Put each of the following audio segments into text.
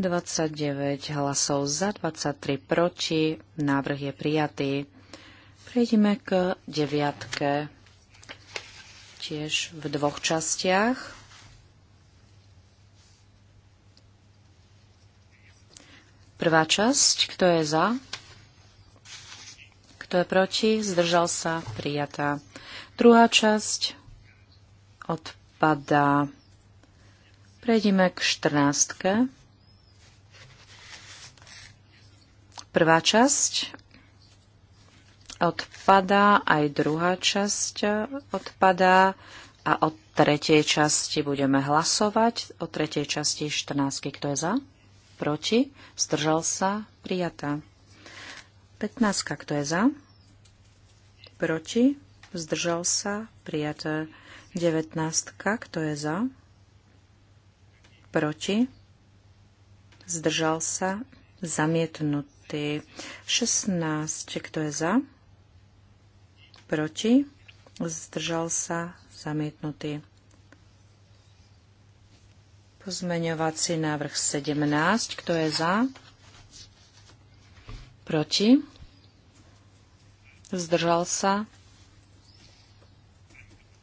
29 hlasov za, 23 proti. Návrh je prijatý. Prejdeme k deviatke. Tiež v dvoch častiach. Prvá časť, kto je za? Kto je proti? Zdržal sa, prijatá. Druhá časť odpadá. Prejdeme k 14. Prvá časť odpadá, aj druhá časť odpadá a od tretej časti budeme hlasovať. O tretej časti 14. Kto je za? Proti? Zdržal sa? Prijatá. 15. Kto je za? Proti? Zdržal sa? prijatá. 19. Kto je za? Proti? Zdržal sa? Zamietnut prijatý. 16. Kto je za? Proti? Zdržal sa? Zamietnutý. Pozmeňovací návrh 17. Kto je za? Proti? Zdržal sa?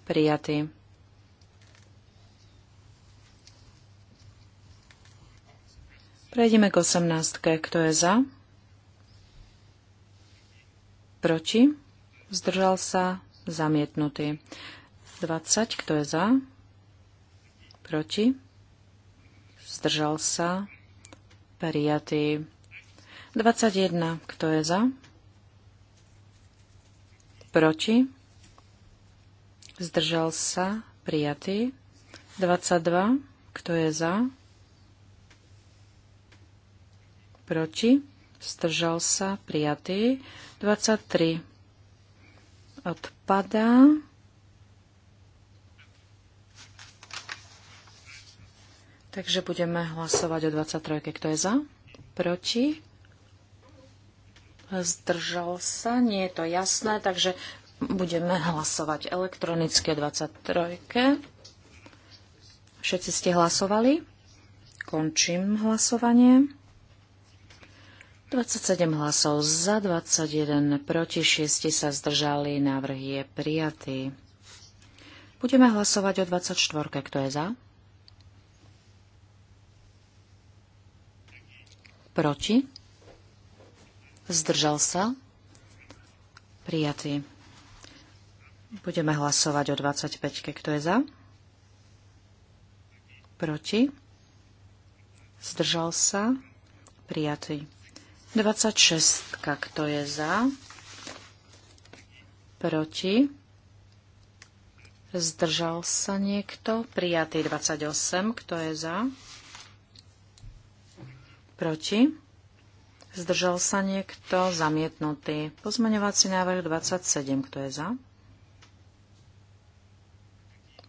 Prijatý. Prejdeme k 18. Kto je za? Proti? Zdržal sa? Zamietnutý. 20. Kto je za? Proti? Zdržal sa? Prijatý. 21. Kto je za? Proti? Zdržal sa? Prijatý. 22. Kto je za? Proti? zdržal sa, prijatý. 23 odpadá. Takže budeme hlasovať o 23, kto je za, proti. Zdržal sa, nie je to jasné, takže budeme hlasovať elektronicky o 23. Všetci ste hlasovali? Končím hlasovanie. 27 hlasov za, 21 proti, 6 sa zdržali, návrh je prijatý. Budeme hlasovať o 24. Kto je za? Proti? Zdržal sa? Prijatý. Budeme hlasovať o 25. Kto je za? Proti? Zdržal sa? Prijatý. 26. Kto je za? Proti? Zdržal sa niekto? Prijatý 28. Kto je za? Proti? Zdržal sa niekto? Zamietnutý. Pozmeňovací návrh 27. Kto je za?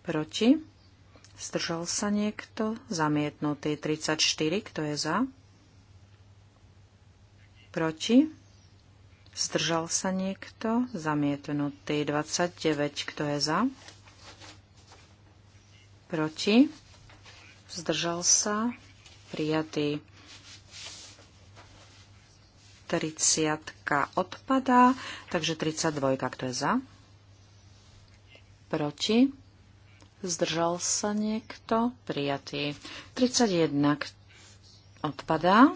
Proti? Zdržal sa niekto? Zamietnutý. 34. Kto je za? Proti? Zdržal sa niekto? Zamietnutý. 29. Kto je za? Proti? Zdržal sa? Prijatý. 30 odpadá, takže 32, kto je za? Proti? Zdržal sa niekto? Prijatý. 31 odpadá.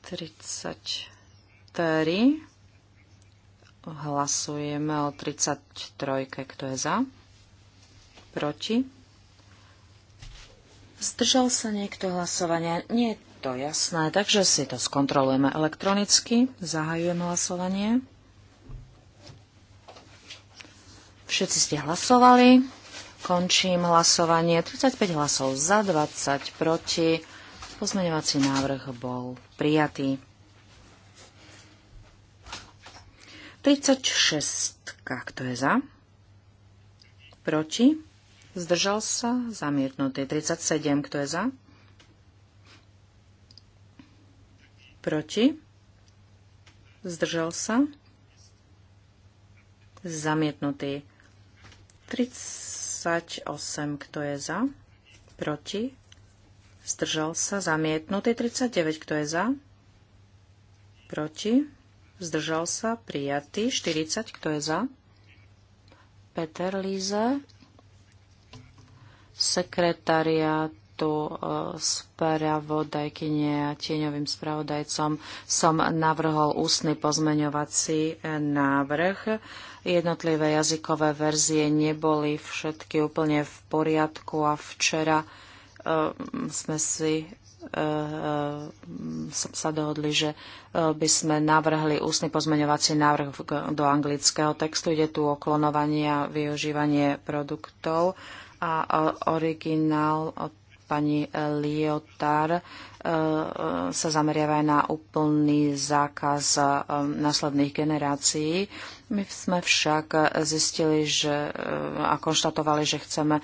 33. Hlasujeme o 33. Kto je za? Proti? Zdržal sa niekto hlasovania? Nie je to jasné, takže si to skontrolujeme elektronicky. Zahajujem hlasovanie. Všetci ste hlasovali. Končím hlasovanie. 35 hlasov za, 20 proti. Pozmeňovací návrh bol prijatý. 36. Kto je za? Proti? Zdržal sa? Zamietnutý. 37. Kto je za? Proti? Zdržal sa? Zamietnutý. 38. Kto je za? Proti? Zdržal sa zamietnutý 39. Kto je za? Proti? Zdržal sa prijatý 40. Kto je za? Peter Líze. Sekretariát tu e, a tieňovým spravodajcom som navrhol ústny pozmeňovací e, návrh. Jednotlivé jazykové verzie neboli všetky úplne v poriadku a včera Ehm, sme si ehm, sa dohodli, že e, by sme navrhli ústny pozmeňovací návrh do anglického textu. Ide tu o klonovanie a využívanie produktov a e, originál od pani e, Liotar sa zameriava aj na úplný zákaz následných generácií. My sme však zistili že, a konštatovali, že chceme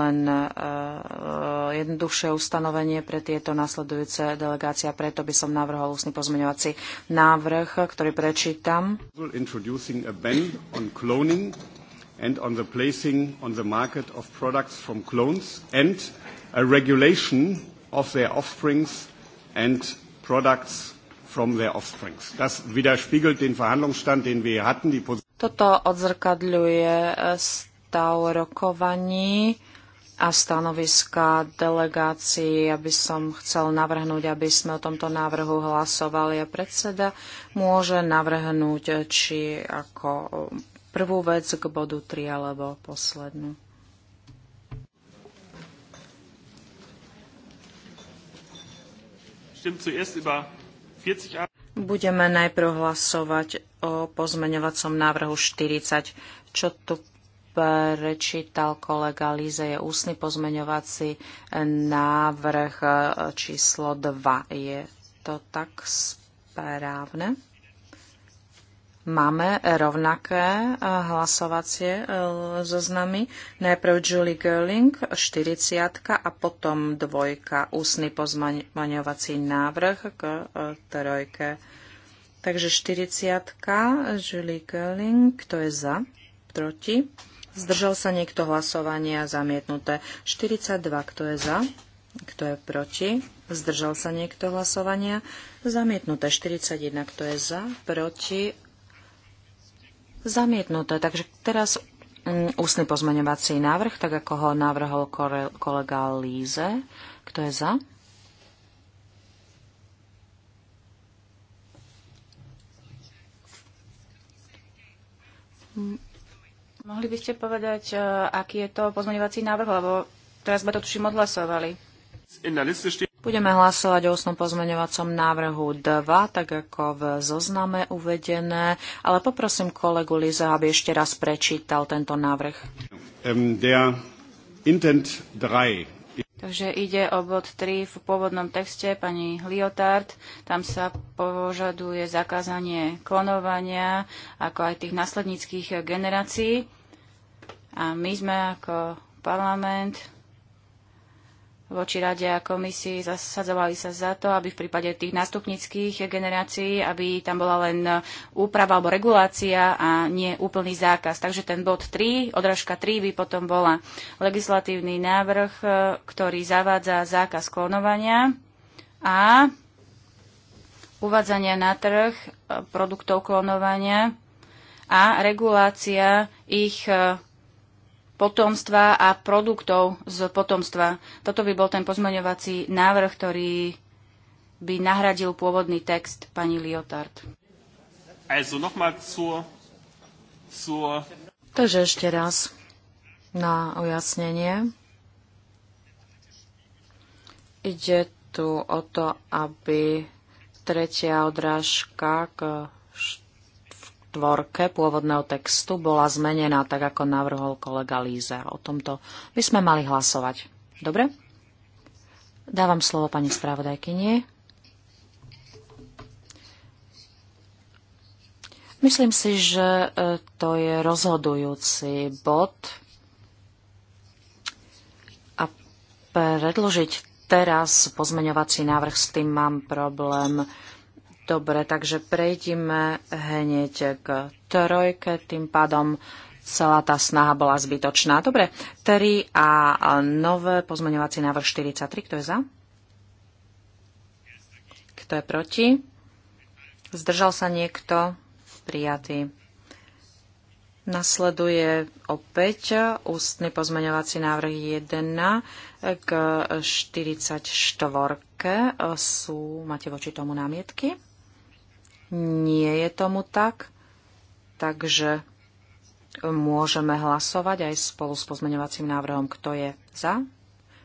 len e, jednoduchšie ustanovenie pre tieto nasledujúce delegácie a preto by som navrhol ústny pozmeňovací návrh, ktorý prečítam. Introducing a ban on cloning and on the placing on the market of products from clones and a regulation of their offsprings and products from their offsprings. Das widerspiegelt den Verhandlungsstand, den wir hatten. Die toto odzrkadľuje stav rokovaní a stanoviska delegácií, aby som chcel navrhnúť, aby sme o tomto návrhu hlasovali. A predseda môže navrhnúť, či ako prvú vec k bodu 3 alebo poslednú. Budeme najprv hlasovať o pozmeňovacom návrhu 40. Čo tu prečítal kolega Líze, je ústny pozmeňovací návrh e, číslo 2. Je to tak správne? Máme rovnaké e, hlasovacie e, zoznamy. So Najprv Julie Girling, 40 a potom dvojka, ústny pozmaňovací návrh k trojke. Takže 40 Julie Girling, kto je za, proti? Zdržal sa niekto hlasovania zamietnuté. 42, kto je za? Kto je proti? Zdržal sa niekto hlasovania? Zamietnuté 41. Kto je za? Proti? Zamietnuté. Takže teraz mm, ústny pozmeňovací návrh, tak ako ho navrhol kolega Líze. Kto je za? M Mohli by ste povedať, e, aký je to pozmeňovací návrh, lebo teraz sme to tuším odhlasovali. Budeme hlasovať o osnom pozmeňovacom návrhu 2, tak ako v zozname uvedené, ale poprosím kolegu Liza, aby ešte raz prečítal tento návrh. Ähm, der Intent 3 Takže ide o bod 3 v pôvodnom texte pani Liotard. Tam sa požaduje zakázanie klonovania, ako aj tých následníckých generácií. A my sme ako parlament voči rade a komisii zasadzovali sa za to, aby v prípade tých nástupnických generácií, aby tam bola len úprava alebo regulácia a nie úplný zákaz. Takže ten bod 3, odrážka 3 by potom bola legislatívny návrh, e, ktorý zavádza zákaz klonovania a uvádzania na trh e, produktov klonovania a regulácia ich e, potomstva a produktov z potomstva. Toto by bol ten pozmeňovací návrh, ktorý by nahradil pôvodný text pani Liotard. Also nochmal zur, zur... Takže ešte raz na ujasnenie. Ide tu o to, aby tretia odrážka k štvorke pôvodného textu bola zmenená tak, ako navrhol kolega Lízer. O tomto by sme mali hlasovať. Dobre? Dávam slovo pani spravodajkyni. Myslím si, že e, to je rozhodujúci bod a predložiť teraz pozmeňovací návrh, s tým mám problém. Dobre, takže prejdime hneď k trojke, tým pádom celá tá snaha bola zbytočná. Dobre, 3 a nové pozmeňovací návrh 43, kto je za? Kto je proti? Zdržal sa niekto? Prijatý. Nasleduje opäť ústny pozmeňovací návrh 1 k 44. Sú, máte voči tomu námietky? Nie je tomu tak, takže môžeme hlasovať aj spolu s pozmeňovacím návrhom, kto je za,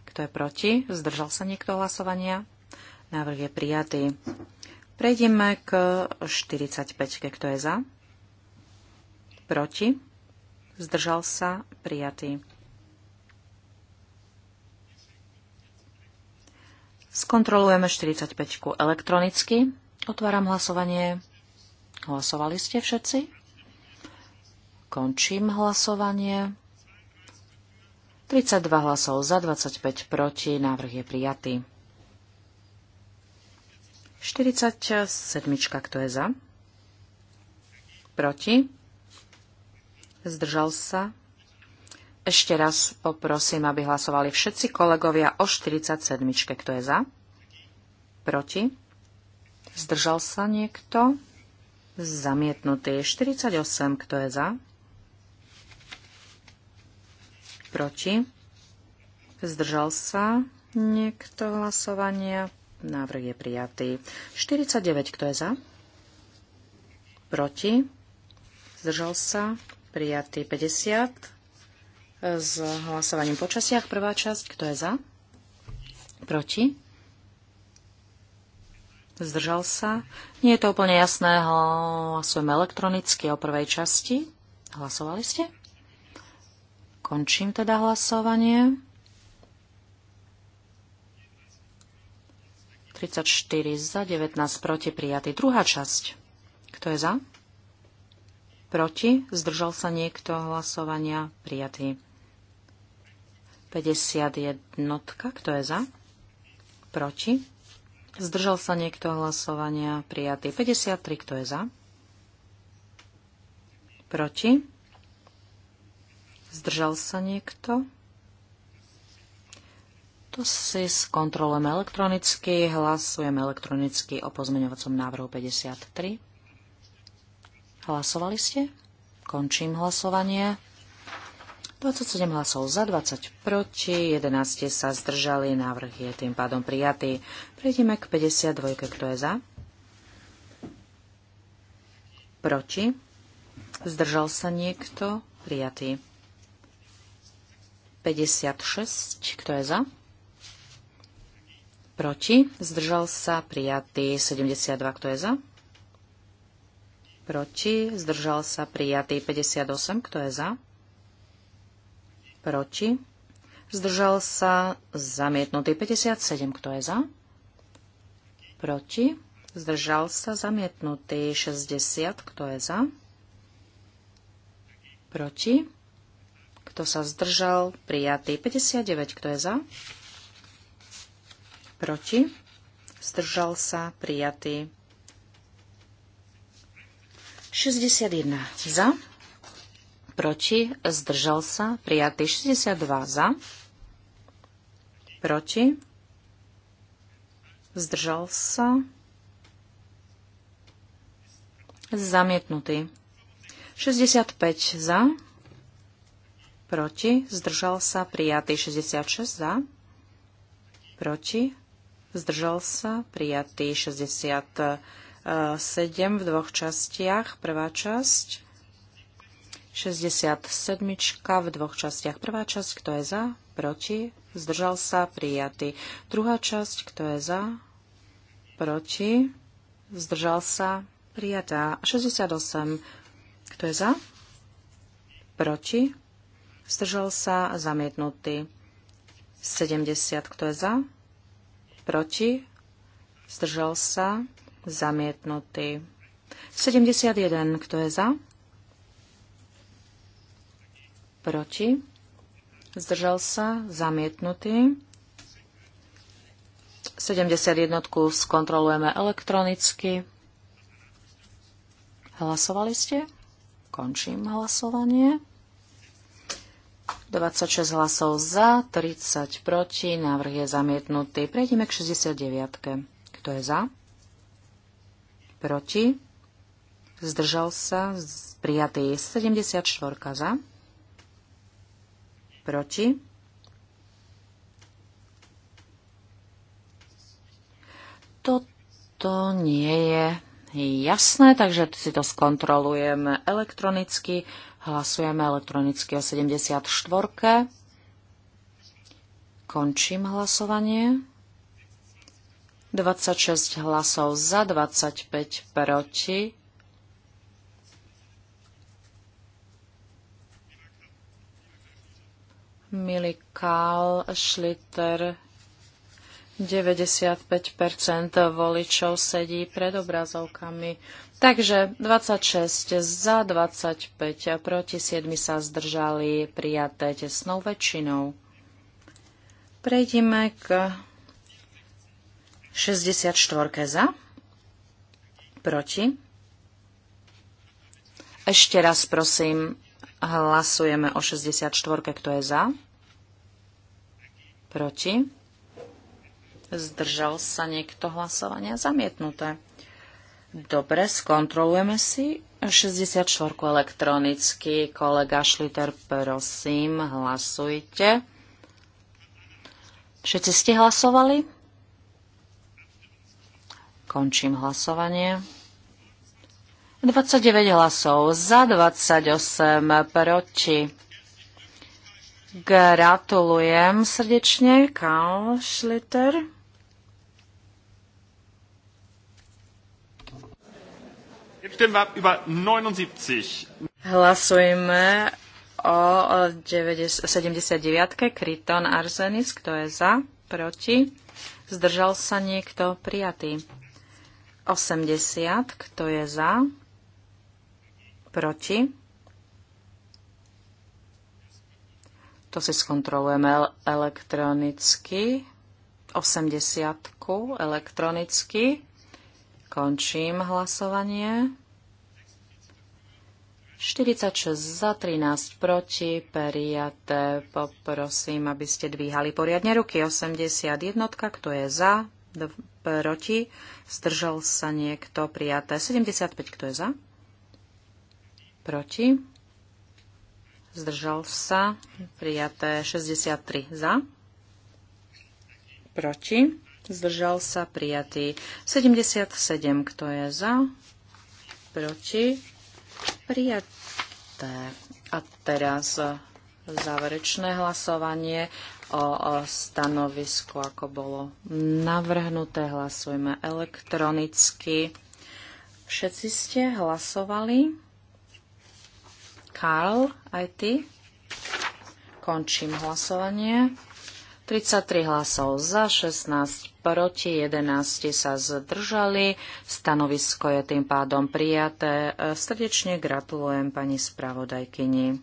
kto je proti. Zdržal sa niekto hlasovania? Návrh je prijatý. Prejdeme k 45, kto je za, proti. Zdržal sa prijatý. Skontrolujeme 45 elektronicky. Otváram hlasovanie. Hlasovali ste všetci? Končím hlasovanie. 32 hlasov za, 25 proti. Návrh je prijatý. 47. Kto je za? Proti? Zdržal sa? Ešte raz poprosím, aby hlasovali všetci kolegovia o 47. Kto je za? Proti? Zdržal sa niekto? Zamietnutý. 48. Kto je za? Proti? Zdržal sa niekto hlasovania? Návrh je prijatý. 49. Kto je za? Proti? Zdržal sa? Prijatý 50. S hlasovaním počasiach Prvá časť. Kto je za? Proti? Zdržal sa? Nie je to úplne jasné. Hlasujeme elektronicky o prvej časti. Hlasovali ste? Končím teda hlasovanie. 34 za, 19 proti, prijatý. Druhá časť. Kto je za? Proti? Zdržal sa niekto hlasovania? Prijatý. 51. Kto je za? Proti? Zdržal sa niekto hlasovania? Prijatý. 53, kto je za? Proti? Zdržal sa niekto? To si skontrolujeme elektronicky, hlasujeme elektronicky o pozmeňovacom návrhu 53. Hlasovali ste? Končím hlasovanie. 27 hlasov za, 20 proti, 11 sa zdržali, návrh je tým pádom prijatý. Prejdeme k 52, kto je za? Proti? Zdržal sa niekto? Prijatý. 56, kto je za? Proti? Zdržal sa? Prijatý. 72, kto je za? Proti? Zdržal sa? Prijatý. 58, kto je za? proti, zdržal sa zamietnutý 57, kto je za, proti, zdržal sa zamietnutý 60, kto je za, proti, kto sa zdržal, prijatý 59, kto je za, proti, zdržal sa, prijatý 61 za, proti, zdržal sa, prijatý 62 za, proti, zdržal sa, zamietnutý. 65 za, proti, zdržal sa, prijatý 66 za, proti, zdržal sa, prijatý 67 v dvoch častiach, prvá časť, 67 v dvoch častiach. Prvá časť, kto je za, proti, zdržal sa, prijatý. Druhá časť, kto je za, proti, zdržal sa, prijatá. 68, kto je za, proti, zdržal sa, zamietnutý. 70, kto je za, proti, zdržal sa, zamietnutý. 71, kto je za, proti, zdržal sa, zamietnutý. 71 skontrolujeme elektronicky. Hlasovali ste? Končím hlasovanie. 26 hlasov za, 30 proti, návrh je zamietnutý. Prejdeme k 69. Kto je za? Proti? Zdržal sa? Prijatý 74 za. Proti? Toto nie je jasné, takže si to skontrolujeme elektronicky. Hlasujeme elektronicky o 74. Končím hlasovanie. 26 hlasov za, 25 proti. Milý Karl Schlitter, 95% voličov sedí pred obrazovkami. Takže 26 za 25 a proti 7 sa zdržali prijaté tesnou väčšinou. Prejdime k 64 za, proti. Ešte raz prosím, Hlasujeme o 64, kto je za. Proti. Zdržal sa niekto hlasovania? Zamietnuté. Dobre, skontrolujeme si 64 elektronicky. Kolega Šliter, prosím, hlasujte. Všetci ste hlasovali? Končím hlasovanie. 29 hlasov za 28 proti. Gratulujem srdečne, Karl Schlitter. Hlasujeme o 79. Kryton Arsenis, kto je za, proti. Zdržal sa niekto prijatý. 80, kto je za, Proti? To si skontrolujeme elektronicky. 80 elektronicky. Končím hlasovanie. 46 za 13 proti, Periate. Poprosím, aby ste dvíhali poriadne ruky. 81, kto je za, proti, zdržal sa niekto, prijaté. 75, kto je za? Proti? Zdržal sa. Prijaté 63 za. Proti? Zdržal sa. Prijatý 77. Kto je za? Proti? Prijaté. A teraz záverečné hlasovanie o stanovisku, ako bolo navrhnuté. Hlasujme elektronicky. Všetci ste hlasovali? Karl, aj ty? Končím hlasovanie. 33 hlasov za, 16 proti, 11 sa zdržali. Stanovisko je tým pádom prijaté. Srdečne gratulujem pani spravodajkyni.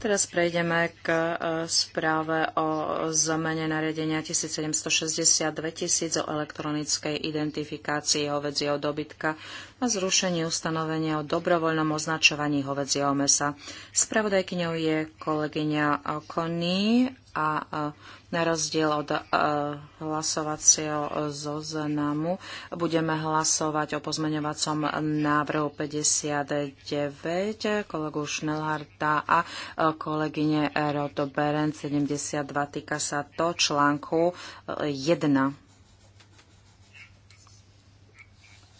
Teraz prejdeme k e, správe o zmene nariadenia 1762 2000 o elektronickej identifikácii hovedzieho dobytka a zrušení ustanovenia o dobrovoľnom označovaní hovedzieho mesa. Spravodajkyňou je kolegyňa Kony a e, na rozdiel od e, hlasovacieho zoznamu budeme hlasovať o pozmeňovacom návrhu 59 kolegu Šnelharta a e, kolegyne Roto Beren 72. Týka sa to článku 1.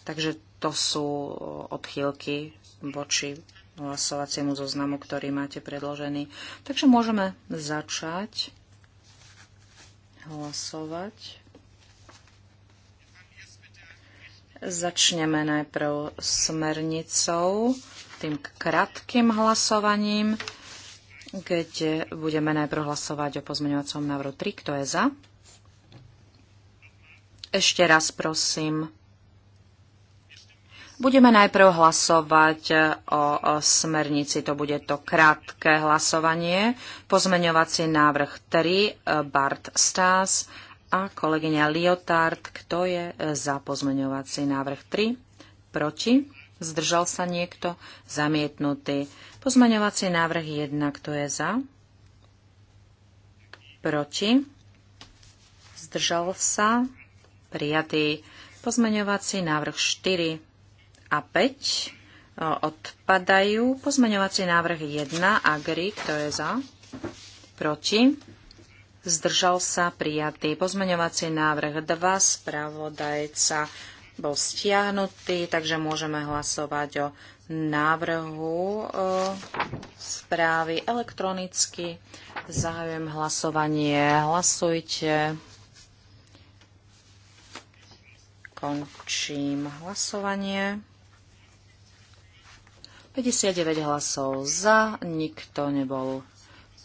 Takže to sú odchýlky voči hlasovaciemu zoznamu, ktorý máte predložený. Takže môžeme začať hlasovať. Začneme najprv smernicou, tým krátkým hlasovaním, kde budeme najprv hlasovať o pozmeňovacom návrhu 3. Kto je za? Ešte raz prosím. Budeme najprv hlasovať e, o smernici, to bude to krátke hlasovanie. Pozmeňovací návrh 3, e, Bart Stas a kolegyňa Liotard, kto je e, za pozmeňovací návrh 3, proti, zdržal sa niekto, zamietnutý. Pozmeňovací návrh 1, kto je za, proti, zdržal sa, prijatý. Pozmeňovací návrh 4, a 5 e, odpadajú. Pozmeňovací návrh 1 Agri, kto je za? Proti? Zdržal sa prijatý. Pozmeňovací návrh 2 spravodajca bol stiahnutý, takže môžeme hlasovať o návrhu e, správy elektronicky. Zahajujem hlasovanie. Hlasujte. Končím hlasovanie. 59 hlasov za, nikto nebol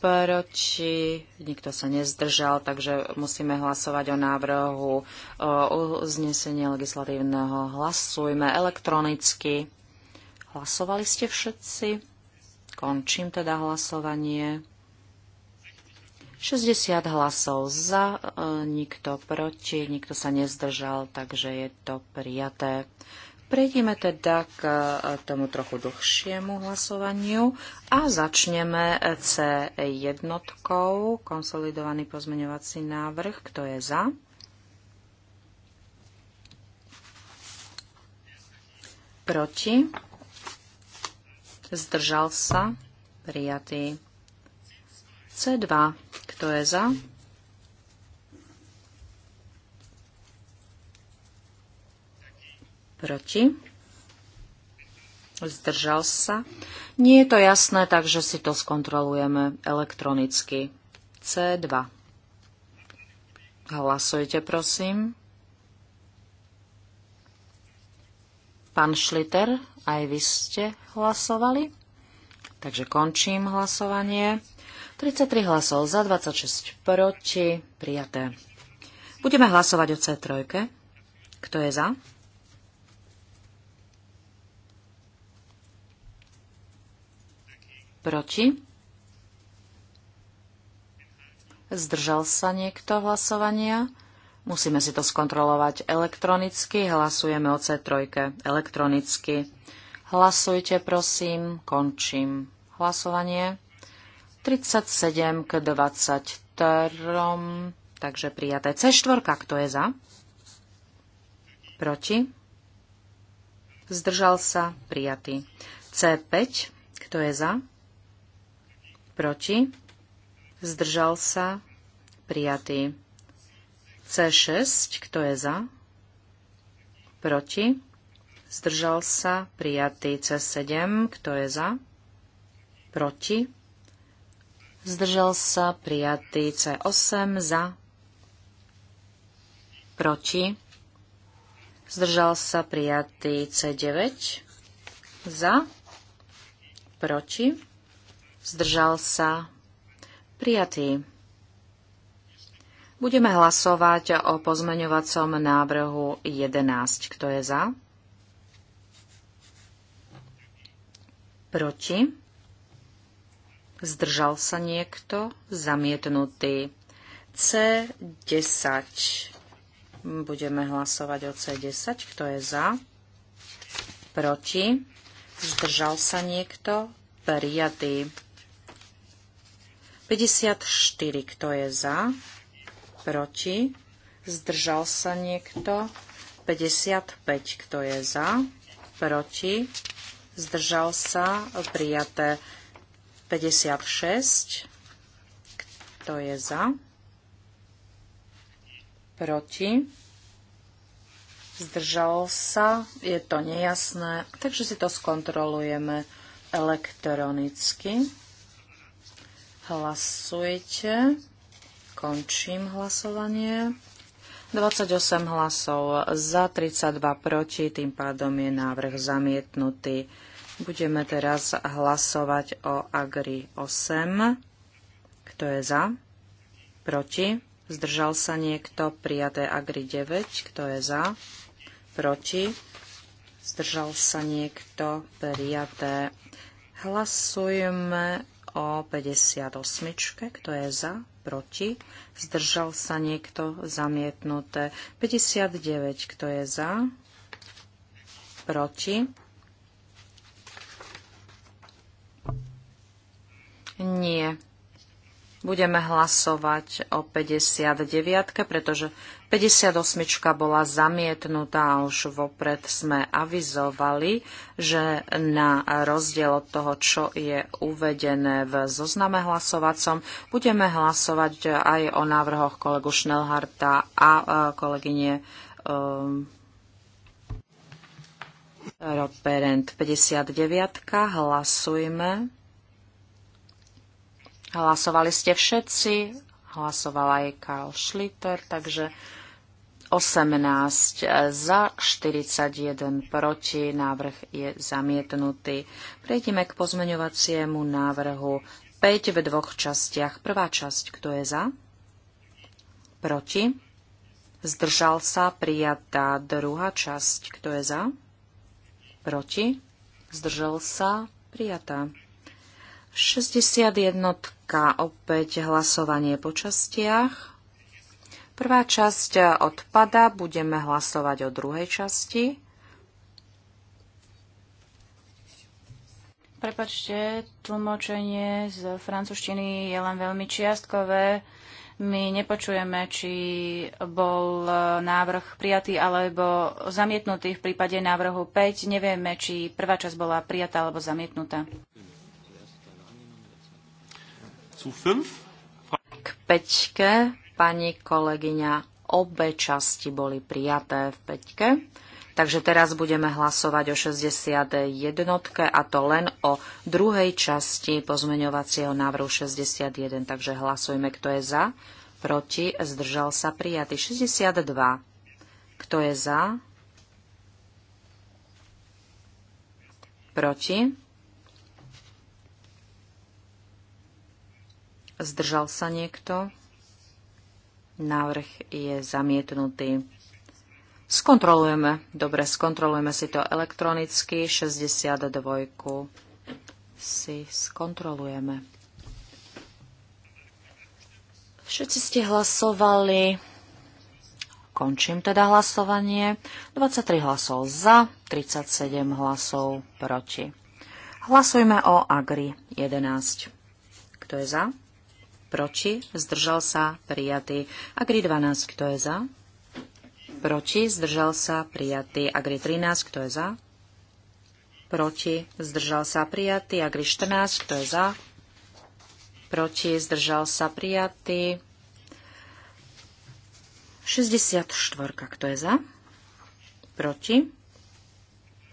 proti, nikto sa nezdržal, takže musíme hlasovať o návrhu o uznesenie legislatívneho. Hlasujme elektronicky. Hlasovali ste všetci? Končím teda hlasovanie. 60 hlasov za, e, nikto proti, nikto sa nezdržal, takže je to prijaté. Prejdeme teda k e, tomu trochu dlhšiemu hlasovaniu a začneme e, C1, konsolidovaný pozmeňovací návrh. Kto je za? Proti? Zdržal sa? Prijatý. C2. Kto je za? Proti? Zdržal sa? Nie je to jasné, takže si to skontrolujeme elektronicky. C2. Hlasujte, prosím. Pán Šliter, aj vy ste hlasovali. Takže končím hlasovanie. 33 hlasov za, 26 proti, prijaté. Budeme hlasovať o C3. Kto je za? Proti? Zdržal sa niekto hlasovania? Musíme si to skontrolovať elektronicky. Hlasujeme o C3 elektronicky. Hlasujte, prosím. Končím hlasovanie. 37 k 23. Takže prijaté C4. Kto je za? Proti? Zdržal sa. Prijatý. C5. Kto je za? proti, zdržal sa, prijatý. C6, kto je za, proti, zdržal sa, prijatý. C7, kto je za, proti, zdržal sa, prijatý. C8, za, proti, zdržal sa, prijatý. C9, za, proti, zdržal sa, prijatý. Budeme hlasovať o pozmeňovacom návrhu 11. Kto je za? Proti? Zdržal sa niekto? Zamietnutý. C10. Budeme hlasovať o C10. Kto je za? Proti? Zdržal sa niekto? Prijatý. 54. Kto je za? Proti? Zdržal sa niekto? 55. Kto je za? Proti? Zdržal sa? Prijaté. 56. Kto je za? Proti? Zdržal sa? Je to nejasné, takže si to skontrolujeme elektronicky. Hlasujte. Končím hlasovanie. 28 hlasov za, 32 proti, tým pádom je návrh zamietnutý. Budeme teraz hlasovať o Agri 8. Kto je za? Proti? Zdržal sa niekto? Prijaté Agri 9. Kto je za? Proti? Zdržal sa niekto? Prijaté. Hlasujeme o 58. Kto je za? Proti? Zdržal sa niekto? Zamietnuté. 59. Kto je za? Proti? Nie. Budeme hlasovať o 59, pretože 58 bola zamietnutá a už vopred sme avizovali, že na rozdiel od toho, čo je uvedené v zozname hlasovacom, budeme hlasovať aj o návrhoch kolegu Schnellharta a e, kolegyne um, Roperent 59. Hlasujme. Hlasovali ste všetci. Hlasoval aj Karl Schlitter, takže 18 za, 41 proti, návrh je zamietnutý. Prejdeme k pozmeňovaciemu návrhu 5 v dvoch častiach. Prvá časť, kto je za? Proti? Zdržal sa prijatá druhá časť. Kto je za? Proti? Zdržal sa prijatá. 61. Opäť hlasovanie po častiach. Prvá časť e, odpada, budeme hlasovať o druhej časti. Prepačte, tlmočenie z francúzštiny je len veľmi čiastkové. My nepočujeme, či bol e, návrh prijatý alebo zamietnutý v prípade návrhu 5. Nevieme, či prvá časť bola prijatá alebo zamietnutá. K peťke pani kolegyňa obe časti boli prijaté v peťke. Takže teraz budeme hlasovať o 61 a to len o druhej časti pozmeňovacieho návrhu 61. Takže hlasujme, kto je za, proti, zdržal sa prijatý. 62. Kto je za? Proti? Zdržal sa niekto? Návrh je zamietnutý. Skontrolujeme. Dobre, skontrolujeme si to elektronicky. 62 si skontrolujeme. Všetci ste hlasovali. Končím teda hlasovanie. 23 hlasov za, 37 hlasov proti. Hlasujme o Agri 11. Kto je za? proti, zdržal sa, prijatý. Agri 12, kto je za? Proti, zdržal sa, prijatý. Agri 13, kto je za? Proti, zdržal sa, prijatý. Agri 14, kto je za? Proti, zdržal sa, prijatý. 64, kto je za? Proti,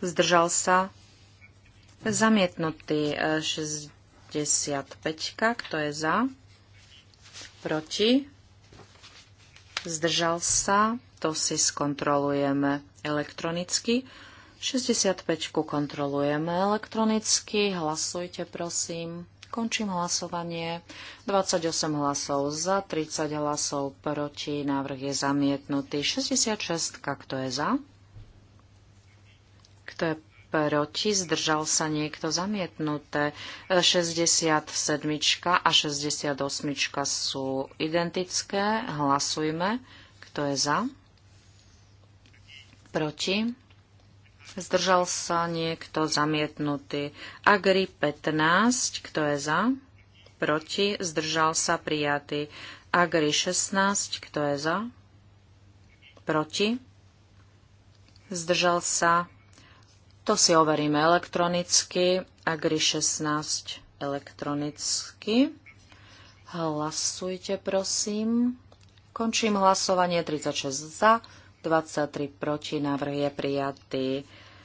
zdržal sa, zamietnutý. 65, kto je za? proti, zdržal sa, to si skontrolujeme elektronicky. 65 kontrolujeme elektronicky, hlasujte prosím. Končím hlasovanie. 28 hlasov za, 30 hlasov proti. Návrh je zamietnutý. 66, kto je za? Kto je proti, zdržal sa niekto zamietnuté. 67 a 68 sú identické. Hlasujme. Kto je za? Proti? Zdržal sa niekto zamietnutý. Agri 15, kto je za? Proti? Zdržal sa prijatý. Agri 16, kto je za? Proti? Zdržal sa to si overíme elektronicky. Agri 16 elektronicky. Hlasujte, prosím. Končím hlasovanie 36 za, 23 proti. Návrh je prijatý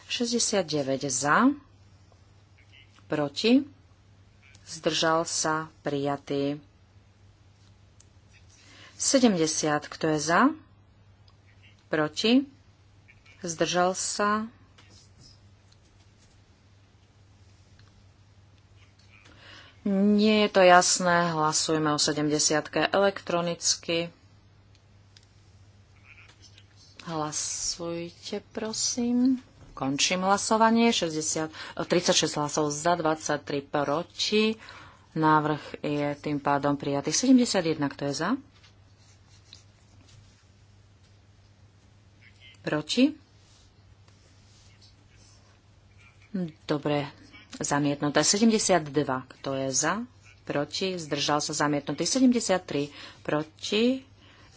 69 za, proti. Zdržal sa prijatý 70. Kto je za? Proti? Zdržal sa? Nie je to jasné. Hlasujeme o 70 elektronicky. Hlasujte, prosím. Končím hlasovanie. 60, 36 hlasov za, 23 proti. Návrh je tým pádom prijatý. 71, kto je za? Proti? Dobre, zamietnuté. 72, kto je za, proti, zdržal sa zamietnutý. 73, proti,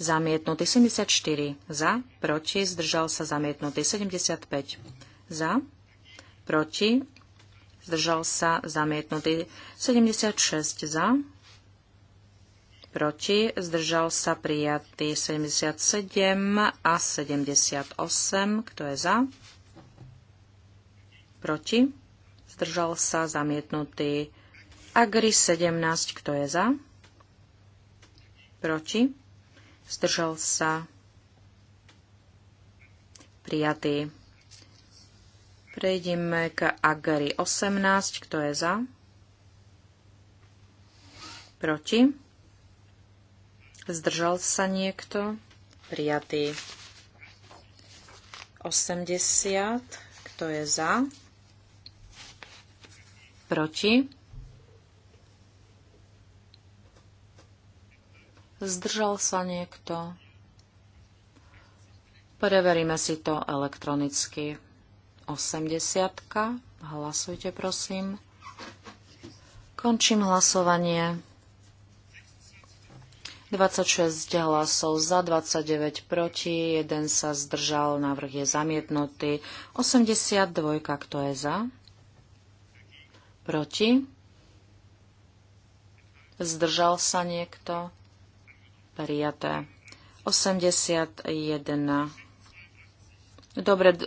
zamietnutý. 74, za, proti, zdržal sa zamietnutý. 75, za, proti, zdržal sa zamietnutý. 76, za, proti, zdržal sa prijatý 77 a 78, kto je za? Proti, zdržal sa, zamietnutý. Agri 17, kto je za? Proti? Zdržal sa, prijatý. Prejdeme k Agri 18, kto je za? Proti? Zdržal sa niekto? Prijatý. 80, kto je za? Proti? Zdržal sa niekto? Preveríme si to elektronicky. 80. Hlasujte, prosím. Končím hlasovanie. 26 hlasov za, 29 proti, 1 sa zdržal, návrh je zamietnutý. 82, kto je za? Proti? Zdržal sa niekto? Prijaté. 81. Dobre, 82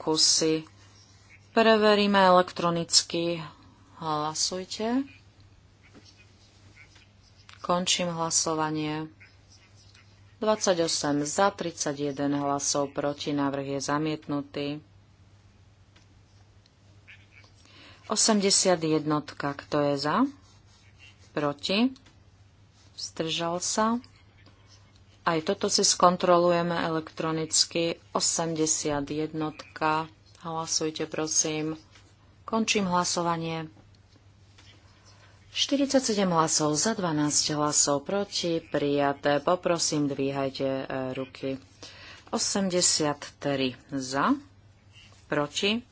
kusy. preveríme elektronicky. Hlasujte. Končím hlasovanie. 28 za, 31 hlasov proti, návrh je zamietnutý. 81. Kto je za? Proti? Zdržal sa? Aj toto si skontrolujeme elektronicky. 81. Hlasujte, prosím. Končím hlasovanie. 47 hlasov za, 12 hlasov proti, prijaté. Poprosím, dvíhajte e, ruky. 83 za, proti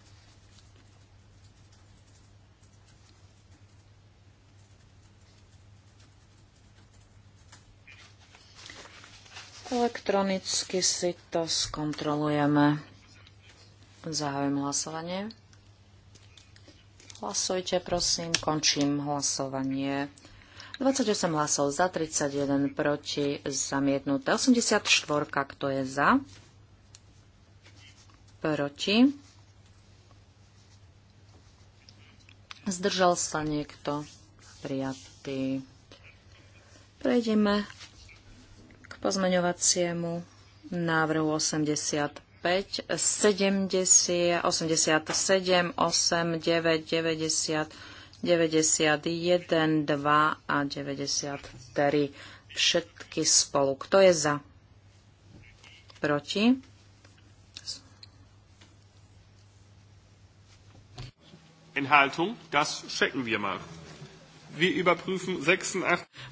Elektronicky si to skontrolujeme. Zahájim hlasovanie. Hlasujte, prosím. Končím hlasovanie. 28 hlasov za, 31 proti, zamietnuté. 84, kto je za? Proti. Zdržal sa niekto? Prijatý. Prejdeme pozmeňovaciemu návrhu 85, 70, 87, 8, 9, 90, 91, 2 a 93. Všetky spolu. Kto je za? Proti? Enthaltung, das checken wir mal.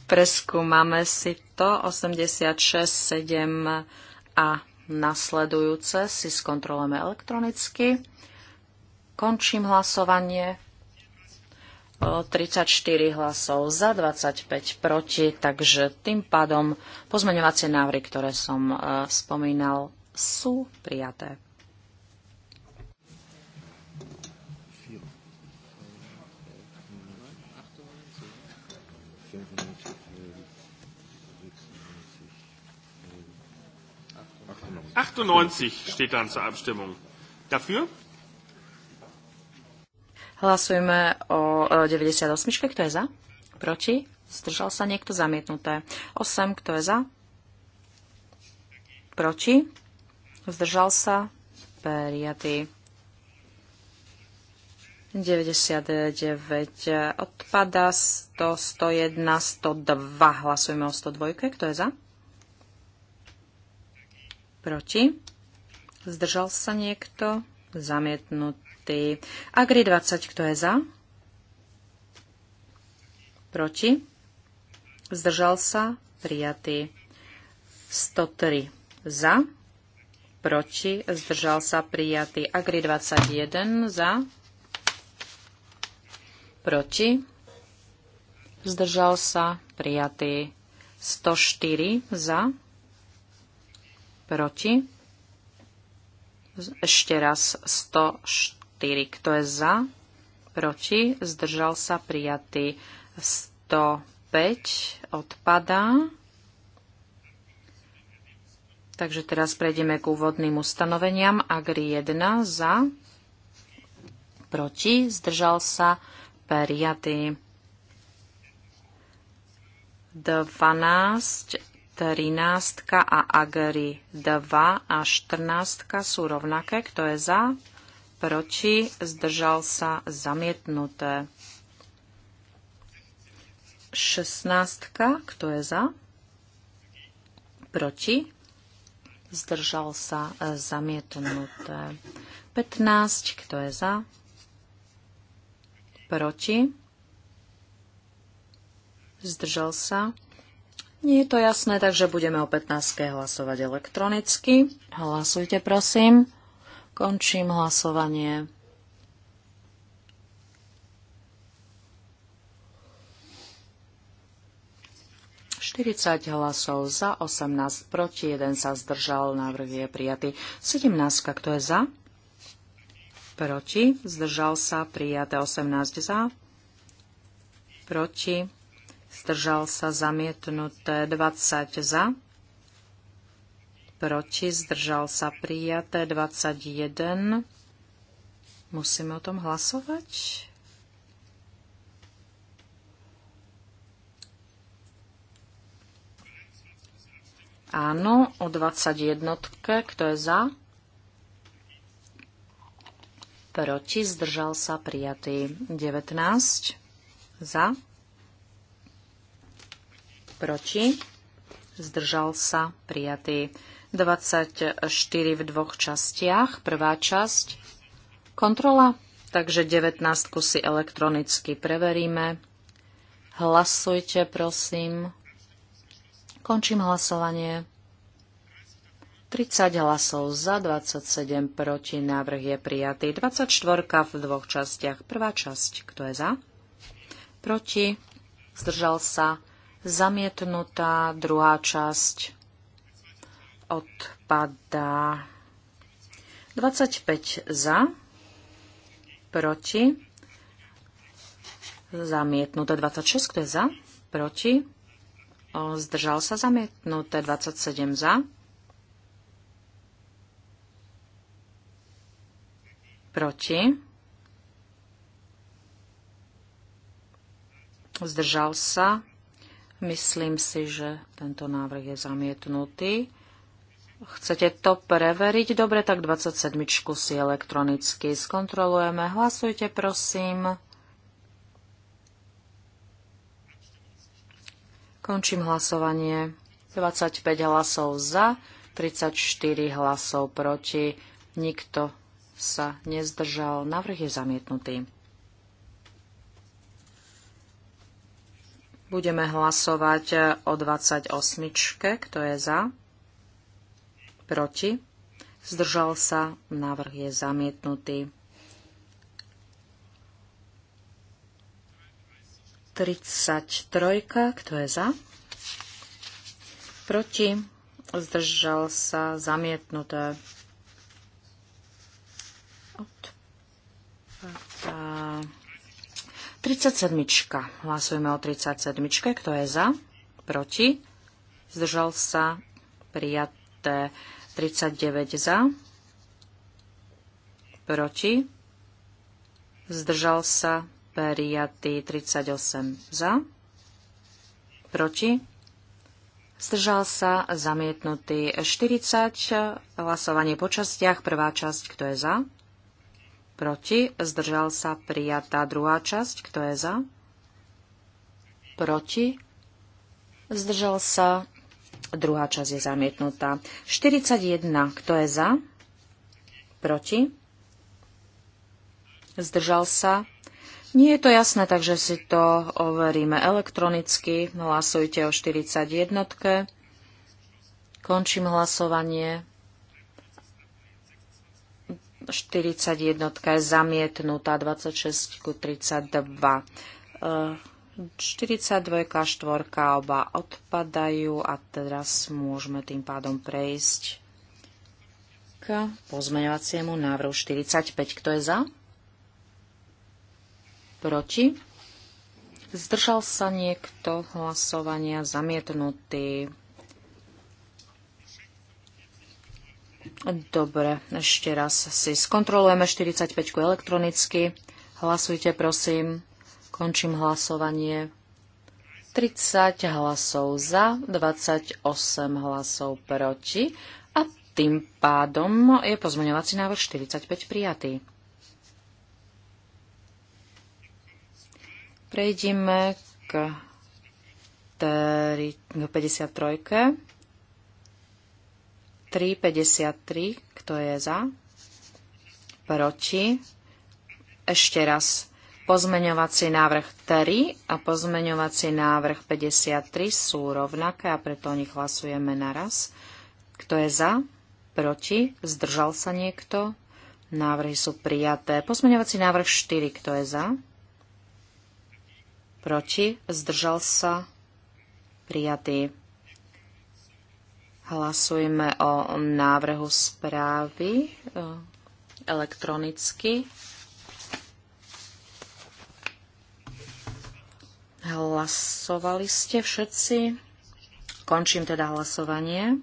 Preskúmame si to 86, 7 a nasledujúce si skontrolujeme elektronicky. Končím hlasovanie. 34 hlasov za, 25 proti, takže tým pádom pozmeňovacie návry, ktoré som e, spomínal, sú prijaté. 98 steht dann zur Abstimmung. Dafür? Hlasujeme o 98. Kto je za? Proti? Zdržal sa niekto? Zamietnuté. 8. Kto je za? Proti? Zdržal sa? Prijatý. 99 odpada, 100, 101, 102. Hlasujeme o 102. Kto je za? Proti? Zdržal sa niekto? Zamietnutý. Agri 20, kto je za? Proti? Zdržal sa? Prijatý. 103 za. Proti? Zdržal sa? Prijatý. Agri 21 za. Proti? Zdržal sa? Prijatý. 104 za Proti? Ešte raz 104. Kto je za? Proti? Zdržal sa prijatý 105. Odpadá. Takže teraz prejdeme k úvodným ustanoveniam. Agri 1 za, proti, zdržal sa, prijatý. 12 13 a agery 2 a 14 sú rovnaké. Kto je za? Proti? Zdržal sa? Zamietnuté. 16. Kto je za? Proti? Zdržal sa? Zamietnuté. 15. Kto je za? Proti? Zdržal sa? Nie je to jasné, takže budeme o 15. hlasovať elektronicky. Hlasujte, prosím. Končím hlasovanie. Štyridsať hlasov za, 18 proti, jeden sa zdržal, návrh je prijatý. 17. Kto je za? Proti, zdržal sa, prijaté 18 za, proti, zdržal sa zamietnuté 20 za, proti, zdržal sa prijaté 21. Musíme o tom hlasovať? Áno, o 21. Kto je za? Proti, zdržal sa prijatý 19. Za proti, zdržal sa, prijatý. 24 v dvoch častiach, prvá časť, kontrola, takže 19 si elektronicky preveríme. Hlasujte, prosím. Končím hlasovanie. 30 hlasov za, 27 proti, návrh je prijatý. 24 v dvoch častiach. Prvá časť, kto je za? Proti, zdržal sa, Zamietnutá druhá časť odpadá. 25 za, proti. Zamietnuté 26, kto je za, proti. Zdržal sa zamietnuté 27 za, proti. Zdržal sa Myslím si, že tento návrh je zamietnutý. Chcete to preveriť? Dobre, tak 27 si elektronicky skontrolujeme. Hlasujte, prosím. Končím hlasovanie. 25 hlasov za, 34 hlasov proti. Nikto sa nezdržal. Návrh je zamietnutý. Budeme hlasovať e, o 28. Kto je za? Proti? Zdržal sa? Návrh je zamietnutý. 33. Kto je za? Proti? Zdržal sa? Zamietnuté. Odpadá. 37. Hlasujeme o 37. Kto je za? Proti? Zdržal sa? Prijaté. 39 za? Proti? Zdržal sa? Prijatý. 38 za? Proti? Zdržal sa? Zamietnutý. 40. Hlasovanie po častiach. Prvá časť. Kto je za? Proti? Zdržal sa prijatá druhá časť. Kto je za? Proti? Zdržal sa. Druhá časť je zamietnutá. 41. Kto je za? Proti? Zdržal sa. Nie je to jasné, takže si to overíme elektronicky. Hlasujte o 41. Končím hlasovanie. 41 je zamietnutá, 26 ku 32. 42 a 4 oba odpadajú a teraz môžeme tým pádom prejsť k pozmeňovaciemu návrhu 45. Kto je za? Proti? Zdržal sa niekto hlasovania zamietnutý. Dobre, ešte raz si skontrolujeme 45 elektronicky. Hlasujte, prosím. Končím hlasovanie. 30 hlasov za, 28 hlasov proti a tým pádom je pozmeňovací návrh 45 prijatý. Prejdime k 53. 3,53. Kto je za? Proti? Ešte raz. Pozmeňovací návrh 3 a pozmeňovací návrh 53 sú rovnaké a preto o nich hlasujeme naraz. Kto je za? Proti? Zdržal sa niekto? Návrhy sú prijaté. Pozmeňovací návrh 4. Kto je za? Proti? Zdržal sa? Prijatý. Hlasujeme o návrhu správy eh, elektronicky. Hlasovali ste všetci? Končím teda hlasovanie.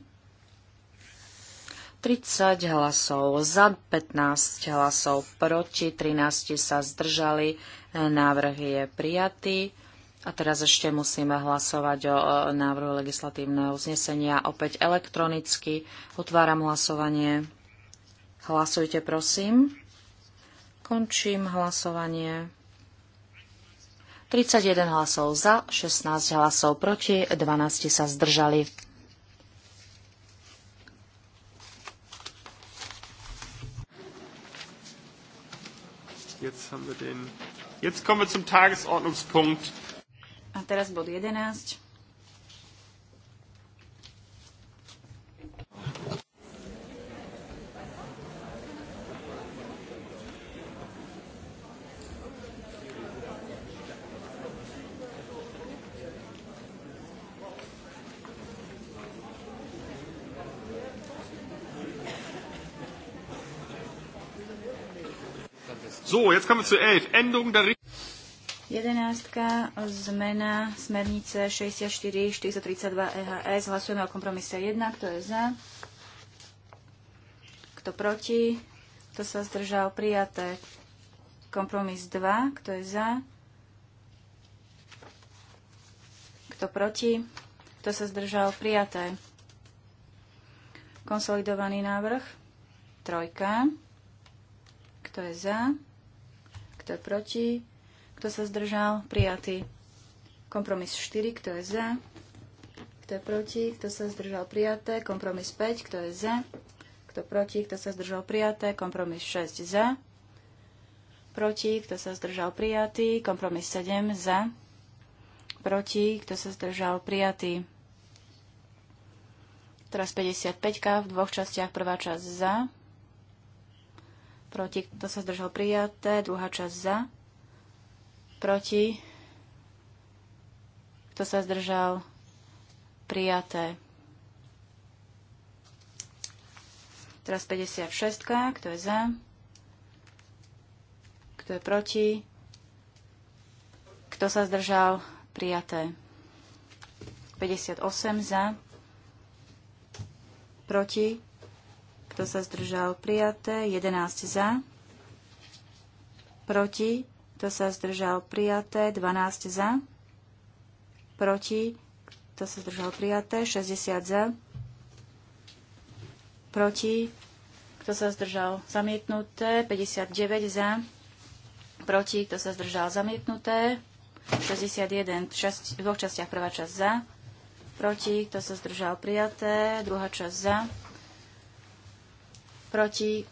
30 hlasov za, 15 hlasov proti, 13 sa zdržali. Návrh je prijatý. A teraz ešte musíme hlasovať o návrhu legislatívneho uznesenia. Opäť elektronicky. Otváram hlasovanie. Hlasujte, prosím. Končím hlasovanie. 31 hlasov za, 16 hlasov proti, 12 sa zdržali. Jetzt haben wir den Jetzt kommen wir zum Tagesordnungspunkt a teraz bod 11. So, jetzt kommen wir zu 11. Änderung der Richtlinie. 11. zmena smernice 64-432 EHS. Hlasujeme o kompromise 1. Kto je za? Kto proti? Kto sa zdržal? Prijaté. Kompromis 2. Kto je za? Kto proti? Kto sa zdržal? Prijaté. Konsolidovaný návrh. Trojka. Kto je za? Kto je proti? Kto sa zdržal? Prijatý. Kompromis 4. Kto je za? Kto je proti? Kto sa zdržal? Prijaté. Kompromis 5. Kto je za? Kto proti? Kto sa zdržal? Prijaté. Kompromis 6. Za. Proti. Kto sa zdržal? Prijatý. Kompromis 7. Za. Proti. Kto sa zdržal? Prijatý. Teraz 55 v dvoch častiach. Prvá časť za. Proti. Kto sa zdržal? Prijaté. Druhá časť za Proti? Kto sa zdržal? Prijaté. Teraz 56. Kto je za? Kto je proti? Kto sa zdržal? Prijaté. 58 za. Proti? Kto sa zdržal? Prijaté. 11 za. Proti? kto sa zdržal prijaté, 12 za, proti, kto sa zdržal prijaté, 60 za, proti, kto sa zdržal zamietnuté, 59 za, proti, kto sa zdržal zamietnuté, 61 v dvoch častiach prvá časť za, proti, kto sa zdržal prijaté, druhá časť za, proti,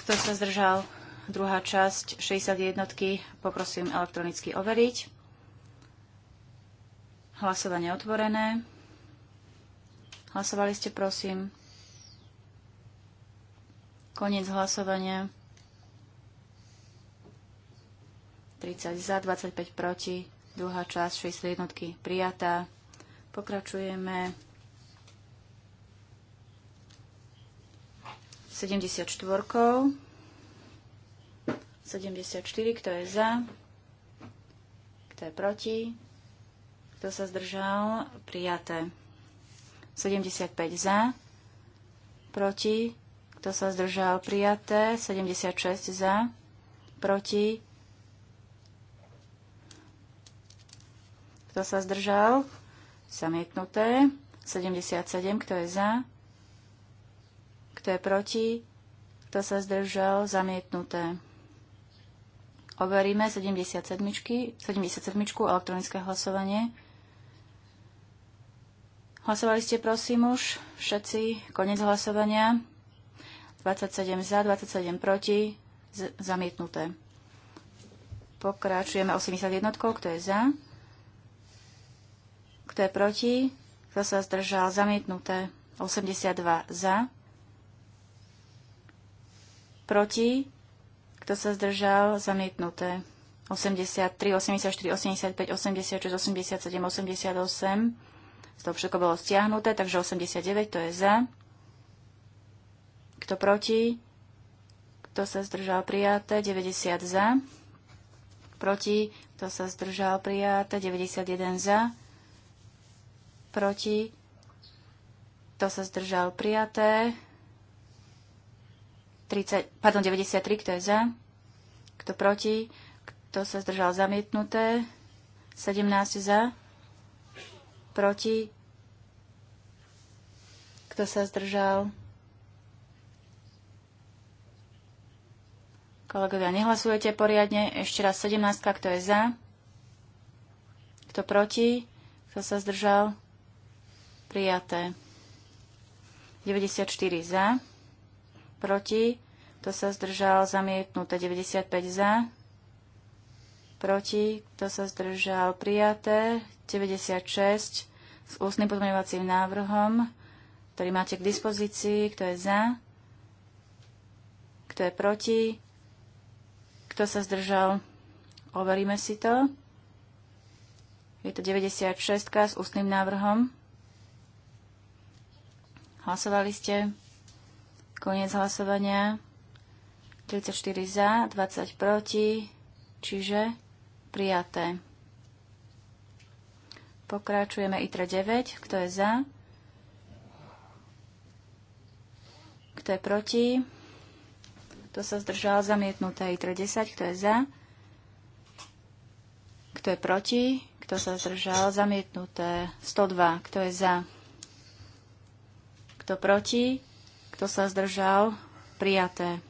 kto sa zdržal druhá časť 61. Poprosím elektronicky overiť. Hlasovanie otvorené. Hlasovali ste, prosím. Koniec hlasovania. 30 za, 25 proti. Druhá časť 61. prijatá. Pokračujeme. 74. 74, kto je za, kto je proti, kto sa zdržal, prijaté. 75 za, proti, kto sa zdržal, prijaté. 76 za, proti, Kto sa zdržal? Zamietnuté. 77. Kto je za? Kto je proti? Kto sa zdržal? Zamietnuté. Overíme 77, 77 elektronické hlasovanie. Hlasovali ste prosím už všetci. Konec hlasovania. 27 za, 27 proti. Z- zamietnuté. Pokračujeme 81, kto je za. Kto je proti? Kto sa zdržal? Zamietnuté. 82 za. Proti? Kto sa zdržal? Zamietnuté. 83, 84, 85, 86, 87, 88. To všetko bolo stiahnuté, takže 89 to je za. Kto proti? Kto sa zdržal prijaté? 90 za. Proti? Kto sa zdržal prijaté? 91 za. Proti? Kto sa zdržal prijaté? 30, pardon, 93, kto je za, kto proti, kto sa zdržal zamietnuté, 17 za, proti, kto sa zdržal. Kolegovia, nehlasujete poriadne. Ešte raz 17, kto je za, kto proti, kto sa zdržal. Prijaté. 94 za proti, kto sa zdržal, zamietnuté 95 za, proti, kto sa zdržal, prijaté 96 s ústnym podmeňovacím návrhom, ktorý máte k dispozícii, kto je za, kto je proti, kto sa zdržal, overíme si to. Je to 96 s ústnym návrhom. Hlasovali ste. Koniec hlasovania. 34 za, 20 proti, čiže prijaté. Pokračujeme Itra 9. Kto je za? Kto je proti? Kto sa zdržal? Zamietnuté Itra 10. Kto je za? Kto je proti? Kto sa zdržal? Zamietnuté 102. Kto je za? Kto proti? Kto sa zdržal? Prijaté.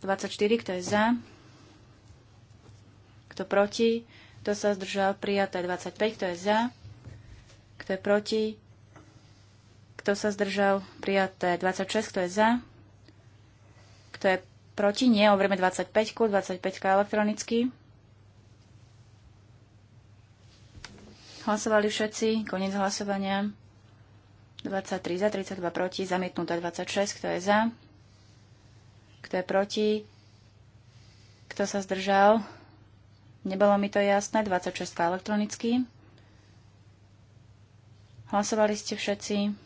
24. Kto je za? Kto proti? Kto sa zdržal? Prijaté. 25. Kto je za? Kto je proti? Kto sa zdržal? Prijaté. 26. Kto je za? Kto je proti? Nie. Overme 25. 25 elektronicky. Hlasovali všetci. Koniec hlasovania. 23 za, 32 proti, zamietnutá 26, kto je za, kto je proti, kto sa zdržal, nebolo mi to jasné, 26 elektronicky. Hlasovali ste všetci.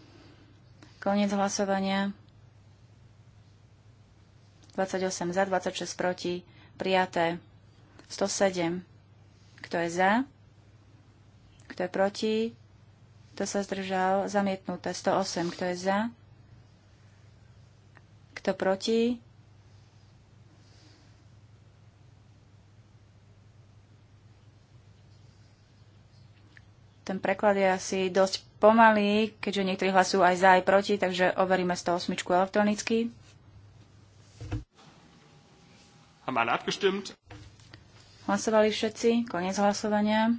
Koniec hlasovania. 28 za, 26 proti, prijaté. 107. Kto je za? Kto je proti? Kto sa zdržal? Zamietnuté. 108. Kto je za? Kto proti? Ten preklad je asi dosť pomalý, keďže niektorí hlasujú aj za, aj proti, takže overíme 108 elektronicky. Haben alle Hlasovali všetci, koniec hlasovania.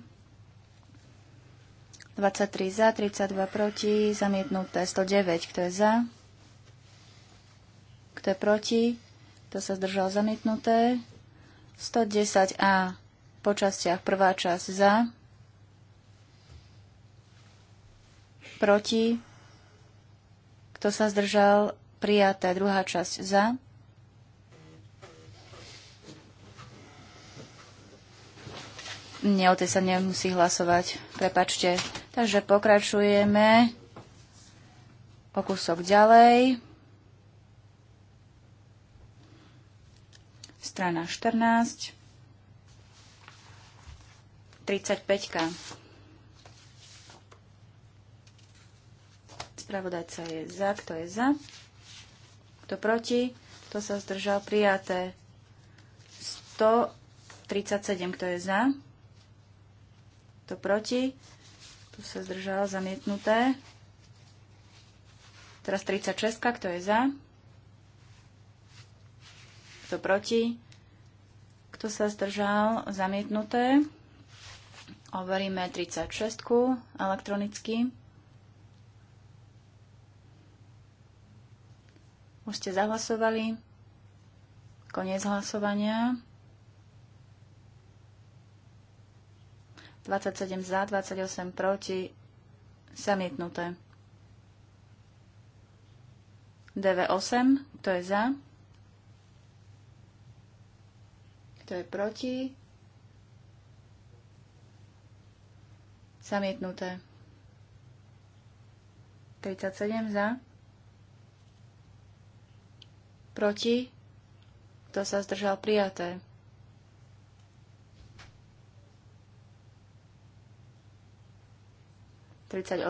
23 za, 32 proti, zamietnuté 109. Kto je za? Kto je proti? Kto sa zdržal zamietnuté? 110 a po častiach prvá časť za, proti, kto sa zdržal, prijaté druhá časť za. Nie, o tej sa nemusí hlasovať. Prepačte. Takže pokračujeme o kúsok ďalej. Strana 14. 35. Spravodajca je za. Kto je za? Kto proti? Kto sa zdržal? Prijaté. 137. Kto je za? Kto proti? Tu sa zdržala zamietnuté. Teraz 36, kto je za? Kto proti? Kto sa zdržal? Zamietnuté. Overíme 36 elektronicky. Už ste zahlasovali. Koniec hlasovania. 27 za, 28 proti, zamietnuté. DV8, kto je za? Kto je proti? Zamietnuté. 37 za. Proti? Kto sa zdržal prijaté? 38.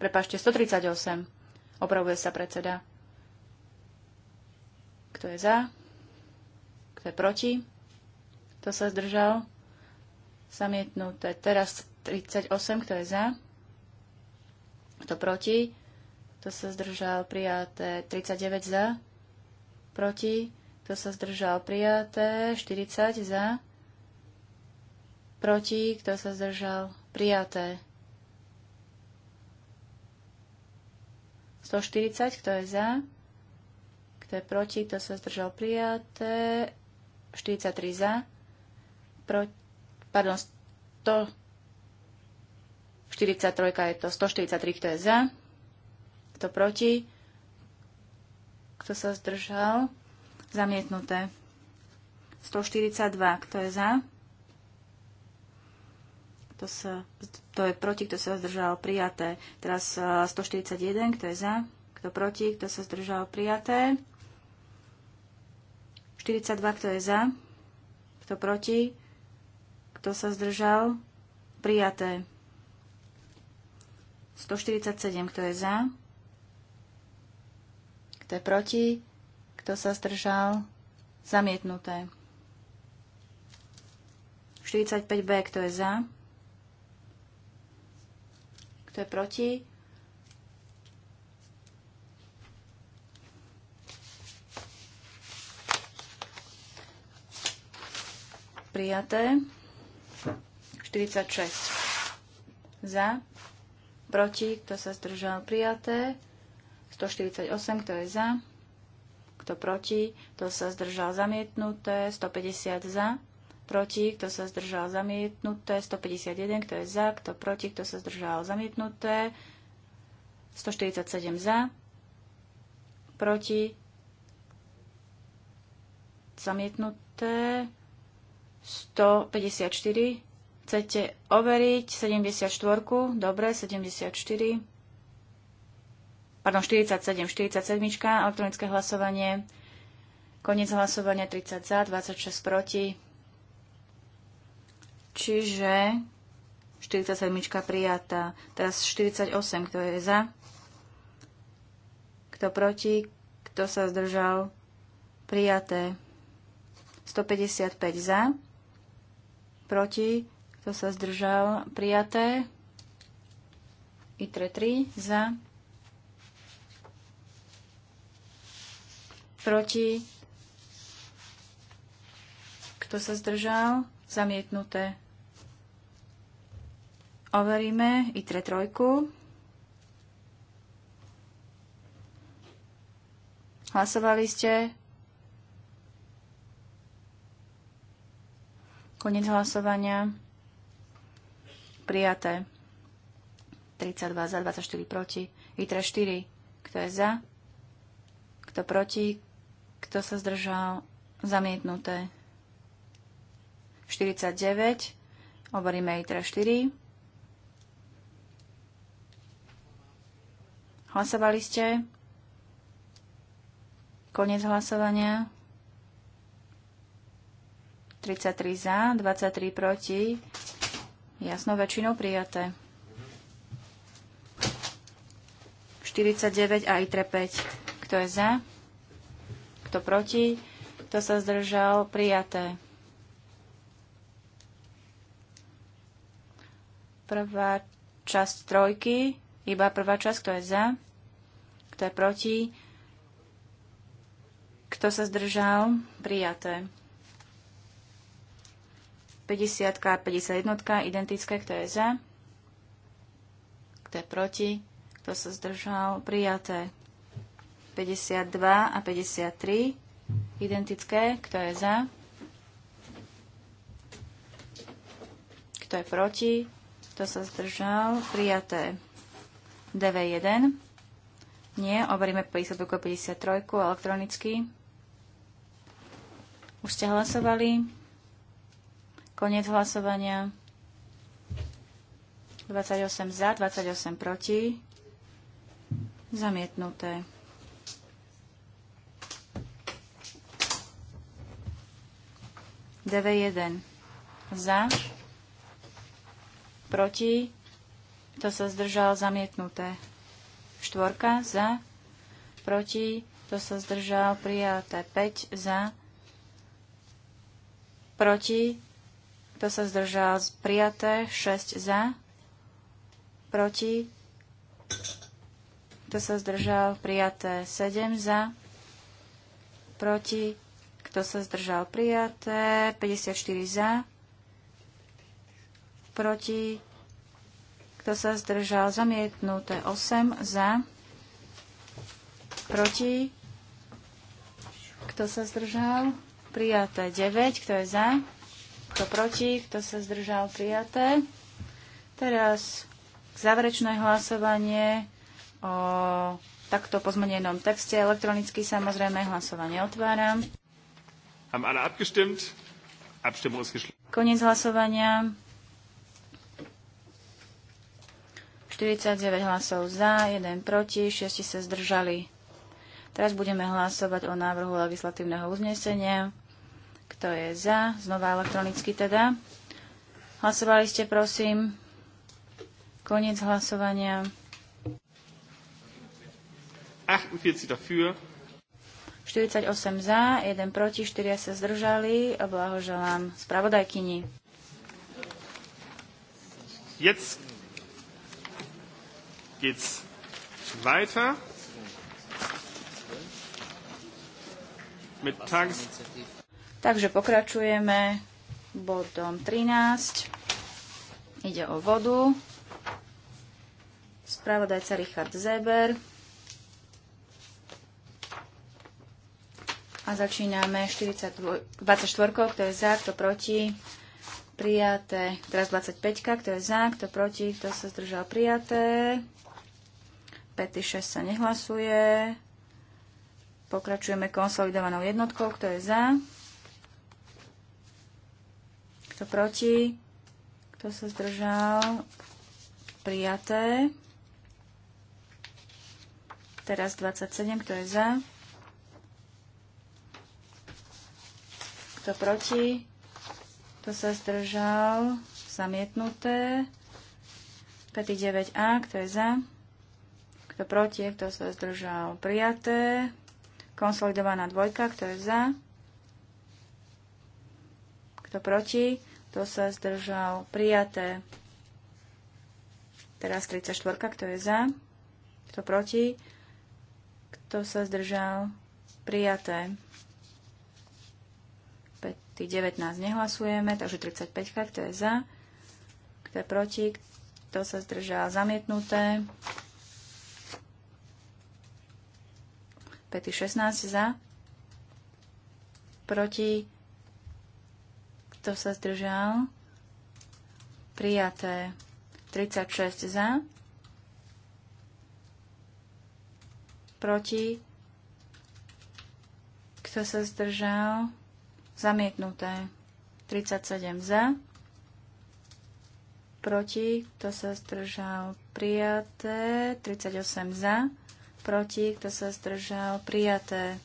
Prepašte, 138. Opravuje sa predseda. Kto je za? Kto je proti? Kto sa zdržal? Zamietnuté. Teraz 38. Kto je za? Kto proti? Kto sa zdržal? Prijaté. 39 za? Proti? Kto sa zdržal? Prijaté. 40 za? proti, kto sa zdržal, prijaté. 140, kto je za, kto je proti, kto sa zdržal, prijaté. 43 za, pro, pardon, 100, 43 je to 143, kto je za, kto proti, kto sa zdržal, zamietnuté. 142, kto je za, kto, sa, to je proti, kto sa zdržal, prijaté. Teraz 141, e, kto je za, kto proti, kto sa zdržal, prijaté. 42, kto je za, kto proti, kto sa zdržal, prijaté. 147, kto je za, kto je proti, kto sa zdržal, zamietnuté. 45b, kto je za, kto proti? Prijaté. 46. Za. Proti. Kto sa zdržal? Prijaté. 148. Kto je za? Kto proti? Kto sa zdržal? Zamietnuté. 150 za proti, kto sa zdržal zamietnuté, 151, kto je za, kto proti, kto sa zdržal zamietnuté, 147 za, proti, zamietnuté, 154, chcete overiť 74, dobre, 74, pardon, 47, 47, elektronické hlasovanie, koniec hlasovania 30 za, 26 proti, Čiže 47 prijatá. Teraz 48, kto je za? Kto proti? Kto sa zdržal? Prijaté. 155 za. Proti? Kto sa zdržal? Prijaté. ITRE 3 za. Proti? Kto sa zdržal? Zamietnuté. Overíme tre trojku. Hlasovali ste. Konec hlasovania. Prijaté. 32 za, 24 proti. ITRE 4. Kto je za? Kto proti? Kto sa zdržal? Zamietnuté. 49. Overíme ITRA 4. Hlasovali ste? Konec hlasovania. 33 za, 23 proti. Jasno väčšinou prijaté. 49 a ITRE 5. Kto je za? Kto proti? Kto sa zdržal? Prijaté. Prvá časť trojky, iba prvá časť, kto je za, kto je proti, kto sa zdržal, prijaté. 50 a 51 identické, kto je za, kto je proti, kto sa zdržal, prijaté. 52 a 53 identické, kto je za, kto je proti, kto sa zdržal? Prijaté. DV1. Nie, overíme prísledok 53 elektronicky. Už ste hlasovali. Koniec hlasovania. 28 za, 28 proti. Zamietnuté. DV1 za, proti, kto sa zdržal, zamietnuté. Štvorka za, proti, kto sa zdržal, prijaté. 5 za, proti, kto sa zdržal, prijaté. 6 za, proti, kto sa zdržal, prijaté. 7 za, proti, kto sa zdržal, prijaté. 54 za, proti, kto sa zdržal, zamietnuté 8 za, proti, kto sa zdržal, prijaté 9, kto je za, kto proti, kto sa zdržal, prijaté. Teraz záverečné hlasovanie o takto pozmenenom texte. Elektronicky samozrejme hlasovanie otváram. Haben alle abgestimmt? Abstimmung ist geschlossen. Koniec hlasovania. 49 hlasov za, 1 proti, 6 sa zdržali. Teraz budeme hlasovať o návrhu legislatívneho uznesenia. Kto je za? Znova elektronicky teda. Hlasovali ste, prosím. Koniec hlasovania. 48 48 za, 1 proti, 4 sa zdržali. Blahoželám spravodajkyni. Jetzt geht's weiter mit Tags Takže pokračujeme bodom 13. Ide o vodu. Spravodajca Richard Zeber. A začíname 42, 24, kto je za, kto proti prijaté. Teraz 25, kto je za, kto proti, kto sa zdržal prijaté. 5. 6 sa nehlasuje. Pokračujeme konsolidovanou jednotkou. Kto je za? Kto proti? Kto sa zdržal? Prijaté. Teraz 27. Kto je za? Kto proti? Kto sa zdržal? Zamietnuté. 5.9a. Kto je za? Kto proti, kto sa zdržal? Prijaté. Konsolidovaná dvojka, kto je za? Kto proti, kto sa zdržal? Prijaté. Teraz 34, kto je za? Kto proti? Kto sa zdržal? Prijaté. 5, 19 nehlasujeme, takže 35, kto je za? Kto je proti? Kto sa zdržal? Zamietnuté. Pety 16 za. Proti. Kto sa zdržal? Prijaté. 36 za. Proti. Kto sa zdržal? Zamietnuté. 37 za. Proti. Kto sa zdržal? Prijaté. 38 za proti, kto sa zdržal, prijaté.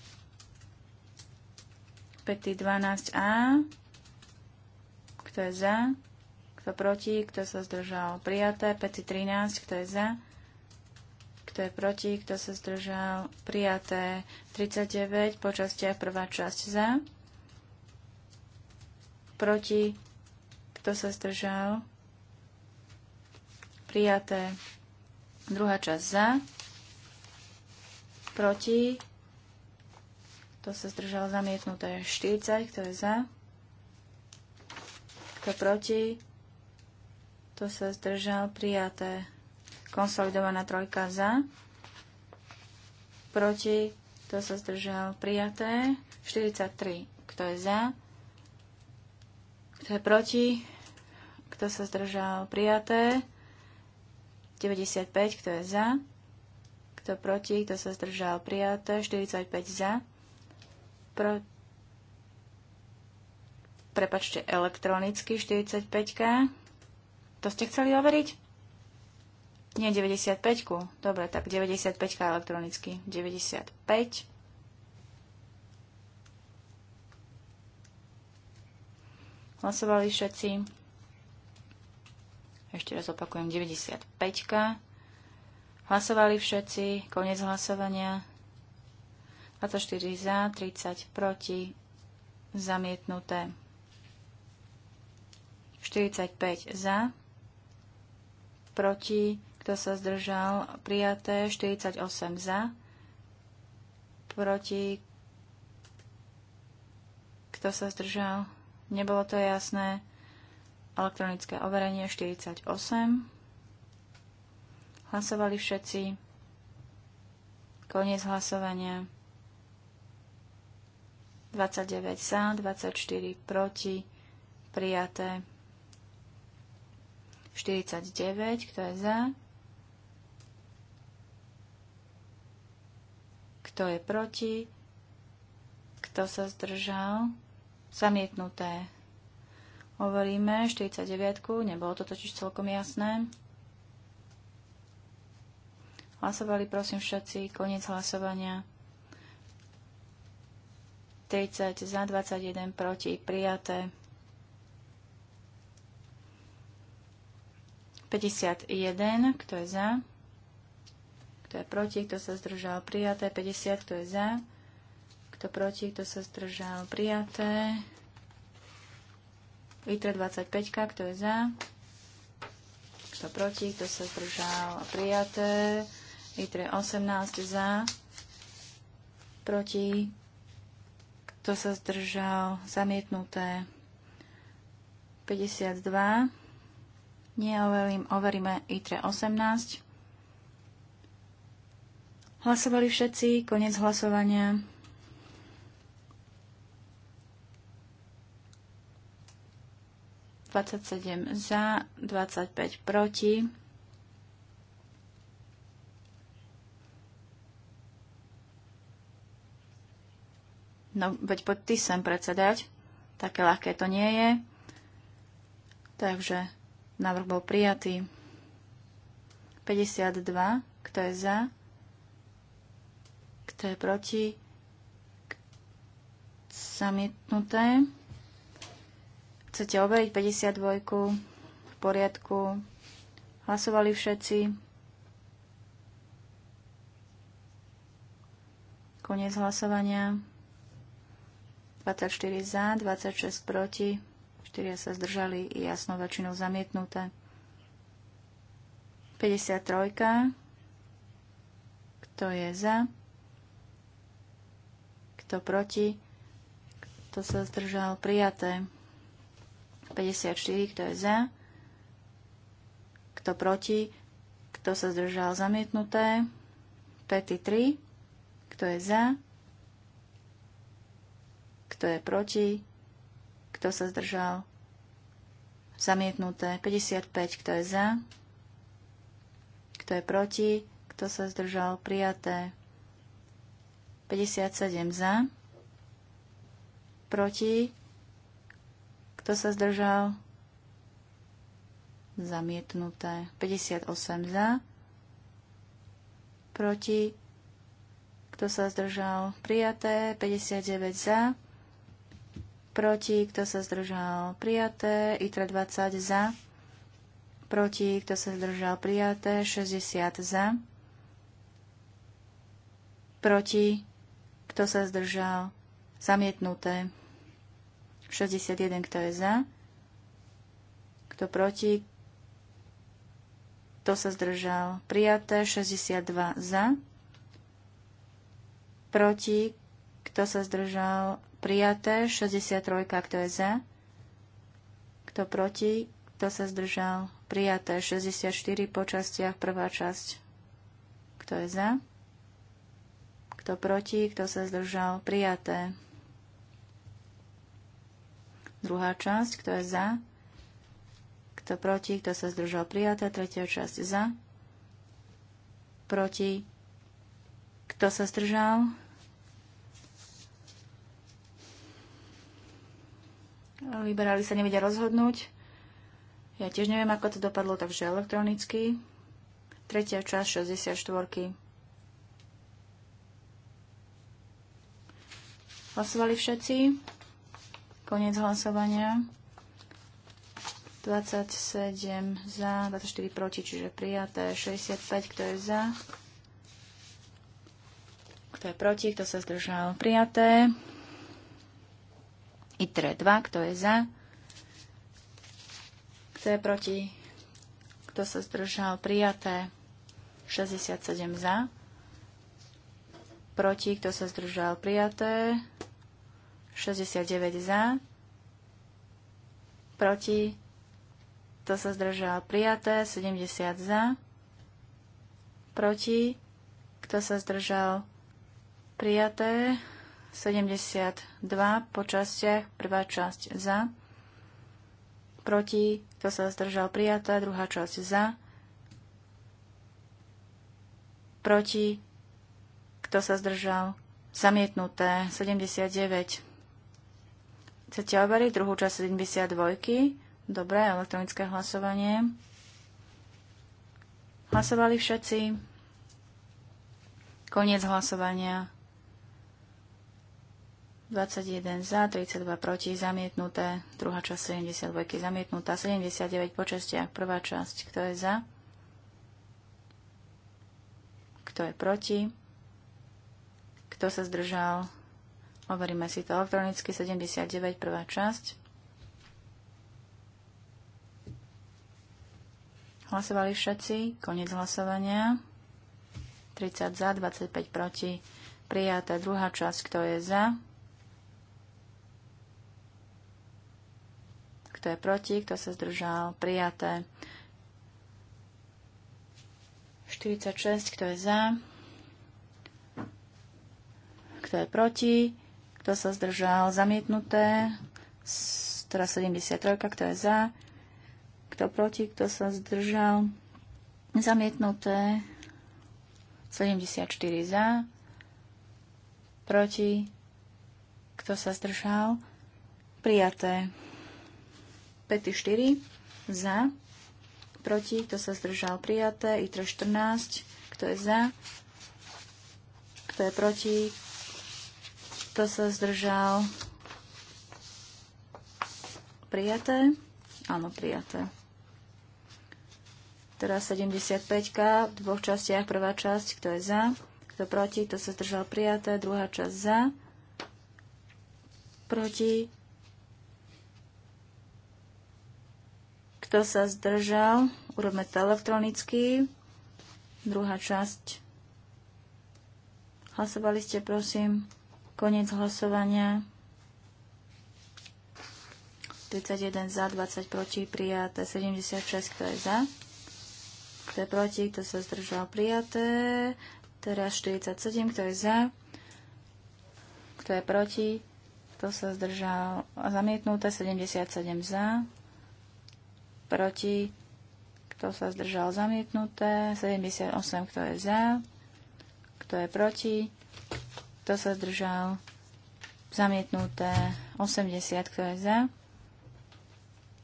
5. 12a, kto je za, kto proti, kto sa zdržal, prijaté. 5. 13, kto je za, kto je proti, kto sa zdržal, prijaté. 39, po prvá časť za, proti, kto sa zdržal, prijaté. Druhá časť za, proti, kto sa zdržal zamietnuté 40, kto je za, kto proti, kto sa zdržal prijaté konsolidovaná trojka za, proti, kto sa zdržal prijaté 43, kto je za, kto je proti, kto sa zdržal prijaté 95, kto je za, kto proti, kto sa zdržal, prijaté. 45 za, pro... prepačte, elektronicky 45. k To ste chceli overiť? Nie, 95. -ku. Dobre, tak 95 elektronicky. 95. Hlasovali všetci. Ešte raz opakujem, 95. -ka. Hlasovali všetci, koniec hlasovania. 24 za, 30 proti, zamietnuté. 45 za, proti, kto sa zdržal, prijaté, 48 za, proti, kto sa zdržal, nebolo to jasné, elektronické overenie 48. Hlasovali všetci. Koniec hlasovania. 29 za, 24 proti, prijaté 49, kto je za, kto je proti, kto sa zdržal, zamietnuté. Hovoríme 49, nebolo to totiž celkom jasné. Hlasovali prosím všetci. Koniec hlasovania. 30 za 21 proti prijaté. 51, kto je za? Kto je proti? Kto sa zdržal? Prijaté. 50, kto je za? Kto proti? Kto sa zdržal? Prijaté. Vitre 25, kto je za? Kto proti? Kto sa zdržal? Prijaté. ITRE 18 za, proti, kto sa zdržal, zamietnuté 52. Neoverím, overíme ITRE 18. Hlasovali všetci, koniec hlasovania. Dvadsaťsedem za, 25 proti. No, veď poď ty sem predsedať. Také ľahké to nie je. Takže návrh bol prijatý. 52. Kto je za? Kto je proti? Zamietnuté. Chcete overiť 52? V poriadku. Hlasovali všetci. Koniec hlasovania. 24 za, 26 proti, 4 sa zdržali, i jasnou väčšinou zamietnuté. 53. Kto je za? Kto proti? Kto sa zdržal? Prijaté. 54. Kto je za? Kto proti? Kto sa zdržal? Zamietnuté. 53. Kto je za? Kto je proti? Kto sa zdržal? Zamietnuté. 55. Kto je za? Kto je proti? Kto sa zdržal? Prijaté. 57 za. Proti. Kto sa zdržal? Zamietnuté. 58 za. Proti. Kto sa zdržal? Prijaté. 59 za proti, kto sa zdržal prijaté, ITRE 20 za, proti, kto sa zdržal prijaté, 60 za, proti, kto sa zdržal zamietnuté, 61 kto je za, kto proti, kto sa zdržal prijaté, 62 za, proti, kto sa zdržal prijaté. 63, kto je za, kto proti, kto sa zdržal, prijaté. 64 po častiach, prvá časť, kto je za, kto proti, kto sa zdržal, prijaté. Druhá časť, kto je za, kto proti, kto sa zdržal, prijaté. Tretia časť za, proti, kto sa zdržal, Liberáli sa nevedia rozhodnúť. Ja tiež neviem, ako to dopadlo, takže elektronicky. Tretia časť 64. Hlasovali všetci. Koniec hlasovania. 27 za, 24 proti, čiže prijaté. 65, kto je za. Kto je proti, kto sa zdržal. Prijaté. ITRE 2, kto je za, kto je proti, kto sa zdržal, prijaté 67 za, proti, kto sa zdržal, prijaté 69 za, proti, kto sa zdržal, prijaté 70 za, proti, kto sa zdržal, prijaté 72 po častiach. Prvá časť za. Proti. Kto sa zdržal prijatá. Druhá časť za. Proti. Kto sa zdržal? Zamietnuté. 79. Chcete overiť druhú časť 72? Dobre, elektronické hlasovanie. Hlasovali všetci. Koniec hlasovania. 21 za, 32 proti, zamietnuté. Druhá časť 72 zamietnutá. 79 po častiach. Prvá časť. Kto je za? Kto je proti? Kto sa zdržal? Overíme si to elektronicky. 79, prvá časť. Hlasovali všetci. Koniec hlasovania. 30 za, 25 proti. Prijaté druhá časť. Kto je za? kto je proti, kto sa zdržal, prijaté. 46, kto je za, kto je proti, kto sa zdržal, zamietnuté. Teraz 73, kto je za, kto proti, kto sa zdržal, zamietnuté. 74 za, proti, kto sa zdržal, prijaté. 5 4 za, proti, kto sa zdržal prijaté, ITRE 14, kto je za, kto je proti, kto sa zdržal prijaté, áno, prijaté. Teraz 75 v dvoch častiach, prvá časť, kto je za, kto proti, kto sa zdržal prijaté, druhá časť za, proti, Kto sa zdržal? Urobme to elektronicky. Druhá časť. Hlasovali ste, prosím. Koniec hlasovania. 31 za, 20 proti, prijaté 76, kto je za. Kto je proti, kto sa zdržal, prijaté. Teraz 47, kto je za. Kto je proti, kto sa zdržal, zamietnuté 77 za proti, kto sa zdržal zamietnuté, 78, kto je za, kto je proti, kto sa zdržal zamietnuté, 80, kto je za,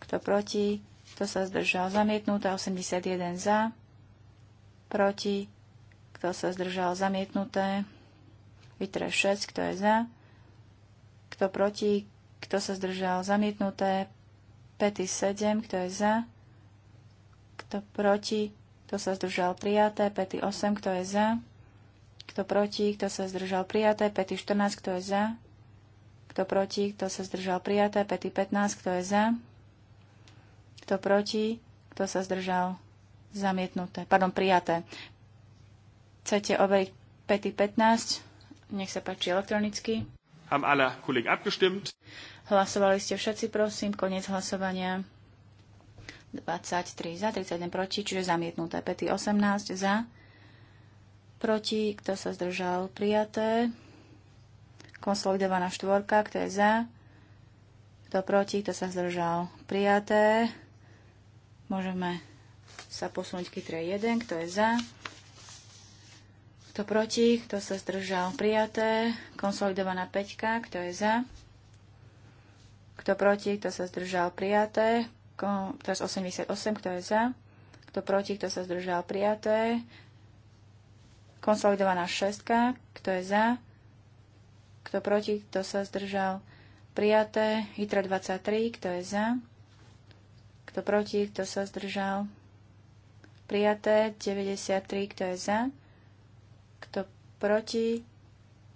kto proti, kto sa zdržal zamietnuté, 81 za, proti, kto sa zdržal zamietnuté, vytre 6, kto je za, kto proti, kto sa zdržal zamietnuté, 5 7, kto je za, kto proti, kto sa zdržal prijaté, 5, 8, kto je za, kto proti, kto sa zdržal prijaté, Pety 14, kto je za, kto proti, kto sa zdržal prijaté, Pety 15, kto je za, kto proti, kto sa zdržal zamietnuté, pardon, prijaté. Chcete overiť 5, 15? Nech sa páči elektronicky. Haben alle Kollegen abgestimmt? Hlasovali ste všetci, prosím, koniec hlasovania. 23 za, 31 proti, čiže zamietnuté. Pety 18 za, proti, kto sa zdržal, prijaté. Konsolidovaná štvorka, kto je za, kto proti, kto sa zdržal, prijaté. Môžeme sa posunúť k 3 1, kto je za, kto proti? Kto sa zdržal? Prijaté. Konsolidovaná peťka. Kto je za? Kto proti? Kto sa zdržal? Prijaté. Teraz 88. Kto je za? Kto proti? Kto sa zdržal? Prijaté. Konsolidovaná šestka. Kto je za? Kto proti? Kto sa zdržal? Prijaté. Hitra 23. Kto je za? Kto proti? Kto sa zdržal? Prijaté. 93. Kto je za? proti,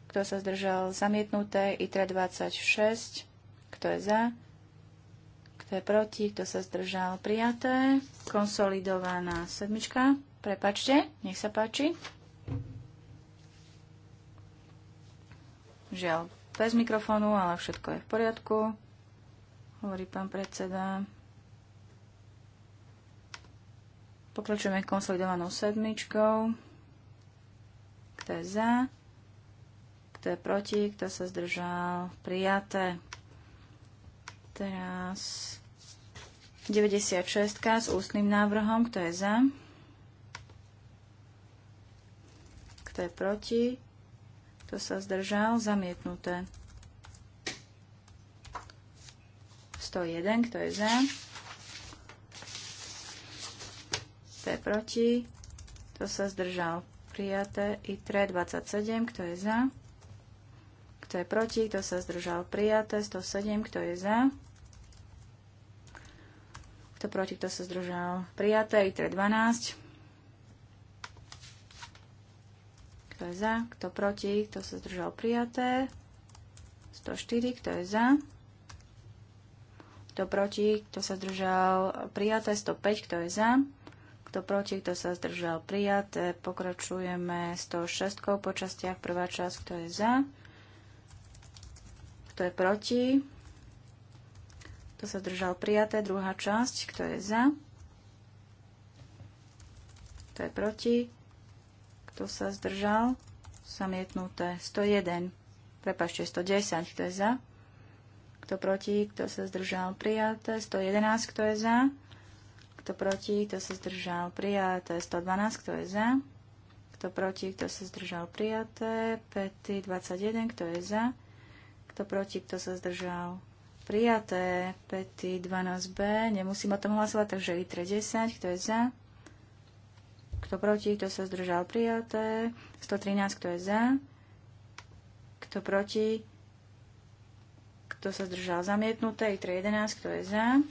kto sa zdržal zamietnuté, ITRA 26, kto je za, kto je proti, kto sa zdržal prijaté, konsolidovaná sedmička, prepačte, nech sa páči. Žiaľ, bez mikrofónu, ale všetko je v poriadku, hovorí pán predseda. Pokračujeme konsolidovanou sedmičkou. Kto je za? Kto je proti? Kto sa zdržal? Prijaté. Teraz 96 s ústnym návrhom. Kto je za? Kto je proti? Kto sa zdržal? Zamietnuté. 101. Kto je za? Kto je proti? Kto sa zdržal? prijaté. ITRE 27, kto je za? Kto je proti? Kto sa zdržal? Prijaté. 107, kto je za? Kto proti? Kto sa zdržal? Prijaté. ITRE 12. Kto je za? Kto proti? Kto sa zdržal? Prijaté. 104, kto je za? Kto proti? Kto sa zdržal? Prijaté. 105, kto je za? kto proti, kto sa zdržal prijaté. E, pokračujeme 106 po častiach. Prvá časť, kto je za, kto je proti, kto sa zdržal prijaté. Druhá časť, kto je za, kto je proti, kto sa zdržal, zamietnuté. 101, prepašte, 110, kto je za, kto proti, kto sa zdržal prijaté. 111, kto je za, kto proti, kto sa zdržal prijaté. 112, kto je za. Kto proti, kto sa zdržal prijaté. 5, 21, kto je za. Kto proti, kto sa zdržal prijaté. 5, 12b. Nemusím o tom hlasovať, takže i 10, kto je za. Kto proti, kto sa zdržal prijaté. 113, kto je za. Kto proti, kto sa zdržal zamietnuté. I 11, kto je za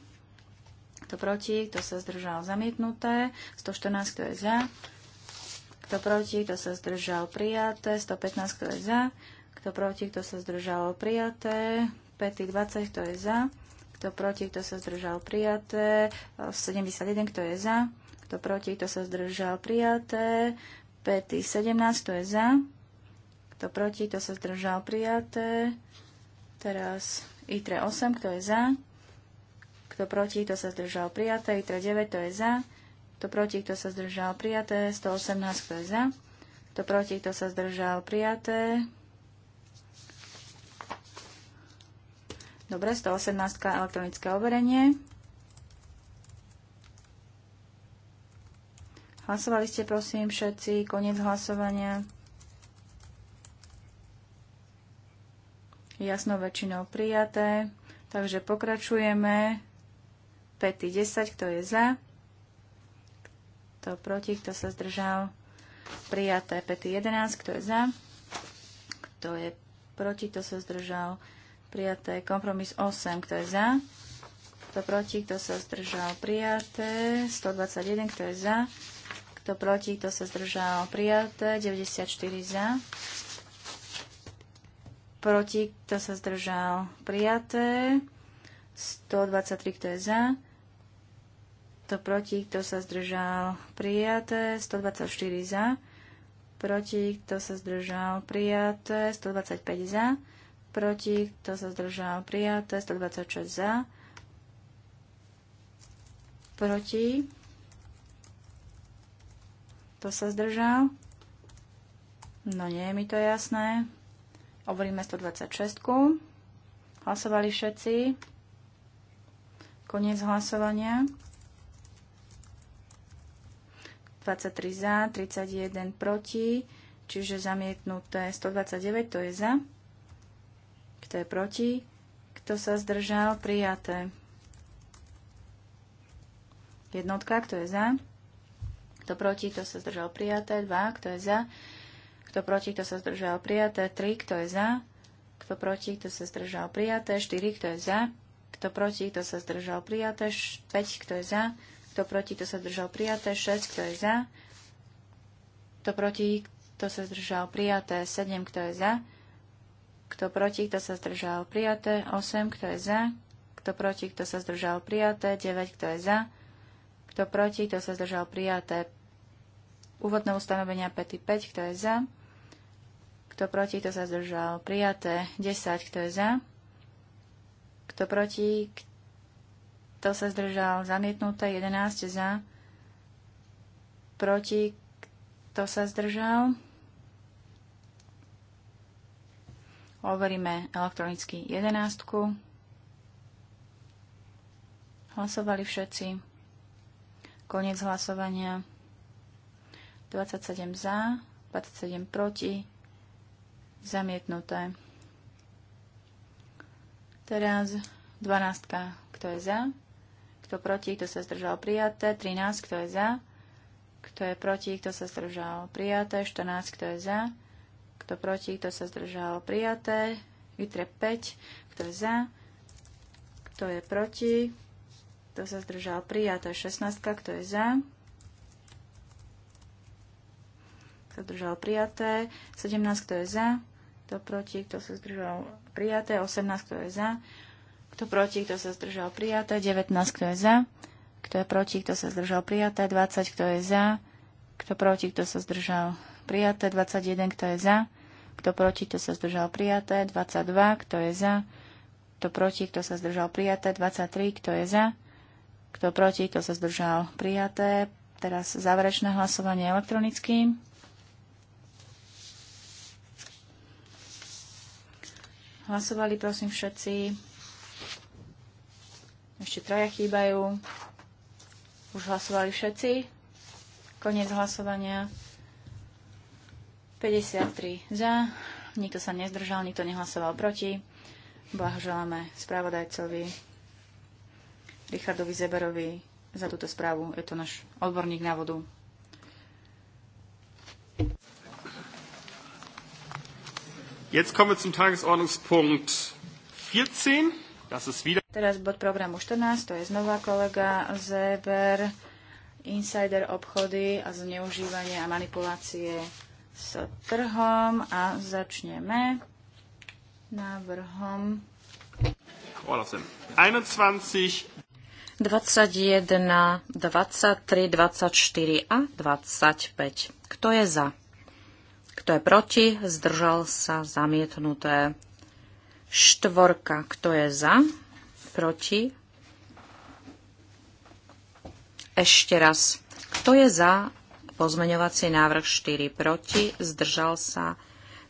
kto proti, kto sa zdržal zamietnuté, 114, kto je za, kto proti, kto sa zdržal prijaté, 115, kto je za, kto proti, kto sa zdržal prijaté, 5, 20, kto je za, kto proti, kto sa zdržal prijaté, 71, kto je za, kto proti, kto sa zdržal prijaté, 5, 17, kto je za, kto proti, kto sa zdržal prijaté, teraz ITRE 8, kto je za, kto proti, kto sa zdržal prijaté. ITRE to je za. Kto proti, kto sa zdržal prijaté. 118, kto je za. Kto proti, kto sa zdržal prijaté. Dobre, 118 elektronické overenie. Hlasovali ste prosím všetci, koniec hlasovania. Jasnou väčšinou prijaté. Takže pokračujeme. Pety 10, kto je za? Kto proti? Kto sa zdržal? Prijaté. Pety 11, kto je za? Kto je proti? Kto sa zdržal? Prijaté. Kompromis 8, kto je za? Kto proti? Kto sa zdržal? Prijaté. 121, kto je za? Kto proti? Kto sa zdržal? Prijaté. 94 za. Proti? Kto sa zdržal? Prijaté. 123, kto je za, To proti, kto sa zdržal, prijaté, 124 za, proti, kto sa zdržal, prijaté, 125 za, proti, kto sa zdržal, prijaté, 126 za, proti, kto sa zdržal, no nie je mi to jasné, overíme 126, hlasovali všetci, Koniec hlasovania. 23 za, 31 proti, čiže zamietnuté 129, to je za. Kto je proti? Kto sa zdržal? Prijaté. Jednotka, kto je za? Kto proti? Kto sa zdržal? Prijaté. 2, kto je za? Kto proti? Kto sa zdržal? Prijaté. 3, kto je za? Kto proti? Kto sa zdržal? Prijaté. 4, kto je za? Kto proti, kto sa zdržal prijaté, 5, kto je za. Kto proti, kto sa zdržal prijaté, 6, kto je za. Kto proti, kto sa zdržal prijaté, 7, kto je za. Kto proti, kto sa zdržal prijaté, 8, kto je za. Kto proti, kto sa zdržal prijaté, 9, kto je za. Kto proti, kto sa zdržal prijaté, úvodné ustanovenia 5, 5, kto je za. Kto proti, kto sa zdržal prijaté, 10, kto je za. Kto proti? Kto sa zdržal? Zamietnuté 11 za. Proti? Kto sa zdržal? Overíme elektronicky 11. Hlasovali všetci. Koniec hlasovania. 27 za, 27 proti. Zamietnuté. Teraz 12. Kto je za? Kto proti? Kto sa zdržal? Prijaté. 13. Kto je za? Kto je proti? Kto sa zdržal? Prijaté. 14. Kto je za? Kto proti? Kto sa zdržal? Prijaté. vytre 5. Kto je za? Kto je proti? Kto sa zdržal? Prijaté. 16. Kto je za? Kto zdržal? Prijaté. 17. Kto je za? Kto proti? Kto sa zdržal? prijaté, 18, kto je za, kto proti, kto sa zdržal prijaté, 19, kto je za, kto je proti, kto sa zdržal prijaté, 20, kto je za, kto proti, kto sa zdržal prijaté, 21, kto je za, kto proti, kto sa zdržal prijaté, 22, kto je za, kto proti, kto sa zdržal prijaté, 23, kto je za, kto proti, kto sa zdržal prijaté. Teraz záverečné hlasovanie elektronickým. Hlasovali prosím všetci. Ešte traja chýbajú. Už hlasovali všetci. Koniec hlasovania. 53 za. Nikto sa nezdržal, nikto nehlasoval proti. Blahoželáme správodajcovi Richardovi Zeberovi za túto správu. Je to náš odborník na vodu. Jetzt kommen wir zum Tagesordnungspunkt 14. Das ist wieder Teraz bod programu 14, to je znova kolega Zeber, insider obchody a zneužívanie a manipulácie s trhom a začneme návrhom 21, 21, 23, 24 a 25. Kto je za? Kto je proti? Zdržal sa zamietnuté. Štvorka. Kto je za? Proti? Ešte raz. Kto je za pozmeňovací návrh 4? Proti? Zdržal sa.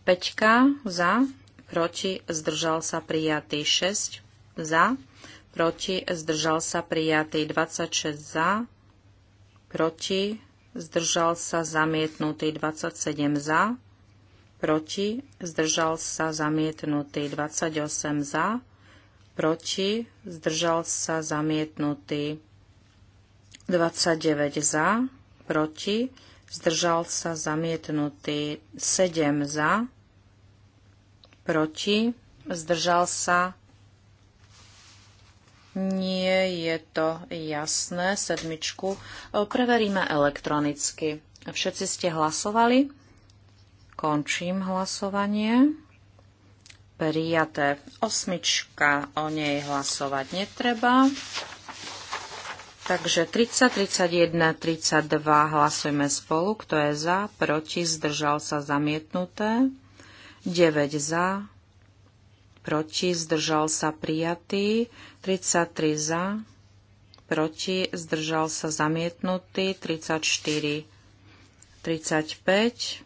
Peťka. Za? Proti? Zdržal sa prijatý 6. Za? Proti? Zdržal sa prijatý 26. Za? Proti? zdržal sa zamietnutý 27 za, proti, zdržal sa zamietnutý 28 za, proti, zdržal sa zamietnutý 29 za, proti, zdržal sa zamietnutý 7 za, proti, zdržal sa nie je to jasné. Sedmičku e, preveríme elektronicky. Všetci ste hlasovali? Končím hlasovanie. Prijaté. Osmička, o nej hlasovať netreba. Takže 30, 31, 32 hlasujeme spolu. Kto je za, proti, zdržal sa zamietnuté. 9 za, proti, zdržal sa prijatý. 33 za, proti, zdržal sa zamietnutý, 34, 35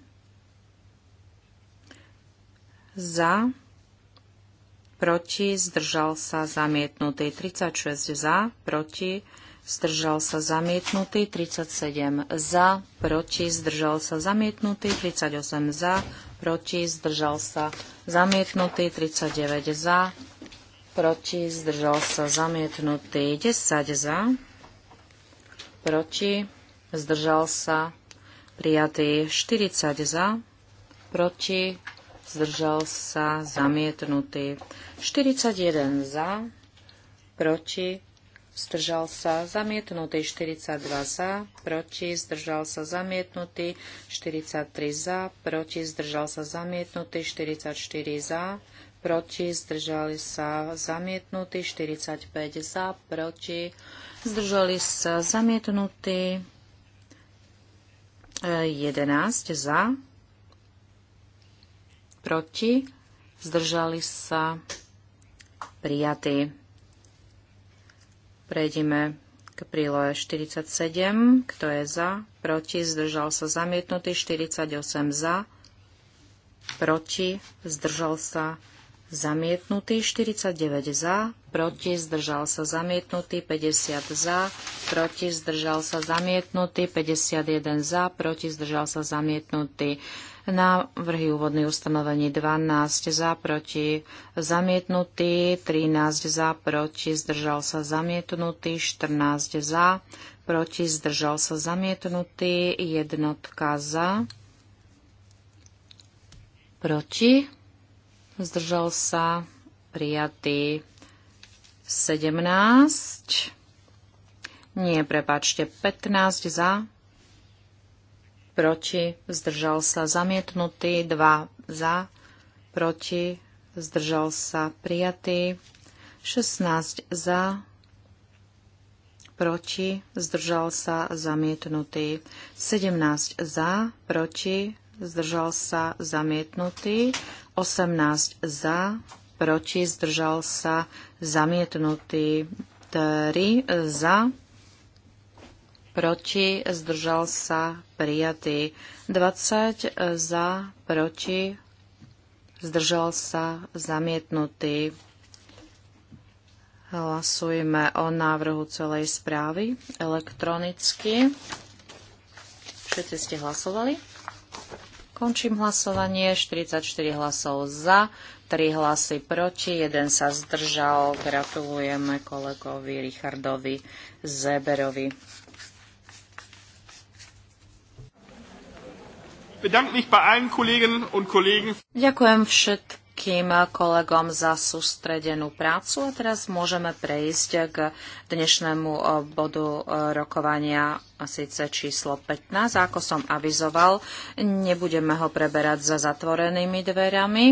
za, proti, zdržal sa zamietnutý, 36 za, proti, zdržal sa zamietnutý, 37 za, proti, zdržal sa zamietnutý, 38 za, proti, zdržal sa zamietnutý, 39 za, proti, zdržal sa zamietnutý. 10 za, proti, zdržal sa prijatý. 40 za, proti, zdržal sa zamietnutý. 41 za, proti, zdržal sa zamietnutý 42 za, proti zdržal sa zamietnutý 43 za, proti zdržal sa zamietnutý 44 za, proti, zdržali sa zamietnutí, 45 za, proti, zdržali sa zamietnutí, 11 za, proti, zdržali sa prijatí. Prejdeme k prílohe 47, kto je za, proti, zdržal sa zamietnutý, 48 za, proti, zdržal sa prijatý zamietnutý, 49 za, proti, zdržal sa zamietnutý, 50 za, proti, zdržal sa zamietnutý, 51 za, proti, zdržal sa zamietnutý. Návrhy úvodných ustanovení 12 za, proti, zamietnutý, 13 za, proti, zdržal sa zamietnutý, 14 za, proti, zdržal sa zamietnutý, jednotka za, proti, zdržal sa, prijatý 17, nie, prepačte, 15 za, proti, zdržal sa, zamietnutý, 2 za, proti, zdržal sa, prijatý, 16 za, proti, zdržal sa, zamietnutý, 17 za, proti, zdržal sa, zamietnutý, 18 za, proti, zdržal sa zamietnutý 3 za, proti, zdržal sa prijatý 20 za, proti, zdržal sa zamietnutý. Hlasujme o návrhu celej správy elektronicky. Všetci ste hlasovali? Končím hlasovanie. 44 hlasov za, 3 hlasy proti, 1 sa zdržal. Gratulujeme kolegovi Richardovi Zeberovi. Ďakujem všetkým všetkým kolegom za sústredenú prácu a teraz môžeme prejsť k dnešnému eh, bodu eh, rokovania a síce číslo 15. ako som avizoval, nebudeme ho preberať za zatvorenými dverami.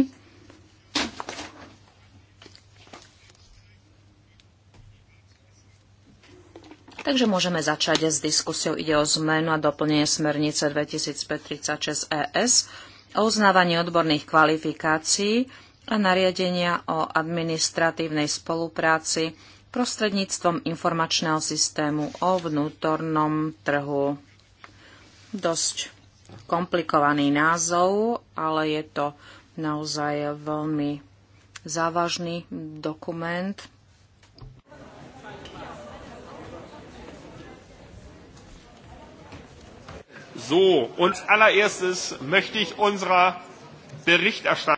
Takže môžeme začať s diskusiou. Ide o zmenu a doplnenie smernice 2536 ES o uznávaní odborných kvalifikácií a nariadenia o administratívnej spolupráci prostredníctvom informačného systému o vnútornom trhu. Dosť komplikovaný názov, ale je to naozaj veľmi závažný dokument. So, und allererstes möchte ich unserer Berichterstatterin.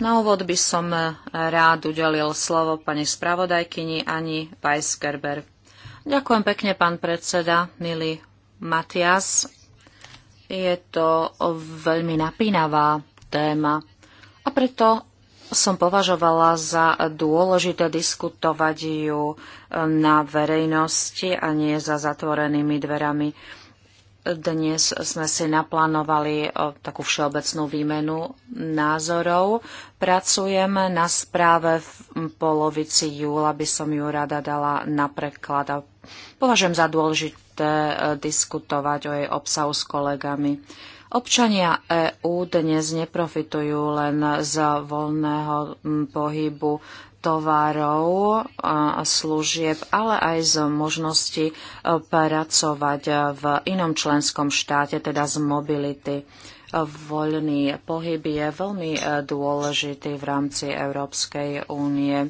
Na úvod by som e, rád udelil slovo pani spravodajkyni Ani Weisgerber. Ďakujem pekne, pán predseda, milý Matias. Je to veľmi napínavá téma a preto som považovala za dôležité diskutovať ju e, na verejnosti a nie za zatvorenými dverami. Dnes sme si naplánovali eh, takú všeobecnú výmenu názorov. Pracujem na správe v polovici júla, by som ju rada dala na preklad a považujem za dôležité eh, diskutovať o jej obsahu s kolegami. Občania EÚ dnes neprofitujú len z voľného pohybu tovarov a služieb, ale aj z možnosti e, pracovať v inom členskom štáte, teda z mobility. E, voľný pohyb je veľmi e, dôležitý v rámci Európskej únie.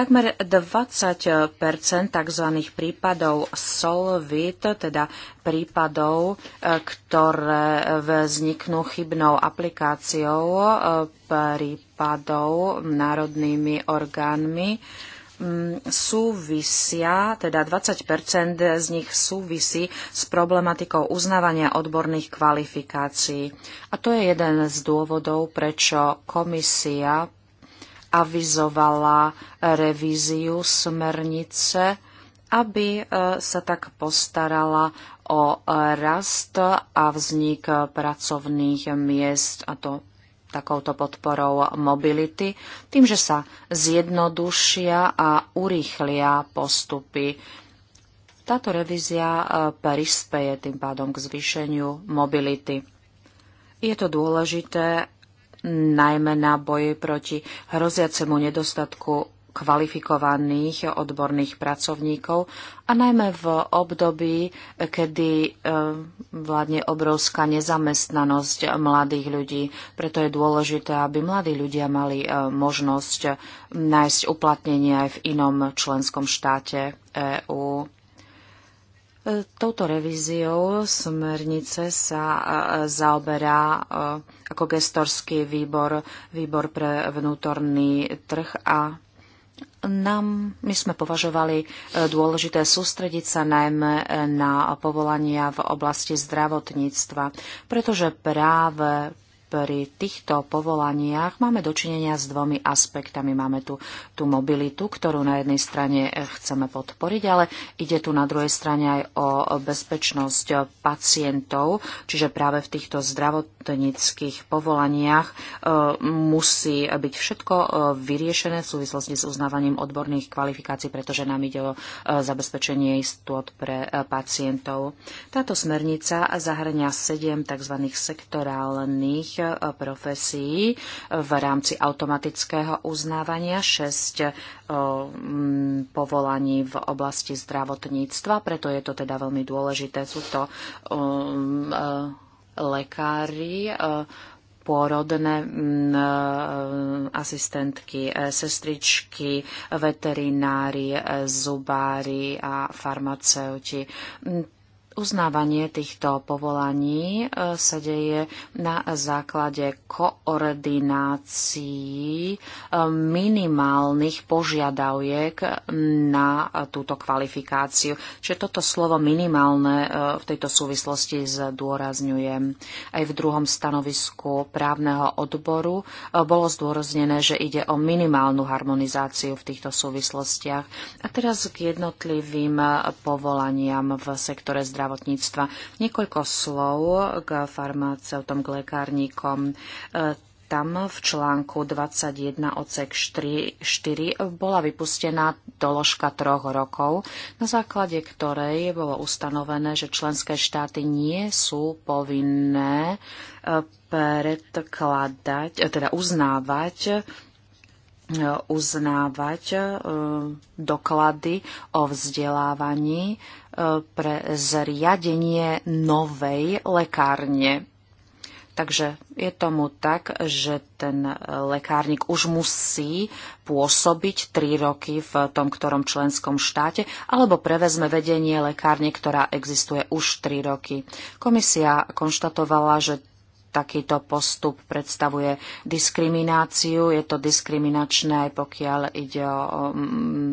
Takmer 20 tzv. prípadov solvit, teda prípadov, e, ktoré vzniknú chybnou aplikáciou e, prípadov národnými orgánmi, mm, súvisia, teda 20 z nich súvisí s problematikou uznávania odborných kvalifikácií. A to je jeden z dôvodov, prečo komisia avizovala revíziu smernice, aby e, sa tak postarala o rast a vznik pracovných miest, a to takouto podporou mobility, tým, že sa zjednodušia a urýchlia postupy. Táto revízia e, prispeje tým pádom k zvýšeniu mobility. Je to dôležité najmä na boji proti hroziacemu nedostatku kvalifikovaných odborných pracovníkov a najmä v období, kedy e, vládne obrovská nezamestnanosť mladých ľudí. Preto je dôležité, aby mladí ľudia mali e, možnosť nájsť uplatnenie aj v inom členskom štáte EÚ. E, touto revíziou smernice sa zaoberá ako gestorský výbor, výbor pre vnútorný trh a nám, my sme považovali e, dôležité sústrediť sa najmä na povolania v oblasti zdravotníctva, pretože práve pri týchto povolaniach máme dočinenia s dvomi aspektami. Máme tu tú mobilitu, ktorú na jednej strane chceme podporiť, ale ide tu na druhej strane aj o bezpečnosť pacientov, čiže práve v týchto zdravotníckých povolaniach e, musí byť všetko e, vyriešené v súvislosti s uznávaním odborných kvalifikácií, pretože nám ide o e, zabezpečenie istot pre pacientov. Táto smernica zahrania sedem tzv. sektorálnych profesí v rámci automatického uznávania, 6 povolaní v oblasti zdravotníctva, preto je to teda veľmi dôležité. Sú to e, lekári, e, pôrodné e, asistentky, sestričky, veterinári, zubári a farmaceuti Uznávanie týchto povolaní e, sa deje na základe koordinácií e, minimálnych požiadaviek na túto kvalifikáciu. Čiže toto slovo minimálne e, v tejto súvislosti zdôrazňujem. Aj v druhom stanovisku právneho odboru bolo zdôraznené, že ide o minimálnu harmonizáciu v týchto súvislostiach. A teraz k jednotlivým povolaniam v sektore zdravotníctva zdravotníctva. Niekoľko slov k farmaceutom, k lekárnikom e, tam v článku 21 odsek 4, 4 bola vypustená doložka troch rokov, na základe ktorej bolo ustanovené, že členské štáty nie sú povinné e, predkladať, e, teda uznávať uznávať doklady o vzdelávaní E, pre zriadenie novej lekárne. Takže je tomu tak, že ten lekárnik už musí pôsobiť 3 roky v tom ktorom členskom štáte alebo prevezme vedenie lekárne, ktorá existuje už 3 roky. Komisia konštatovala, že takýto postup predstavuje diskrimináciu. Je to diskriminačné aj pokiaľ ide o mm,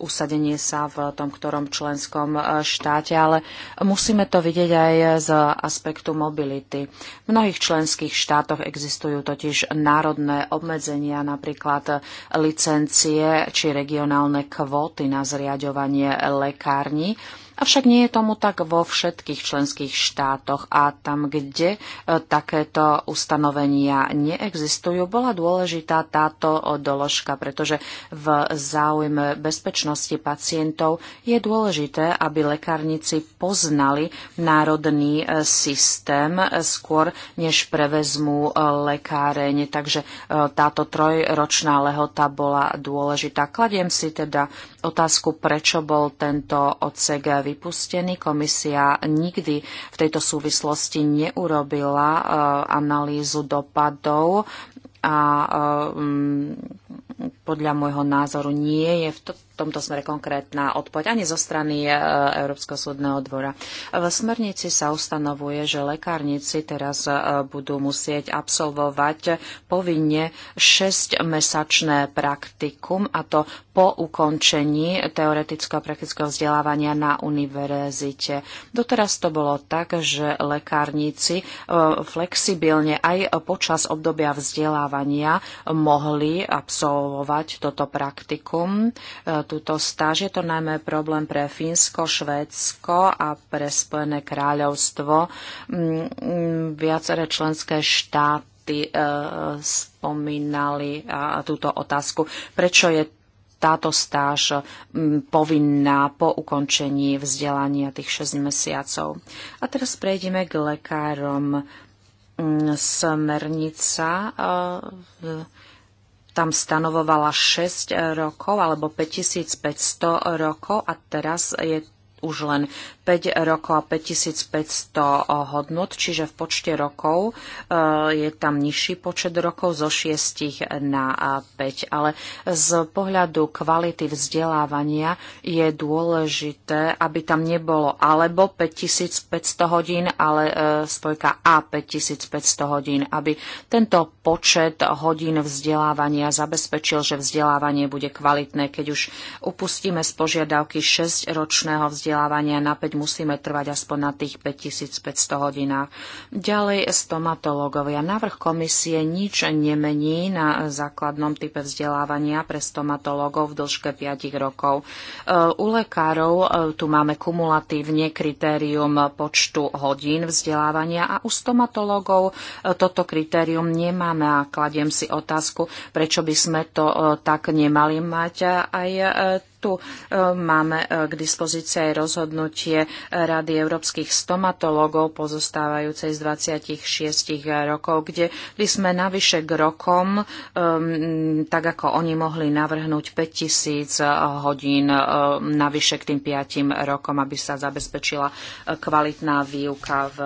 usadenie sa v tom ktorom členskom e, štáte, ale musíme to vidieť aj z aspektu mobility. V mnohých členských štátoch existujú totiž národné obmedzenia, napríklad licencie či regionálne kvóty na zriadovanie lekární. Avšak nie je tomu tak vo všetkých členských štátoch a tam, kde e, takéto ustanovenia neexistujú, bola dôležitá táto e, doložka, pretože v záujme bezpečnosti pacientov je dôležité, aby lekárnici poznali národný e, systém skôr, než prevezmú lekáreň. Takže táto trojročná lehota bola dôležitá. Kladiem si teda otázku, prečo bol tento odsek vypustený. Komisia nikdy v tejto súvislosti neurobila eh, analýzu dopadov a eh, podľa môjho názoru nie je v tomto smere konkrétna odpoveď ani zo strany e, Európskeho súdneho dvora. V smernici sa ustanovuje, že lekárnici teraz e, budú musieť absolvovať povinne 6-mesačné praktikum a to po ukončení teoretického a praktického vzdelávania na univerzite. Doteraz to bolo tak, že lekárnici e, flexibilne aj počas obdobia vzdelávania mohli absolvovať absolvovať toto praktikum, e, túto stáž. Je to najmä problém pre Fínsko, Švédsko a pre Spojené kráľovstvo. Mm, mm, viaceré členské štáty e, spomínali túto otázku. Prečo je táto stáž mm, povinná po ukončení vzdelania tých 6 mesiacov. A teraz prejdeme k lekárom. Smernica e, tam stanovovala 6 eh, rokov alebo 5500 rokov a teraz je už len 5 rokov a 5500 hodnot, čiže v počte rokov e, je tam nižší počet rokov zo 6 na 5. E, ale z pohľadu kvality vzdelávania je dôležité, aby tam nebolo alebo 5500 hodín, ale e, spojka a 5500 hodín, aby tento počet hodín vzdelávania zabezpečil, že vzdelávanie bude kvalitné. Keď už upustíme z požiadavky 6-ročného vzdelávania na 5 musíme trvať aspoň na tých 5500 hodinách. Ďalej stomatológovia. Návrh komisie nič nemení na základnom type vzdelávania pre stomatológov v dĺžke 5 rokov. U lekárov e, tu máme kumulatívne kritérium počtu hodín vzdelávania a u stomatológov e, toto kritérium nemáme a kladiem si otázku, prečo by sme to e, tak nemali mať aj tu e, Máme e, k dispozícii aj rozhodnutie Rady európskych stomatológov pozostávajúcej z 26 rokov, kde by sme navyše k rokom, e, tak ako oni mohli navrhnúť 5000 hodín navyše k tým 5 rokom, aby sa zabezpečila kvalitná výuka, v,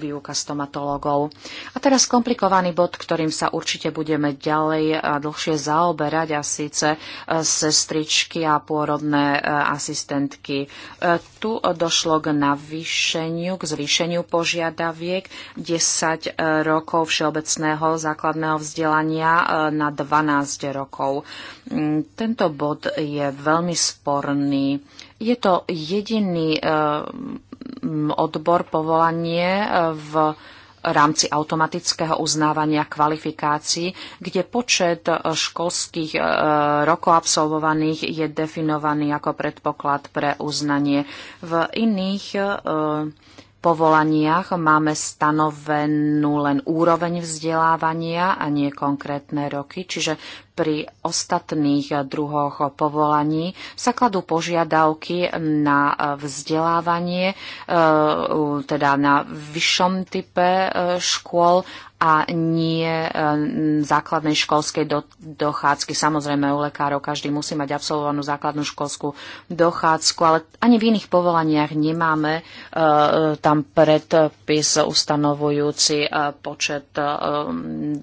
výuka stomatológov. A teraz komplikovaný bod, ktorým sa určite budeme ďalej a dlhšie zaoberať a síce sestričky sestričky a pôrodné e, asistentky. E, tu došlo k navýšeniu, k zvýšeniu požiadaviek 10 e, rokov všeobecného základného vzdelania na 12 rokov. Mm, tento bod je veľmi sporný. Je to jediný odbor povolanie v rámci automatického uznávania kvalifikácií, kde počet školských e, rokov absolvovaných je definovaný ako predpoklad pre uznanie. V iných e, povolaniach máme stanovenú len úroveň vzdelávania a nie konkrétne roky, čiže pri ostatných druhoch povolaní sa kladú požiadavky na vzdelávanie, e, teda na vyššom type e, škôl a nie e, základnej školskej dochádzky. Samozrejme, u lekárov každý musí mať absolvovanú základnú školskú dochádzku, ale ani v iných povolaniach nemáme tam predpis ustanovujúci počet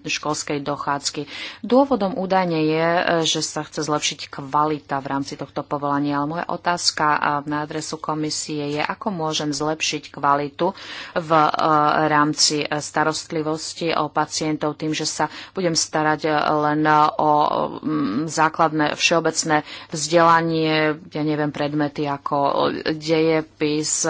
školskej dochádzky. Dôvodom údajne povolanie je, že sa chce zlepšiť kvalita v rámci tohto povolania, ale moja otázka na adresu komisie je, ako môžem zlepšiť kvalitu v e, rámci e, starostlivosti o pacientov tým, že sa budem starať e, len o základné všeobecné vzdelanie, ja neviem, predmety ako dejepis,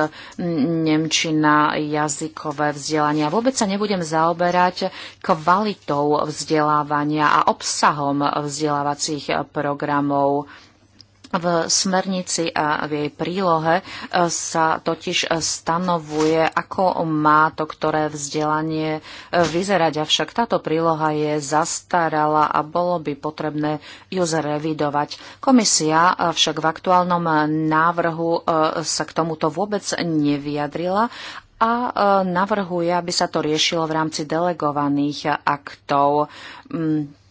nemčina, jazykové vzdelanie. Vôbec sa nebudem zaoberať kvalitou vzdelávania a obsahom obsahom vzdelávacích programov. V smernici a v jej prílohe e, sa totiž stanovuje, ako má to ktoré vzdelanie e, vyzerať. Avšak táto príloha je zastarala a bolo by potrebné ju zrevidovať. Komisia však v aktuálnom návrhu e, sa k tomuto vôbec nevyjadrila a navrhuje, aby sa to riešilo v rámci delegovaných aktov mm,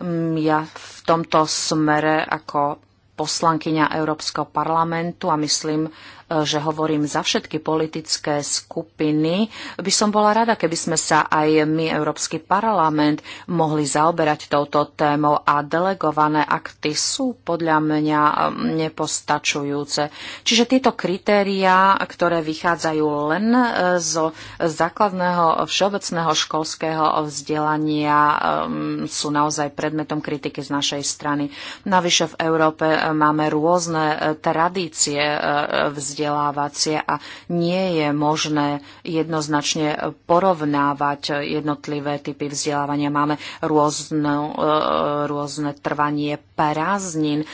Mm, ja v tomto smere ako poslankyňa Európskeho parlamentu a myslím, E, že hovorím za všetky politické skupiny. By som bola rada, keby sme sa aj my, Európsky parlament, mohli zaoberať touto témou a delegované akty sú podľa mňa e, nepostačujúce. Čiže tieto kritériá, ktoré vychádzajú len e, zo základného všeobecného školského vzdelania, sú naozaj predmetom kritiky z našej strany. Navyše v Európe máme rôzne tradície vzdelania vzdelávacie a nie je možné jednoznačne porovnávať jednotlivé typy vzdelávania. Máme rôzne, rôzne trvanie prázdnin, e,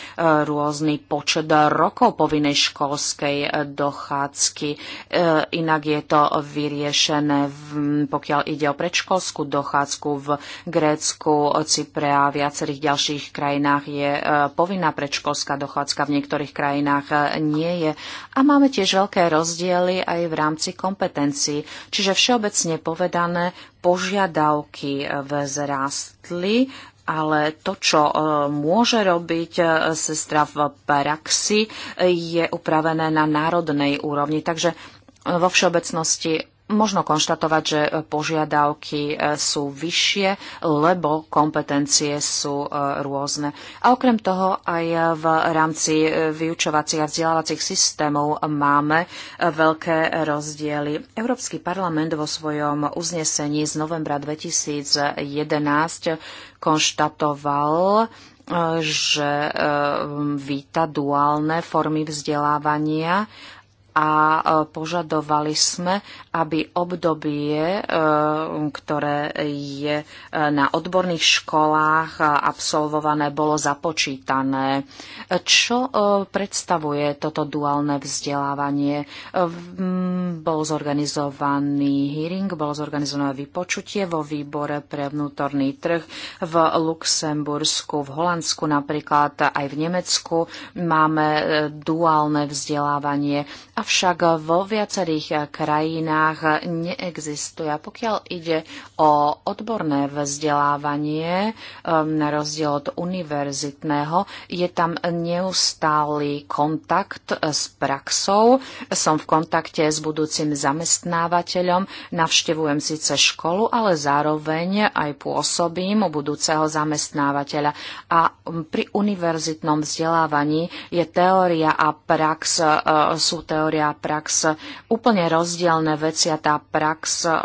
rôzny počet rokov povinnej školskej dochádzky. E, inak je to vyriešené, pokiaľ ide o predškolskú dochádzku v Grécku, Cypre a viacerých ďalších krajinách je e, povinná predškolská dochádzka, v niektorých krajinách nie je. A máme tiež veľké rozdiely aj v rámci kompetencií. Čiže všeobecne povedané, požiadavky e, vzrástli, ale to, čo e, môže robiť e, sestra v praxi, je upravené na národnej úrovni. Takže vo všeobecnosti možno konštatovať, že e, požiadavky e, sú vyššie, lebo kompetencie sú e, rôzne. A okrem toho aj v rámci vyučovacích a vzdelávacích systémov máme veľké rozdiely. Európsky parlament vo svojom uznesení z novembra 2011 konštatoval, že víta duálne formy vzdelávania a e, požadovali sme, aby obdobie, e, ktoré je e, na odborných školách absolvované, bolo započítané. Čo predstavuje toto duálne vzdelávanie? Bol zorganizovaný hearing, bolo zorganizované vypočutie vo výbore pre vnútorný trh v Luxembursku, v Holandsku napríklad, aj v Nemecku máme duálne vzdelávanie avšak vo viacerých krajinách neexistuje. pokiaľ ide o odborné vzdelávanie, um, na rozdiel od univerzitného, je tam neustály kontakt s praxou. Som v kontakte s budúcim zamestnávateľom, navštevujem síce školu, ale zároveň aj pôsobím u budúceho zamestnávateľa. A pri univerzitnom vzdelávaní je teória a prax uh, sú teórie teória a prax úplne rozdielne veci a tá prax eh,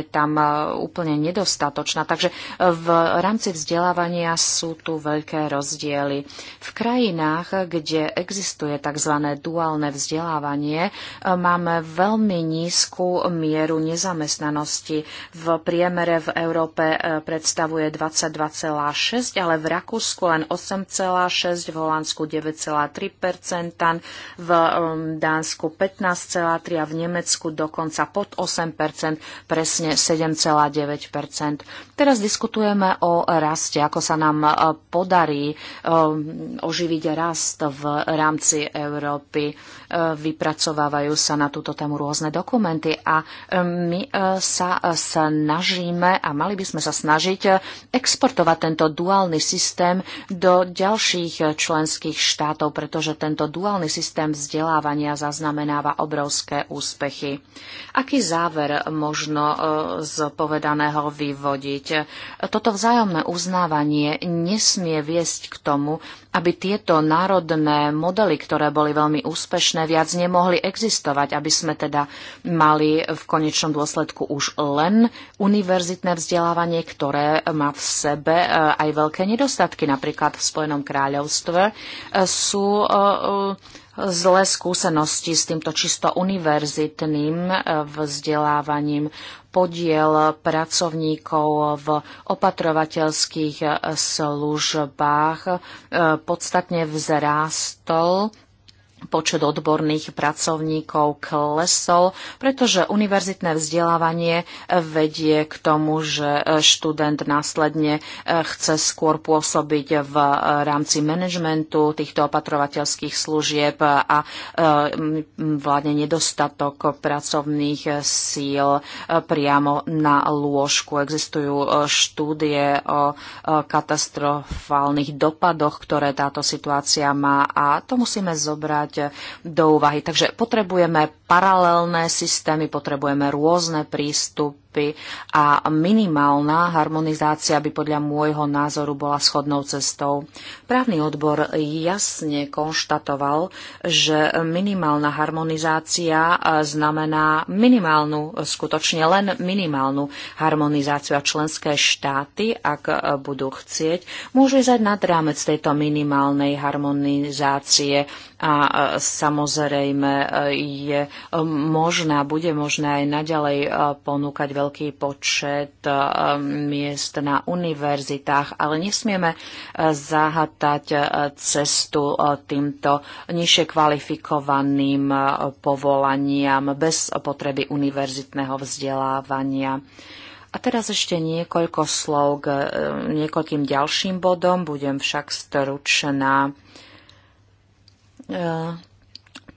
je tam eh, úplne nedostatočná. Takže eh, v rámci vzdelávania sú tu veľké rozdiely. V krajinách, kde existuje tzv. duálne vzdelávanie, máme veľmi nízku mieru nezamestnanosti. V priemere v Európe predstavuje 22,6, ale v Rakúsku len 8,6, v Holandsku 9,3 v Dánsku 15,3 a v Nemecku dokonca pod 8 presne 7,9 Teraz diskutujeme o raste, ako sa nám e, podarí e, oživiť rast v rámci Európy vypracovávajú sa na túto tému rôzne dokumenty a e, my e, sa e, snažíme a mali by sme sa snažiť exportovať tento duálny systém do ďalších členských štátov, pretože tento duálny systém vzdelávania zaznamenáva obrovské úspechy. Aký záver možno z povedaného vyvodiť? Toto vzájomné uznávanie nesmie viesť k tomu, aby tieto národné modely, ktoré boli veľmi úspešné, spoločné viac nemohli existovať, aby sme teda mali v konečnom dôsledku už len univerzitné vzdelávanie, ktoré má v sebe e, aj veľké nedostatky. Napríklad v Spojenom kráľovstve e, sú e, zlé skúsenosti s týmto čisto univerzitným vzdelávaním podiel pracovníkov v opatrovateľských službách podstatne vzrástol počet odborných pracovníkov klesol, pretože univerzitné vzdelávanie vedie k tomu, že študent následne eh, chce skôr pôsobiť v rámci manažmentu týchto opatrovateľských služieb a eh, vládne nedostatok pracovných síl eh, priamo na lôžku. Existujú štúdie o katastrofálnych dopadoch, ktoré táto situácia má a to musíme zobrať brať eh, do úvahy. Takže potrebujeme paralelné systémy, potrebujeme rôzne prístupy Európy a minimálna harmonizácia by podľa môjho názoru bola schodnou cestou. Právny odbor jasne konštatoval, že minimálna harmonizácia e, znamená minimálnu, e, skutočne len minimálnu harmonizáciu a členské štáty, ak e, budú chcieť, môžu ísť nad rámec tejto minimálnej harmonizácie a samozrejme je možná, bude možné aj naďalej ponúkať veľa veľký počet eh, miest na univerzitách, ale nesmieme eh, zahatať eh, cestu týmto nižšie kvalifikovaným povolaniam bez potreby univerzitného vzdelávania. A teraz ešte niekoľko slov k niekoľkým ďalším bodom, budem však stručná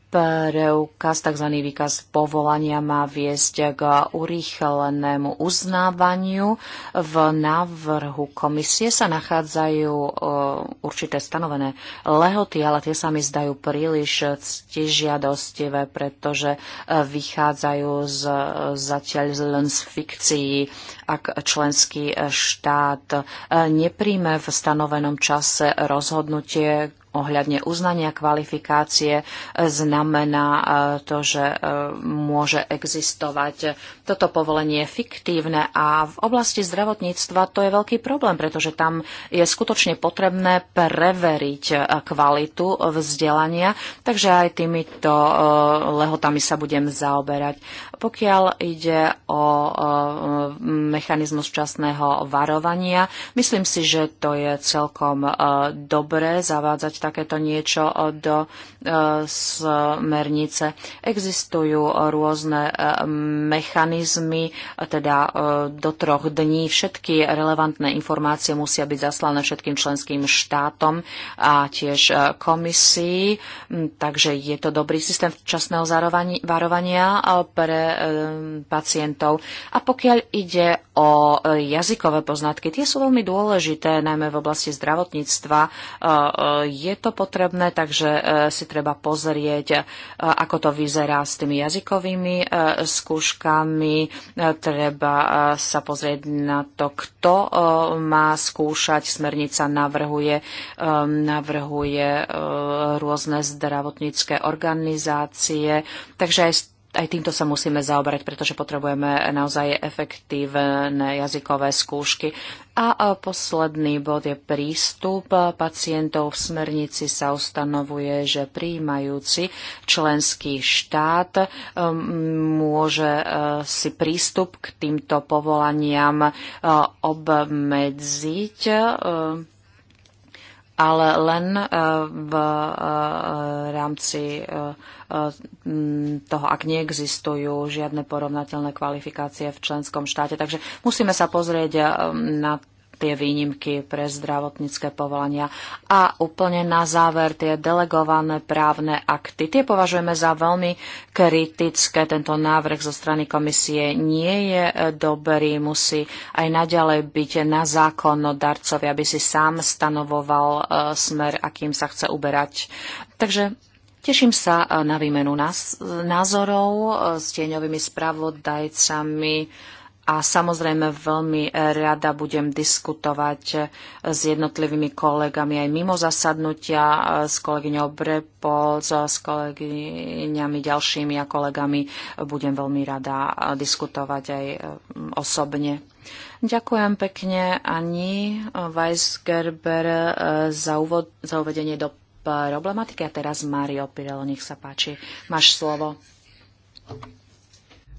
preukaz, tzv. výkaz povolania má viesť k urýchlenému uznávaniu. V návrhu komisie sa nachádzajú e, určité stanovené lehoty, ale tie sa mi zdajú príliš ctižiadostivé, pretože e, vychádzajú z, zatiaľ len z fikcií, ak členský štát e, nepríjme v stanovenom čase rozhodnutie, ohľadne uznania kvalifikácie znamená e, to, že e, môže existovať toto povolenie fiktívne a v oblasti zdravotníctva to je veľký problém, pretože tam je skutočne potrebné preveriť e, kvalitu vzdelania, takže aj týmito lehotami sa budem zaoberať. Pokiaľ ide o mechanizmus včasného varovania, myslím si, že to je celkom dobré zavádzať takéto niečo do e, smernice. Existujú rôzne e, mechanizmy, teda e, do troch dní všetky relevantné informácie musia byť zaslané všetkým členským štátom a tiež komisii, takže je to dobrý systém včasného varovania pre pacientov. A pokiaľ ide o jazykové poznatky, tie sú veľmi dôležité, najmä v oblasti zdravotníctva. Je je to potrebné, takže e, si treba pozrieť, e, ako to vyzerá s tými jazykovými e, skúškami. Treba sa pozrieť na to, kto má skúšať. Smernica navrhuje, navrhuje rôzne zdravotnícke organizácie. Takže aj aj týmto sa musíme zaoberať, pretože potrebujeme naozaj efektívne jazykové skúšky. A posledný bod je prístup pacientov. V smernici sa ustanovuje, že príjmajúci členský štát um, môže uh, si prístup k týmto povolaniam uh, obmedziť uh, ale len e, v e, e, rámci toho, ak neexistujú žiadne porovnateľné kvalifikácie v členskom štáte. Takže musíme sa pozrieť na tie výnimky pre zdravotnícke povolania. A úplne na záver tie delegované právne akty. Tie považujeme za veľmi kritické. Tento návrh zo strany komisie nie je dobrý. Musí aj naďalej byť na zákonodarcovi, aby si sám stanovoval e, smer, akým sa chce uberať. Takže Teším sa e, na výmenu názorov e, s tieňovými spravodajcami a samozrejme veľmi e, rada budem diskutovať e, s jednotlivými kolegami aj mimo zasadnutia, e, s kolegyňou Brepol, s kolegyňami ďalšími a kolegami budem veľmi rada diskutovať aj osobne. Ďakujem pekne Ani Weisgerber za, uvod, za uvedenie do problematiky a teraz Mario Pirelo, nech sa páči. Máš slovo.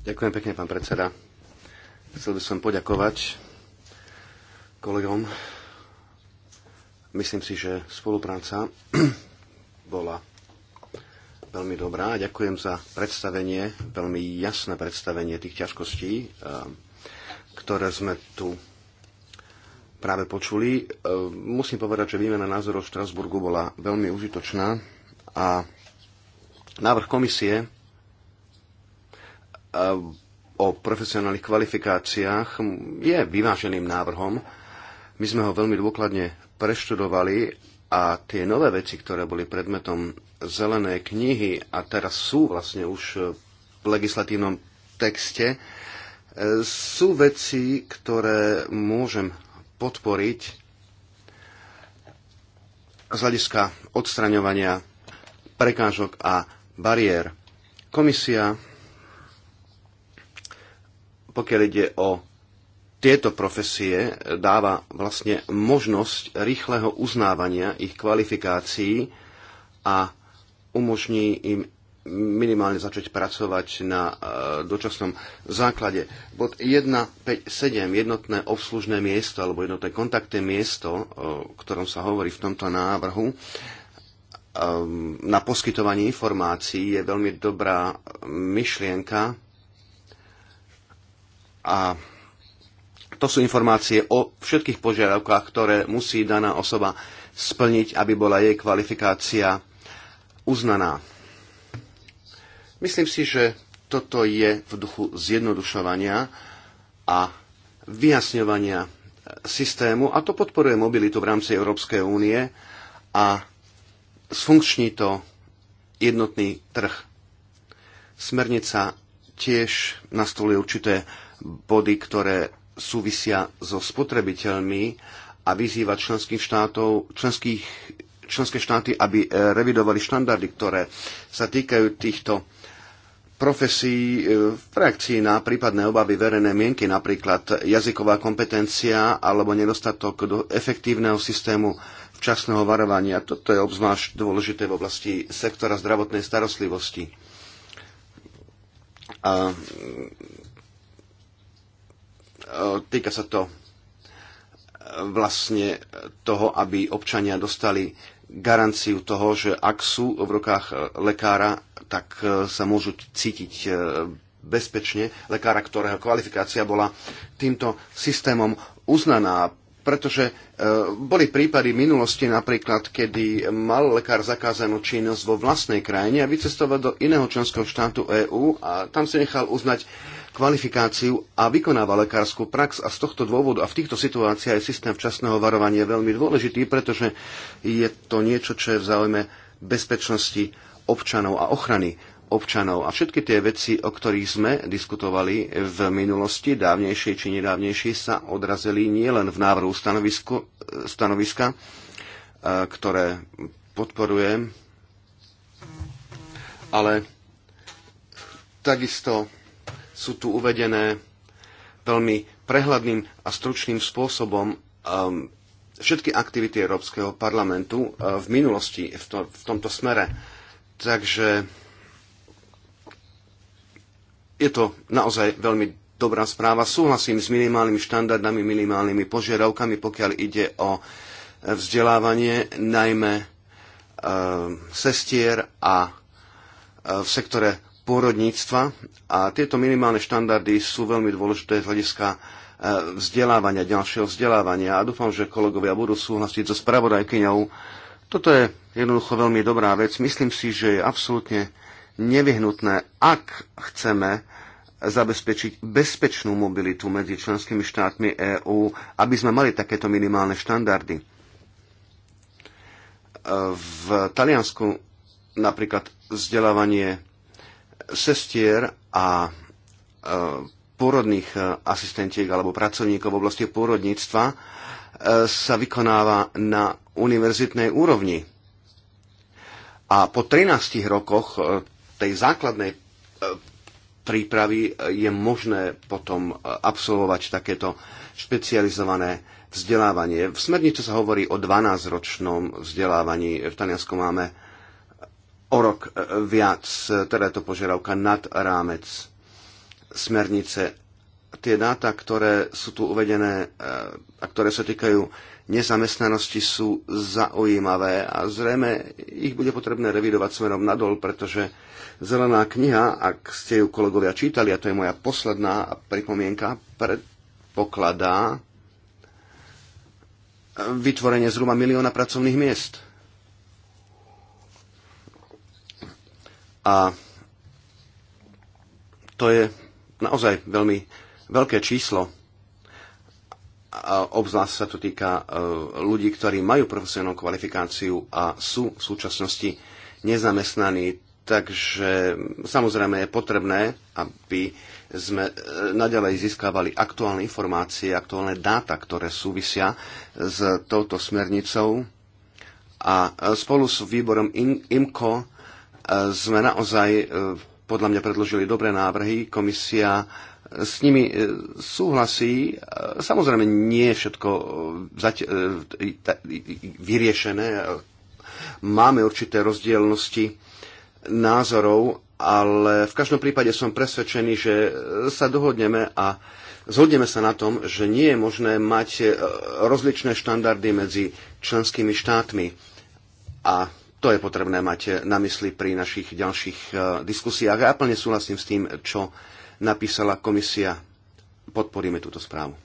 Ďakujem pekne, pán predseda. Chcel by som poďakovať kolegom. Myslím si, že spolupráca bola veľmi dobrá. Ďakujem za predstavenie, veľmi jasné predstavenie tých ťažkostí, eh, ktoré sme tu práve počuli. Eh, musím povedať, že výmena názorov v Štrasburgu bola veľmi užitočná a návrh komisie eh, o profesionálnych kvalifikáciách je vyváženým návrhom. My sme ho veľmi dôkladne preštudovali a tie nové veci, ktoré boli predmetom zelenej knihy a teraz sú vlastne už v legislatívnom texte, e, sú veci, ktoré môžem podporiť z hľadiska odstraňovania prekážok a bariér. Komisia pokiaľ ide o tieto profesie, dáva vlastne možnosť rýchleho uznávania ich kvalifikácií a umožní im minimálne začať pracovať na e, dočasnom základe. Bod 157, jednotné obslužné miesto alebo jednotné kontaktné miesto, e, o ktorom sa hovorí v tomto návrhu, e, na poskytovanie informácií je veľmi dobrá myšlienka, a to sú informácie o všetkých požiadavkách, ktoré musí daná osoba splniť, aby bola jej kvalifikácia uznaná. Myslím si, že toto je v duchu zjednodušovania a vyjasňovania systému a to podporuje mobilitu v rámci Európskej únie a sfunkční to jednotný trh. Smernica tiež nastoluje určité body, ktoré súvisia so spotrebiteľmi a vyzýva členských štátov, členských, členské štáty, aby e, revidovali štandardy, ktoré sa týkajú týchto profesí e, v reakcii na prípadné obavy verejnej mienky, napríklad jazyková kompetencia alebo nedostatok do efektívneho systému včasného varovania. Toto je obzvlášť dôležité v oblasti sektora zdravotnej starostlivosti. A Eh, týka sa to eh, vlastne toho, aby občania dostali garanciu toho, že ak sú v rukách eh, lekára, tak sa môžu cítiť bezpečne. Lekára, ktorého kvalifikácia bola týmto systémom uznaná, pretože boli prípady minulosti napríklad, kedy mal lekár zakázanú činnosť vo vlastnej krajine a vycestoval do iného členského štátu EÚ a tam si nechal uznať kvalifikáciu a vykonáva lekárskú prax a z tohto dôvodu a v týchto situáciách je systém včasného varovania veľmi dôležitý, pretože je to niečo, čo je v záujme bezpečnosti občanov a ochrany občanov. A všetky tie veci, o ktorých sme diskutovali v minulosti, dávnejšej či nedávnejšej, sa odrazili nielen v návrhu stanoviska, e, ktoré podporujem, ale takisto sú tu uvedené veľmi prehľadným a stručným spôsobom um, všetky aktivity Európskeho parlamentu uh, v minulosti v, to, v tomto smere. Takže je to naozaj veľmi dobrá správa. Súhlasím s minimálnymi štandardami, minimálnymi požiadavkami, pokiaľ ide o uh, vzdelávanie, najmä uh, sestier a v sektore pôrodníctva a tieto minimálne štandardy sú veľmi dôležité z hľadiska e, vzdelávania, ďalšieho vzdelávania a dúfam, že kolegovia budú súhlasiť so spravodajkyňou. Toto je jednoducho veľmi dobrá vec. Myslím si, že je absolútne nevyhnutné, ak chceme zabezpečiť bezpečnú mobilitu medzi členskými štátmi EÚ, aby sme mali takéto minimálne štandardy. E, v Taliansku napríklad vzdelávanie sestier a e, pôrodných e, asistentiek alebo pracovníkov v oblasti pôrodníctva e, sa vykonáva na univerzitnej úrovni. A po 13 rokoch tej základnej prípravy je možné potom absolvovať takéto špecializované vzdelávanie. V smernici sa hovorí o 12-ročnom vzdelávaní. V Taliansku máme o rok e, viac, e, teda je to požiadavka nad rámec smernice. Tie dáta, ktoré sú tu uvedené e, a ktoré sa týkajú nezamestnanosti, sú zaujímavé a zrejme ich bude potrebné revidovať smerom nadol, pretože zelená kniha, ak ste ju kolegovia čítali, a to je moja posledná pripomienka, predpokladá vytvorenie zhruba milióna pracovných miest A to je naozaj veľmi veľké číslo. A obzvlášť sa to týka e, ľudí, ktorí majú profesionálnu kvalifikáciu a sú v súčasnosti nezamestnaní. Takže samozrejme je potrebné, aby sme e, nadalej získavali aktuálne informácie, aktuálne dáta, ktoré súvisia s touto smernicou. A e, spolu s výborom IMCO E, sme naozaj e, podľa mňa predložili dobré návrhy. Komisia e, s nimi súhlasí. Samozrejme, nie je všetko vyriešené. Máme určité rozdielnosti názorov, ale v každom prípade som presvedčený, že sa dohodneme a zhodneme sa na tom, že nie je možné mať rozličné štandardy medzi členskými štátmi. A to je potrebné mať na mysli pri našich ďalších e, diskusiách. ja plne súhlasím s tým, čo napísala komisia. Podporíme túto správu.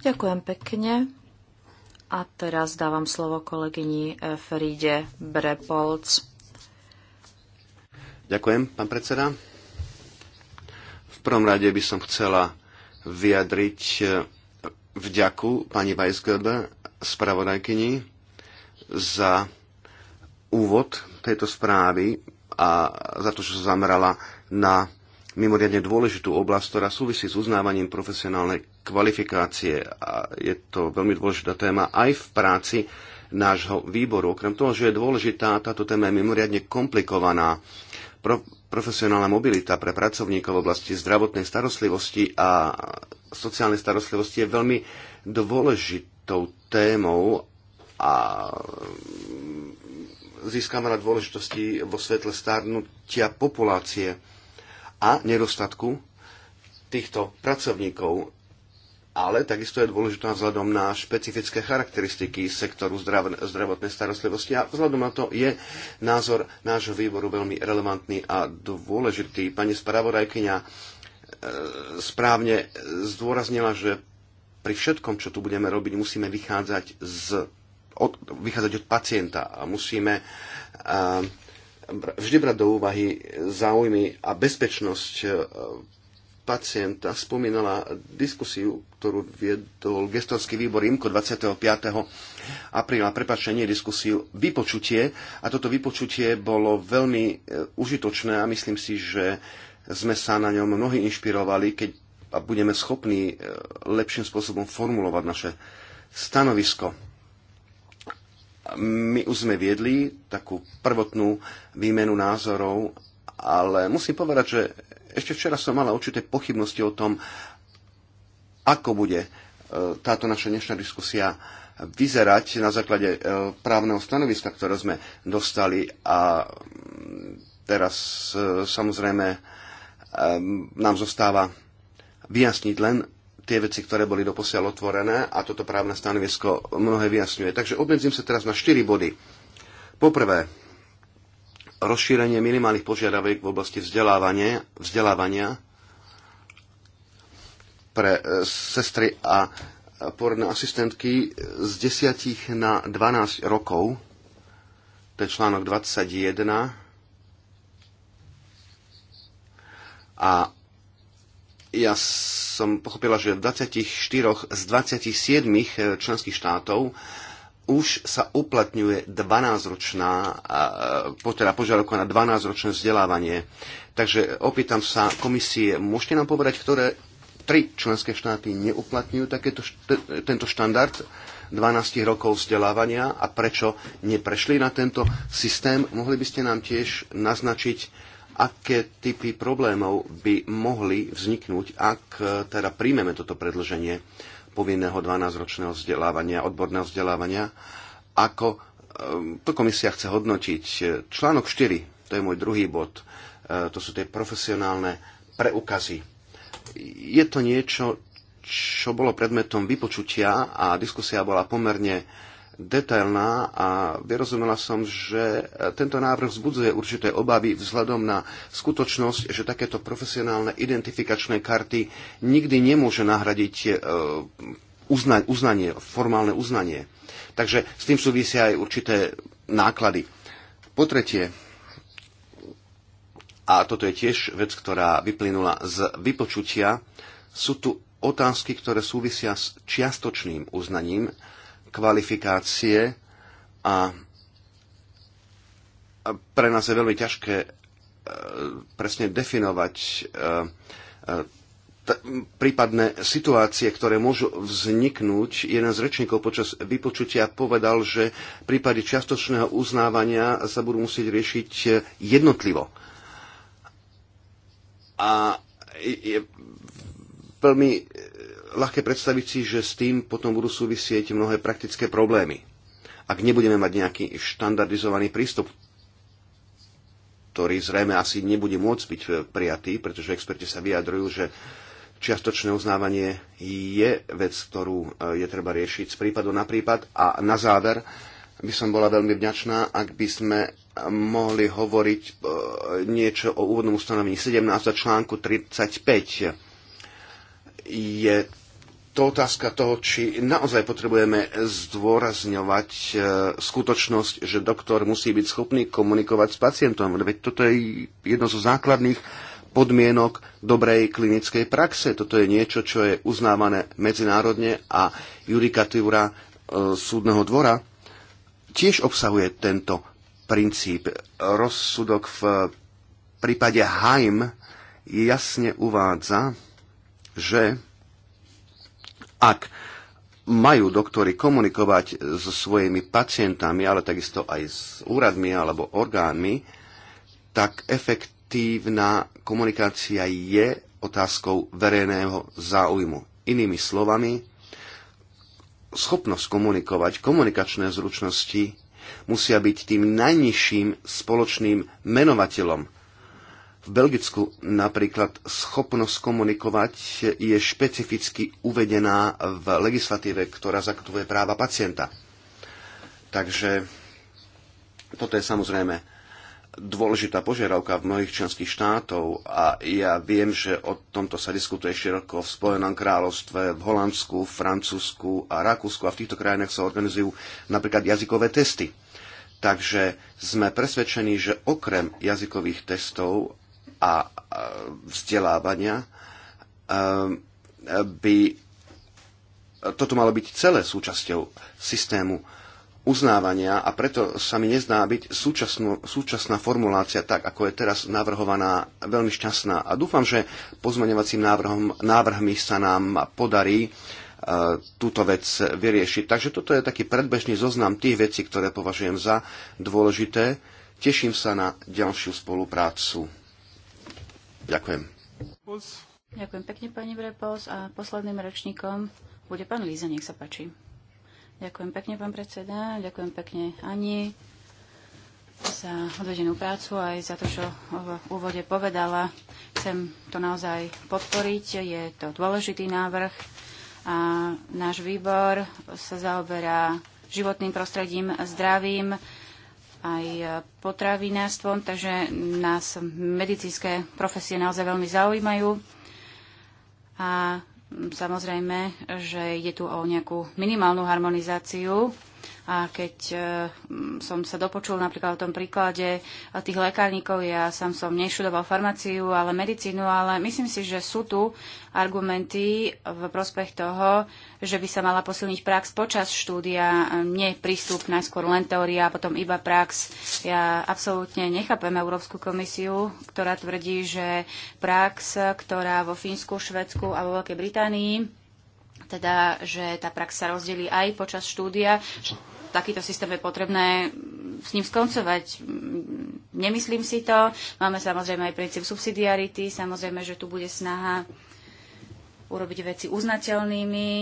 Ďakujem pekne. A teraz dávam slovo kolegyni e, Feride Brepolc. Ďakujem, pán predseda. V prvom rade by som chcela vyjadriť e, vďaku pani Weisgerber, spravodajkyni, za úvod tejto správy a za to, že sa zamerala na mimoriadne dôležitú oblasť, ktorá súvisí s uznávaním profesionálnej kvalifikácie. A je to veľmi dôležitá téma aj v práci nášho výboru. Okrem toho, že je dôležitá, táto téma je mimoriadne komplikovaná. Pro, profesionálna mobilita pre pracovníkov v oblasti zdravotnej starostlivosti a sociálnej starostlivosti je veľmi dôležitou témou a mm, získame na dôležitosti vo svetle starnutia populácie a nedostatku týchto pracovníkov, ale takisto je dôležitá vzhľadom na špecifické charakteristiky sektoru zdravotnej starostlivosti a vzhľadom na to je názor nášho výboru veľmi relevantný a dôležitý. Pani spravodajkyňa e, správne zdôraznila, že pri všetkom, čo tu budeme robiť, musíme vychádzať z od, vychádzať od pacienta a musíme a, vždy brať do úvahy záujmy a bezpečnosť e, pacienta. Spomínala diskusiu, ktorú viedol gestorský výbor IMKO 25. apríla, Prepačte, nie diskusiu, vypočutie. A toto vypočutie bolo veľmi e, užitočné a myslím si, že sme sa na ňom mnohí inšpirovali, keď a budeme schopní e, lepším spôsobom formulovať naše stanovisko my už sme viedli takú prvotnú výmenu názorov, ale musím povedať, že ešte včera som mala určité pochybnosti o tom, ako bude e, táto naša dnešná diskusia vyzerať na základe e, právneho stanoviska, ktoré sme dostali a mm, teraz e, samozrejme nám zostáva vyjasniť len tie veci, ktoré boli doposiaľ otvorené a toto právne stanovisko mnohé vyjasňuje. Takže obmedzím sa teraz na 4 body. Poprvé, rozšírenie minimálnych požiadaviek v oblasti vzdelávania, vzdelávania pre e, sestry a porodné asistentky z 10 na 12 rokov. To je článok 21. A ja som pochopila, že v 24 z 27 eh, členských štátov už sa uplatňuje 12-ročná, eh, teda požiadavka na 12-ročné vzdelávanie. Takže opýtam sa komisie, môžete nám povedať, ktoré tri členské štáty neuplatňujú takéto, tento štandard 12 rokov vzdelávania a prečo neprešli na tento systém? Mohli by ste nám tiež naznačiť, aké typy problémov by mohli vzniknúť, ak e, teda príjmeme toto predlženie povinného 12-ročného vzdelávania, odborného vzdelávania, ako e, to komisia chce hodnotiť. E, článok 4, to je môj druhý bod, to sú tie profesionálne preukazy. Je to niečo, čo bolo predmetom vypočutia a diskusia bola pomerne detailná a vyrozumela som, že tento návrh vzbudzuje určité obavy vzhľadom na skutočnosť, že takéto profesionálne identifikačné karty nikdy nemôže nahradiť e, uzna- uznanie, formálne uznanie. Takže s tým súvisia aj určité náklady. Po tretie, a toto je tiež vec, ktorá vyplynula z vypočutia, sú tu otázky, ktoré súvisia s čiastočným uznaním kvalifikácie a pre nás je veľmi ťažké e, presne definovať e, e, prípadné situácie, ktoré môžu vzniknúť. Jeden z rečníkov počas vypočutia povedal, že v prípade čiastočného uznávania sa budú musieť riešiť jednotlivo. A je veľmi ľahké predstaviť si, že s tým potom budú súvisieť mnohé praktické problémy. Ak nebudeme mať nejaký štandardizovaný prístup, ktorý zrejme asi nebude môcť byť prijatý, pretože experti sa vyjadrujú, že čiastočné uznávanie je vec, ktorú eh, je treba riešiť z prípadu na prípad. A na záver by som bola veľmi vňačná, ak by sme mohli hovoriť eh, niečo o úvodnom ustanovení 17 článku 35 je to otázka toho, či naozaj potrebujeme zdôrazňovať e, skutočnosť, že doktor musí byť schopný komunikovať s pacientom. Veď toto je jedno zo základných podmienok dobrej klinickej praxe. Toto je niečo, čo je uznávané medzinárodne a judikatúra e, súdneho dvora tiež obsahuje tento princíp. Rozsudok v prípade Haim jasne uvádza, že ak majú doktory komunikovať so svojimi pacientami, ale takisto aj s úradmi alebo orgánmi, tak efektívna komunikácia je otázkou verejného záujmu. Inými slovami, schopnosť komunikovať, komunikačné zručnosti musia byť tým najnižším spoločným menovateľom v Belgicku napríklad schopnosť komunikovať je špecificky uvedená v legislatíve, ktorá zakotvuje práva pacienta. Takže toto je samozrejme dôležitá požiadavka v mnohých členských štátov a ja viem, že o tomto sa diskutuje široko v Spojenom kráľovstve, v Holandsku, Francúzsku a Rakúsku a v týchto krajinách sa organizujú napríklad jazykové testy. Takže sme presvedčení, že okrem jazykových testov a vzdelávania by toto malo byť celé súčasťou systému uznávania a preto sa mi nezná byť súčasnú, súčasná formulácia tak, ako je teraz navrhovaná, veľmi šťastná. A dúfam, že pozmeňovacím návrhom, návrhmi sa nám podarí e, túto vec vyriešiť. Takže toto je taký predbežný zoznam tých vecí, ktoré považujem za dôležité. Teším sa na ďalšiu spoluprácu. Ďakujem. Ďakujem pekne, pani Brepos. A posledným rečníkom bude pán Líza, nech sa páči. Ďakujem pekne, pán predseda. Ďakujem pekne Ani za odvedenú prácu aj za to, čo v úvode povedala. Chcem to naozaj podporiť. Je to dôležitý návrh a náš výbor sa zaoberá životným prostredím, zdravím aj potravinárstvom, takže nás medicínske profesie naozaj veľmi zaujímajú. A samozrejme, že ide tu o nejakú minimálnu harmonizáciu a keď e, som sa dopočul napríklad o tom príklade e, tých lekárnikov, ja sám som neštudoval farmáciu, ale medicínu, ale myslím si, že sú tu argumenty v prospech toho, že by sa mala posilniť prax počas štúdia, e, nie prístup najskôr len teória a potom iba prax. Ja absolútne nechápem Európsku komisiu, ktorá tvrdí, že prax, ktorá vo Fínsku, Švedsku a vo Veľkej Británii teda, že tá prax sa rozdelí aj počas štúdia. Takýto systém je potrebné s ním skoncovať. Nemyslím si to. Máme samozrejme aj princíp subsidiarity. Samozrejme, že tu bude snaha urobiť veci uznateľnými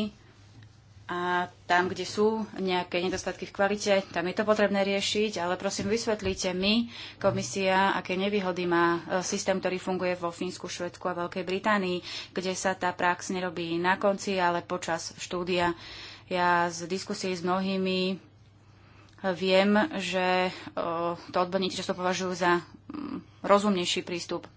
a tam, kde sú nejaké nedostatky v kvalite, tam je to potrebné riešiť, ale prosím vysvetlíte mi, komisia, aké nevýhody má e, systém, ktorý funguje vo Fínsku, Švedsku a Veľkej Británii, kde sa tá prax nerobí na konci, ale počas štúdia. Ja z diskusie s mnohými e, viem, že e, to odborníci často považujú za mm, rozumnejší prístup.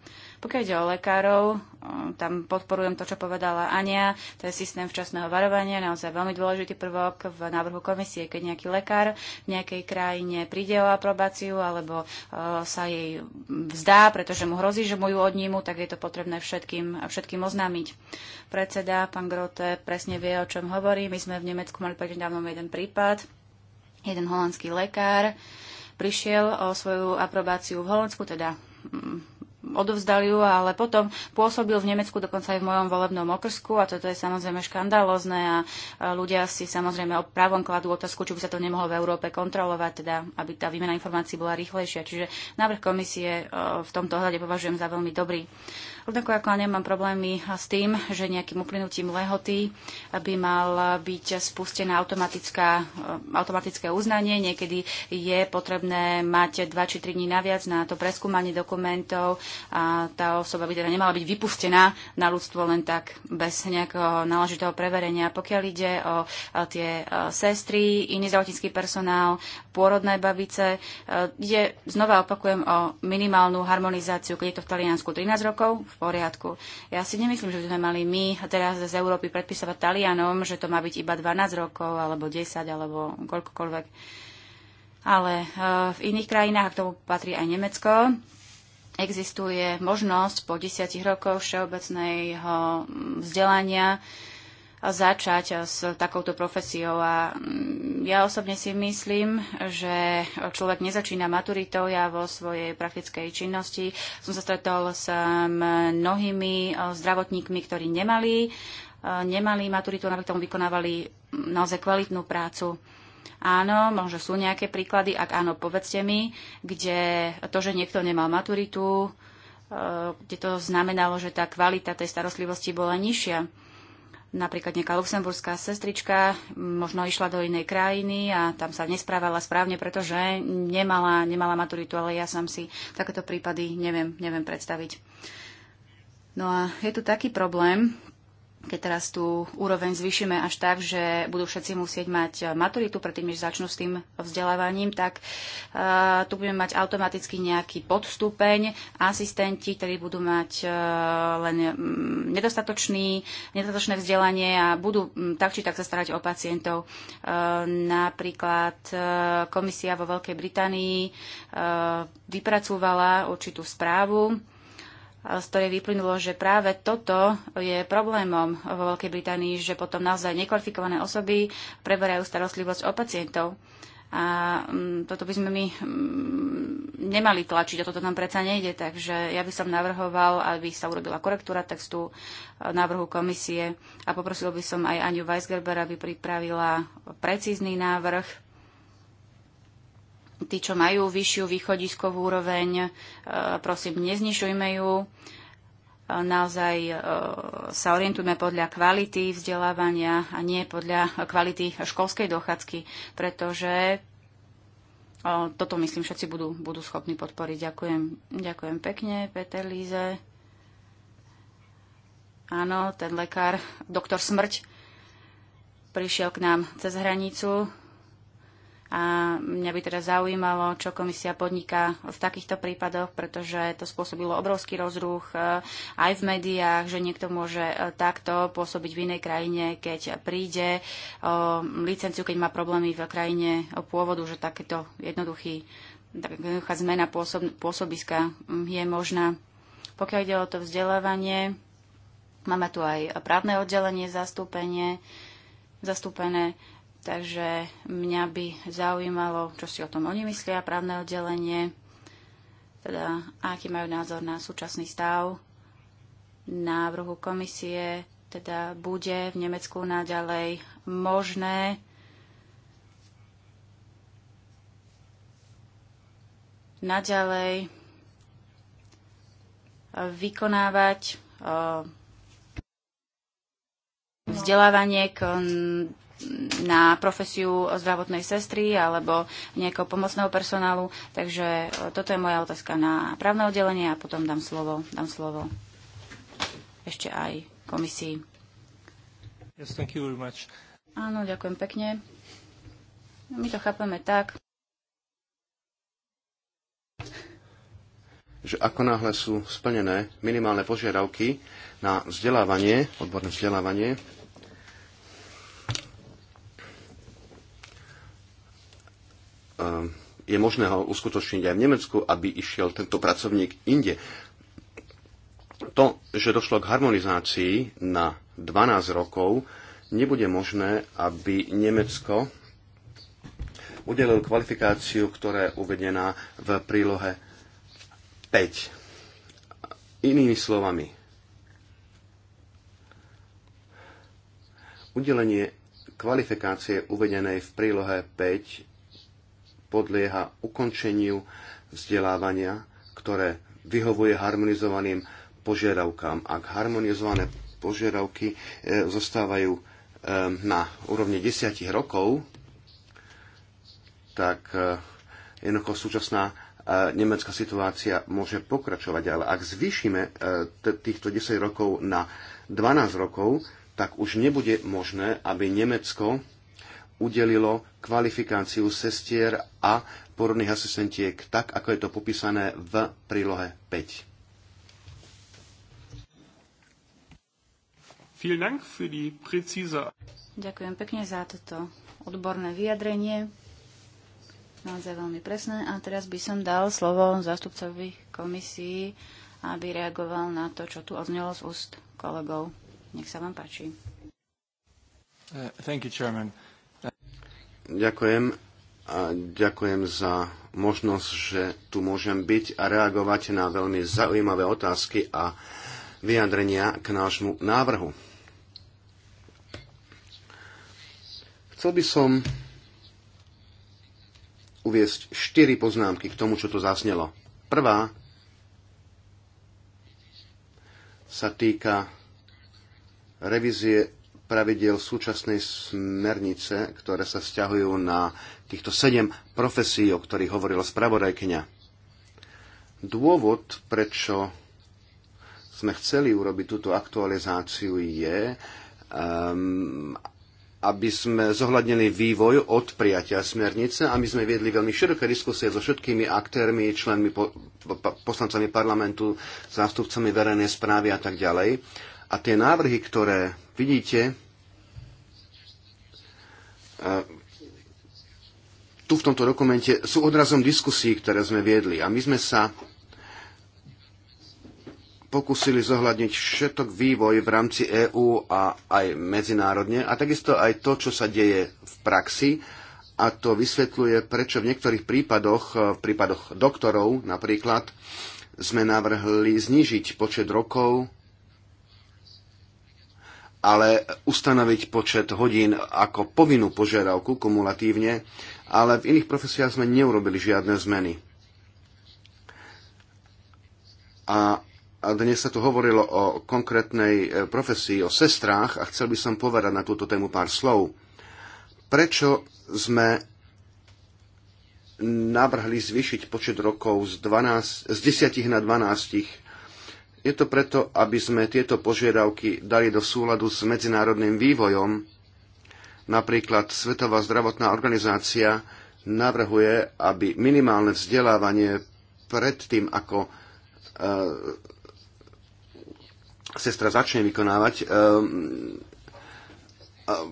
Pokiaľ ide o lekárov, um, tam podporujem to, čo povedala Ania, to je systém včasného varovania, naozaj veľmi dôležitý prvok v návrhu komisie, keď nejaký lekár v nejakej krajine príde o aprobáciu alebo uh, sa jej vzdá, pretože mu hrozí, že mu ju odnímu, tak je to potrebné všetkým, všetkým oznámiť. Predseda, pán Grote, presne vie, o čom hovorí. My sme v Nemecku mali prednedávnom jeden prípad, jeden holandský lekár prišiel o svoju aprobáciu v Holandsku, teda mm, odovzdali ju, ale potom pôsobil v Nemecku, dokonca aj v mojom volebnom okrsku a toto je samozrejme škandálozne a ľudia si samozrejme o právom kladú otázku, či by sa to nemohlo v Európe kontrolovať, teda aby tá výmena informácií bola rýchlejšia. Čiže návrh komisie e, v tomto ohľade považujem za veľmi dobrý. Rovnako ako nemám problémy s tým, že nejakým uplynutím lehoty by mal byť spustené eh, automatické uznanie. Niekedy je potrebné mať 2 či 3 dní naviac na to preskúmanie dokumentov a tá osoba by teda nemala byť vypustená na ľudstvo len tak bez nejakého náležitého preverenia. Pokiaľ ide o eh, tie eh, sestry, iný zdravotnícky personál, pôrodné babice, ide znova opakujem, o minimálnu harmonizáciu, keď je to v Taliansku 13 rokov, v poriadku. Ja si nemyslím, že by sme mali my teraz z Európy predpisovať Talianom, že to má byť iba 12 rokov, alebo 10, alebo koľkokoľvek. Ale e, v iných krajinách, a k tomu patrí aj Nemecko, existuje možnosť po desiatich rokoch všeobecného vzdelania začať eh, s takouto profesiou. A mm, ja osobne si myslím, že človek nezačína maturitou. Ja vo svojej praktickej činnosti som sa stretol s mm, mnohými eh, zdravotníkmi, ktorí nemali, eh, nemali maturitu, napriek tomu vykonávali mm, naozaj kvalitnú prácu. Áno, možno sú nejaké príklady, ak áno, povedzte mi, kde to, že niekto nemal maturitu, kde to znamenalo, že tá kvalita tej starostlivosti bola nižšia napríklad nejaká luxemburská sestrička možno išla do inej krajiny a tam sa nesprávala správne, pretože nemala, nemala maturitu, ale ja som si takéto prípady neviem, neviem predstaviť. No a je tu taký problém, keď teraz tú úroveň zvýšime až tak, že budú všetci musieť mať maturitu predtým, než začnú s tým vzdelávaním, tak uh, tu budeme mať automaticky nejaký podstupeň, asistenti, ktorí budú mať uh, len mm, nedostatočný, nedostatočné vzdelanie a budú um, tak či tak sa starať o pacientov. Uh, napríklad uh, komisia vo Veľkej Británii uh, vypracúvala určitú správu, z ktorej vyplynulo, že práve toto je problémom vo Veľkej Británii, že potom naozaj nekvalifikované osoby preberajú starostlivosť o pacientov. A mm, toto by sme my mm, nemali tlačiť, a toto nám predsa nejde, takže ja by som navrhoval, aby sa urobila korektúra textu e, návrhu komisie a poprosil by som aj Aniu Weisgerber, aby pripravila precízny návrh Tí, čo majú vyššiu východiskovú úroveň, e, prosím, neznižujme ju. E, naozaj e, sa orientujme podľa kvality vzdelávania a nie podľa kvality školskej dochádzky, pretože toto myslím všetci budú, budú schopní podporiť. Ďakujem, ďakujem pekne, Peter Líze. Áno, ten lekár, doktor Smrť, prišiel k nám cez hranicu, a mňa by teda zaujímalo, čo komisia podniká v takýchto prípadoch, pretože to spôsobilo obrovský rozruch e, aj v médiách, že niekto môže e, takto pôsobiť v inej krajine, keď príde o licenciu, keď má problémy v krajine pôvodu, že takéto jednoduchý, jednoduchá zmena pôsob, pôsobiska je možná. Pokiaľ ide o to vzdelávanie, máme tu aj právne oddelenie, zastúpenie, zastúpené Takže mňa by zaujímalo, čo si o tom oni myslia, právne oddelenie, teda aký majú názor na súčasný stav návrhu komisie, teda bude v Nemecku naďalej možné naďalej eh, vykonávať eh, vzdelávanie k na profesiu zdravotnej sestry alebo nejakého pomocného personálu. Takže e, toto je moja otázka na právne oddelenie a potom dám slovo, dám slovo ešte aj komisii. Yes, thank you very much. Áno, ďakujem pekne. My to chápeme tak, že ako náhle sú splnené minimálne požiadavky na vzdelávanie, odborné vzdelávanie Ehm, je možné ho uskutočniť aj v Nemecku, aby išiel tento pracovník inde. To, že došlo k harmonizácii na 12 rokov, nebude možné, aby Nemecko udelil kvalifikáciu, ktorá je uvedená v prílohe 5. Inými slovami, udelenie kvalifikácie uvedenej v prílohe 5 podlieha ukončeniu vzdelávania, ktoré vyhovuje harmonizovaným požiadavkám. Ak harmonizované požiadavky e, zostávajú e, na úrovni 10 rokov, tak e, jednoducho súčasná nemecká situácia môže pokračovať. Ale ak zvýšime týchto 10 rokov na 12 rokov, tak už nebude možné, aby Nemecko udelilo kvalifikáciu sestier a porodných asistentiek, tak ako je to popísané v prílohe 5. Ďakujem pekne za toto odborné vyjadrenie. Naozaj veľmi presné. A teraz by som dal slovo zástupcovi komisii, aby reagoval na to, čo tu odznelo z úst kolegov. Nech sa vám páči. Uh, thank you, Chairman. Ďakujem a ďakujem za možnosť, že tu môžem byť a reagovať na veľmi zaujímavé otázky a vyjadrenia k nášmu návrhu. Chcel by som uviesť štyri poznámky k tomu, čo to zasnelo. Prvá sa týka revízie pravidel súčasnej smernice, ktoré sa vzťahujú na týchto sedem profesí, o ktorých hovorila spravodajkňa. Dôvod, prečo sme chceli urobiť túto aktualizáciu je, um, aby sme zohľadnili vývoj od prijatia smernice, aby sme viedli veľmi široké diskusie so všetkými aktérmi, členmi, po, po, poslancami parlamentu, zástupcami verejnej správy a tak ďalej. A tie návrhy, ktoré Vidíte, tu v tomto dokumente sú odrazom diskusí, ktoré sme viedli. A my sme sa pokúsili zohľadniť všetok vývoj v rámci EÚ a aj medzinárodne a takisto aj to, čo sa deje v praxi a to vysvetľuje, prečo v niektorých prípadoch, e, v prípadoch doktorov napríklad, sme navrhli znížiť počet rokov ale ustanoviť počet hodín ako povinnú požiadavku kumulatívne, ale v iných profesiách sme neurobili žiadne zmeny. A a dnes sa tu hovorilo o konkrétnej e, profesii, o sestrách a chcel by som povedať na túto tému pár slov. Prečo sme navrhli zvýšiť počet rokov z, 12, z 10 na 12 je to preto, aby sme tieto požiadavky dali do súladu s medzinárodným vývojom. Napríklad Svetová zdravotná organizácia navrhuje, aby minimálne vzdelávanie pred tým, ako e, sestra začne vykonávať, e, e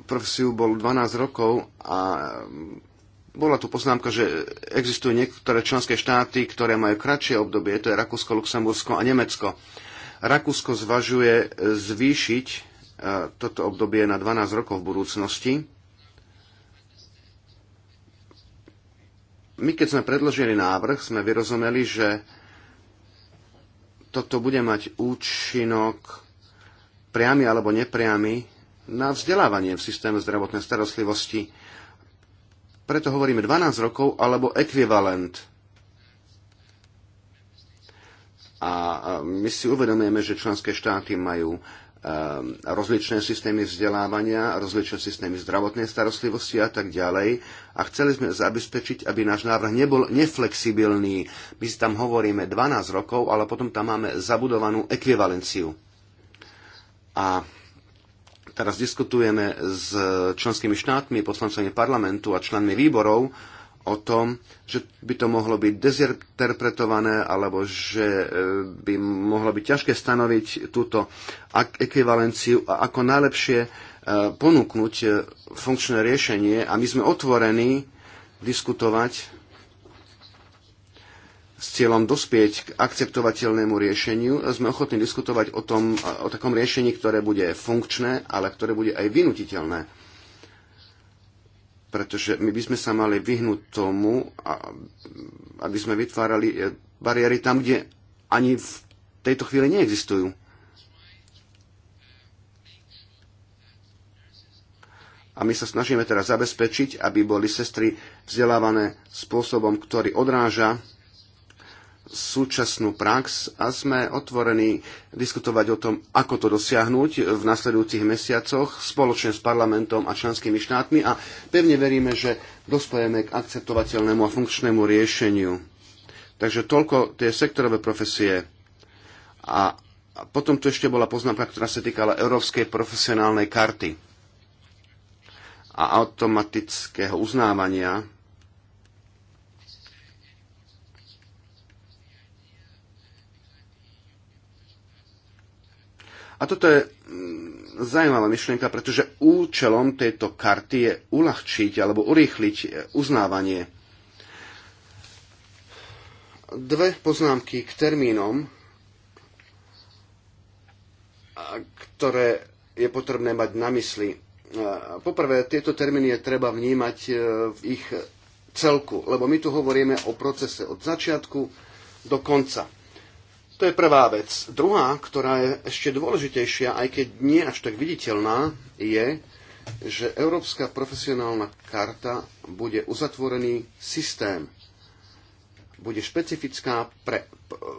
profesiu bol 12 rokov a bola tu poznámka, že existujú niektoré členské štáty, ktoré majú kratšie obdobie, to je Rakúsko, Luxembursko a Nemecko. Rakúsko zvažuje e, zvýšiť e, toto obdobie na 12 rokov v budúcnosti. My, keď sme predložili návrh, sme vyrozumeli, že toto bude mať účinok priamy alebo nepriamy na vzdelávanie v systéme zdravotnej starostlivosti. Preto hovoríme 12 rokov alebo ekvivalent A my si uvedomujeme, že členské štáty majú e, rozličné systémy vzdelávania, rozličné systémy zdravotnej starostlivosti a tak ďalej. A chceli sme zabezpečiť, aby náš návrh nebol neflexibilný. My si tam hovoríme 12 rokov, ale potom tam máme zabudovanú ekvivalenciu. A teraz diskutujeme s členskými štátmi, poslancami parlamentu a členmi výborov o tom, že by to mohlo byť dezinterpretované alebo že e, by mohlo byť ťažké stanoviť túto ekvivalenciu a ako najlepšie e, ponúknuť e, funkčné riešenie a my sme otvorení diskutovať s cieľom dospieť k akceptovateľnému riešeniu. Sme ochotní diskutovať o, tom, o takom riešení, ktoré bude funkčné, ale ktoré bude aj vynutiteľné pretože my by sme sa mali vyhnúť tomu, aby sme vytvárali e, bariéry tam, kde ani v tejto chvíli neexistujú. A my sa snažíme teraz zabezpečiť, aby boli sestry vzdelávané spôsobom, ktorý odráža súčasnú prax a sme otvorení diskutovať o tom, ako to dosiahnuť v nasledujúcich mesiacoch spoločne s parlamentom a členskými štátmi a pevne veríme, že dospojeme k akceptovateľnému a funkčnému riešeniu. Takže toľko tie sektorové profesie. A potom tu ešte bola poznámka, ktorá sa týkala Európskej profesionálnej karty a automatického uznávania A toto je mm, zaujímavá myšlienka, pretože účelom tejto karty je uľahčiť alebo urýchliť e, uznávanie. Dve poznámky k termínom, ktoré je potrebné mať na mysli. E, poprvé, tieto termíny je treba vnímať e, v ich celku, lebo my tu hovoríme o procese od začiatku do konca to je prvá vec. Druhá, ktorá je ešte dôležitejšia, aj keď nie až tak viditeľná, je, že Európska profesionálna karta bude uzatvorený systém. Bude, špecifická pre,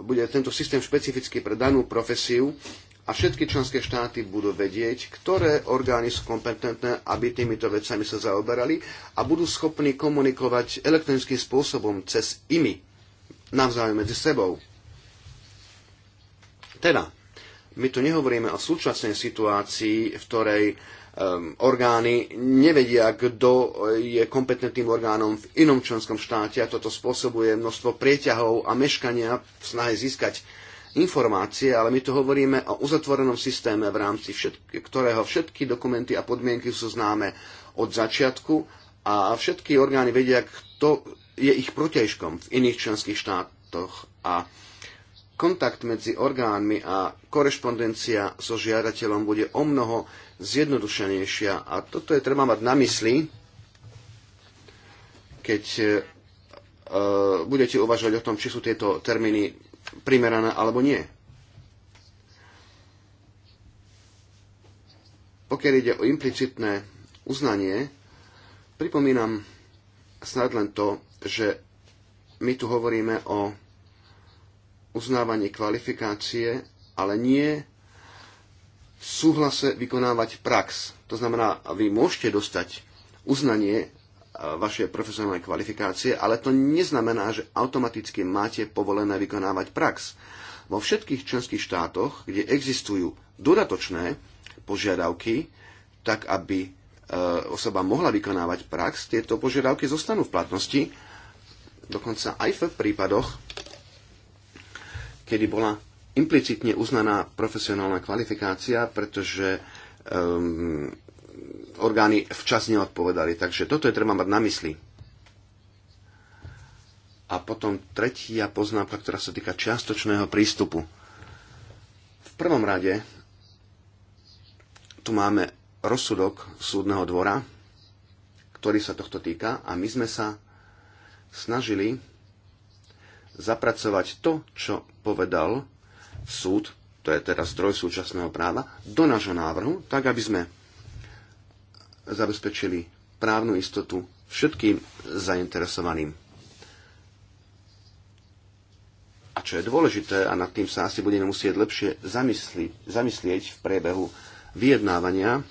bude tento systém špecifický pre danú profesiu a všetky členské štáty budú vedieť, ktoré orgány sú kompetentné, aby týmito vecami sa zaoberali a budú schopní komunikovať elektronickým spôsobom cez IMI navzájom medzi sebou teda, my tu nehovoríme o súčasnej situácii, v ktorej um, orgány nevedia, kto eh, je kompetentným orgánom v inom členskom štáte a toto spôsobuje množstvo prieťahov a meškania v snahe získať informácie, ale my tu hovoríme o uzatvorenom systéme, v rámci všetky, ktorého všetky dokumenty a podmienky sú známe od začiatku a všetky orgány vedia, kto je ich protežkom v iných členských štátoch a kontakt medzi orgánmi a korešpondencia so žiadateľom bude o mnoho zjednodušenejšia. A toto je treba mať na mysli, keď e, e, budete uvažovať o tom, či sú tieto termíny primerané alebo nie. Pokiaľ ide o implicitné uznanie, pripomínam snad len to, že my tu hovoríme o uznávanie kvalifikácie, ale nie v súhlase vykonávať prax. To znamená, vy môžete dostať uznanie e, vašej profesionálnej kvalifikácie, ale to neznamená, že automaticky máte povolené vykonávať prax. Vo všetkých členských štátoch, kde existujú dodatočné požiadavky, tak aby e, osoba mohla vykonávať prax, tieto požiadavky zostanú v platnosti, dokonca aj v prípadoch, kedy bola implicitne uznaná profesionálna kvalifikácia, pretože um, orgány včas neodpovedali. Takže toto je treba mať na mysli. A potom tretia poznámka, ktorá sa týka čiastočného prístupu. V prvom rade tu máme rozsudok súdneho dvora, ktorý sa tohto týka a my sme sa snažili zapracovať to, čo povedal súd, to je teraz zdroj súčasného práva, do nášho návrhu, tak aby sme zabezpečili právnu istotu všetkým zainteresovaným. A čo je dôležité, a nad tým sa asi budeme musieť lepšie zamysli, zamyslieť v priebehu vyjednávania,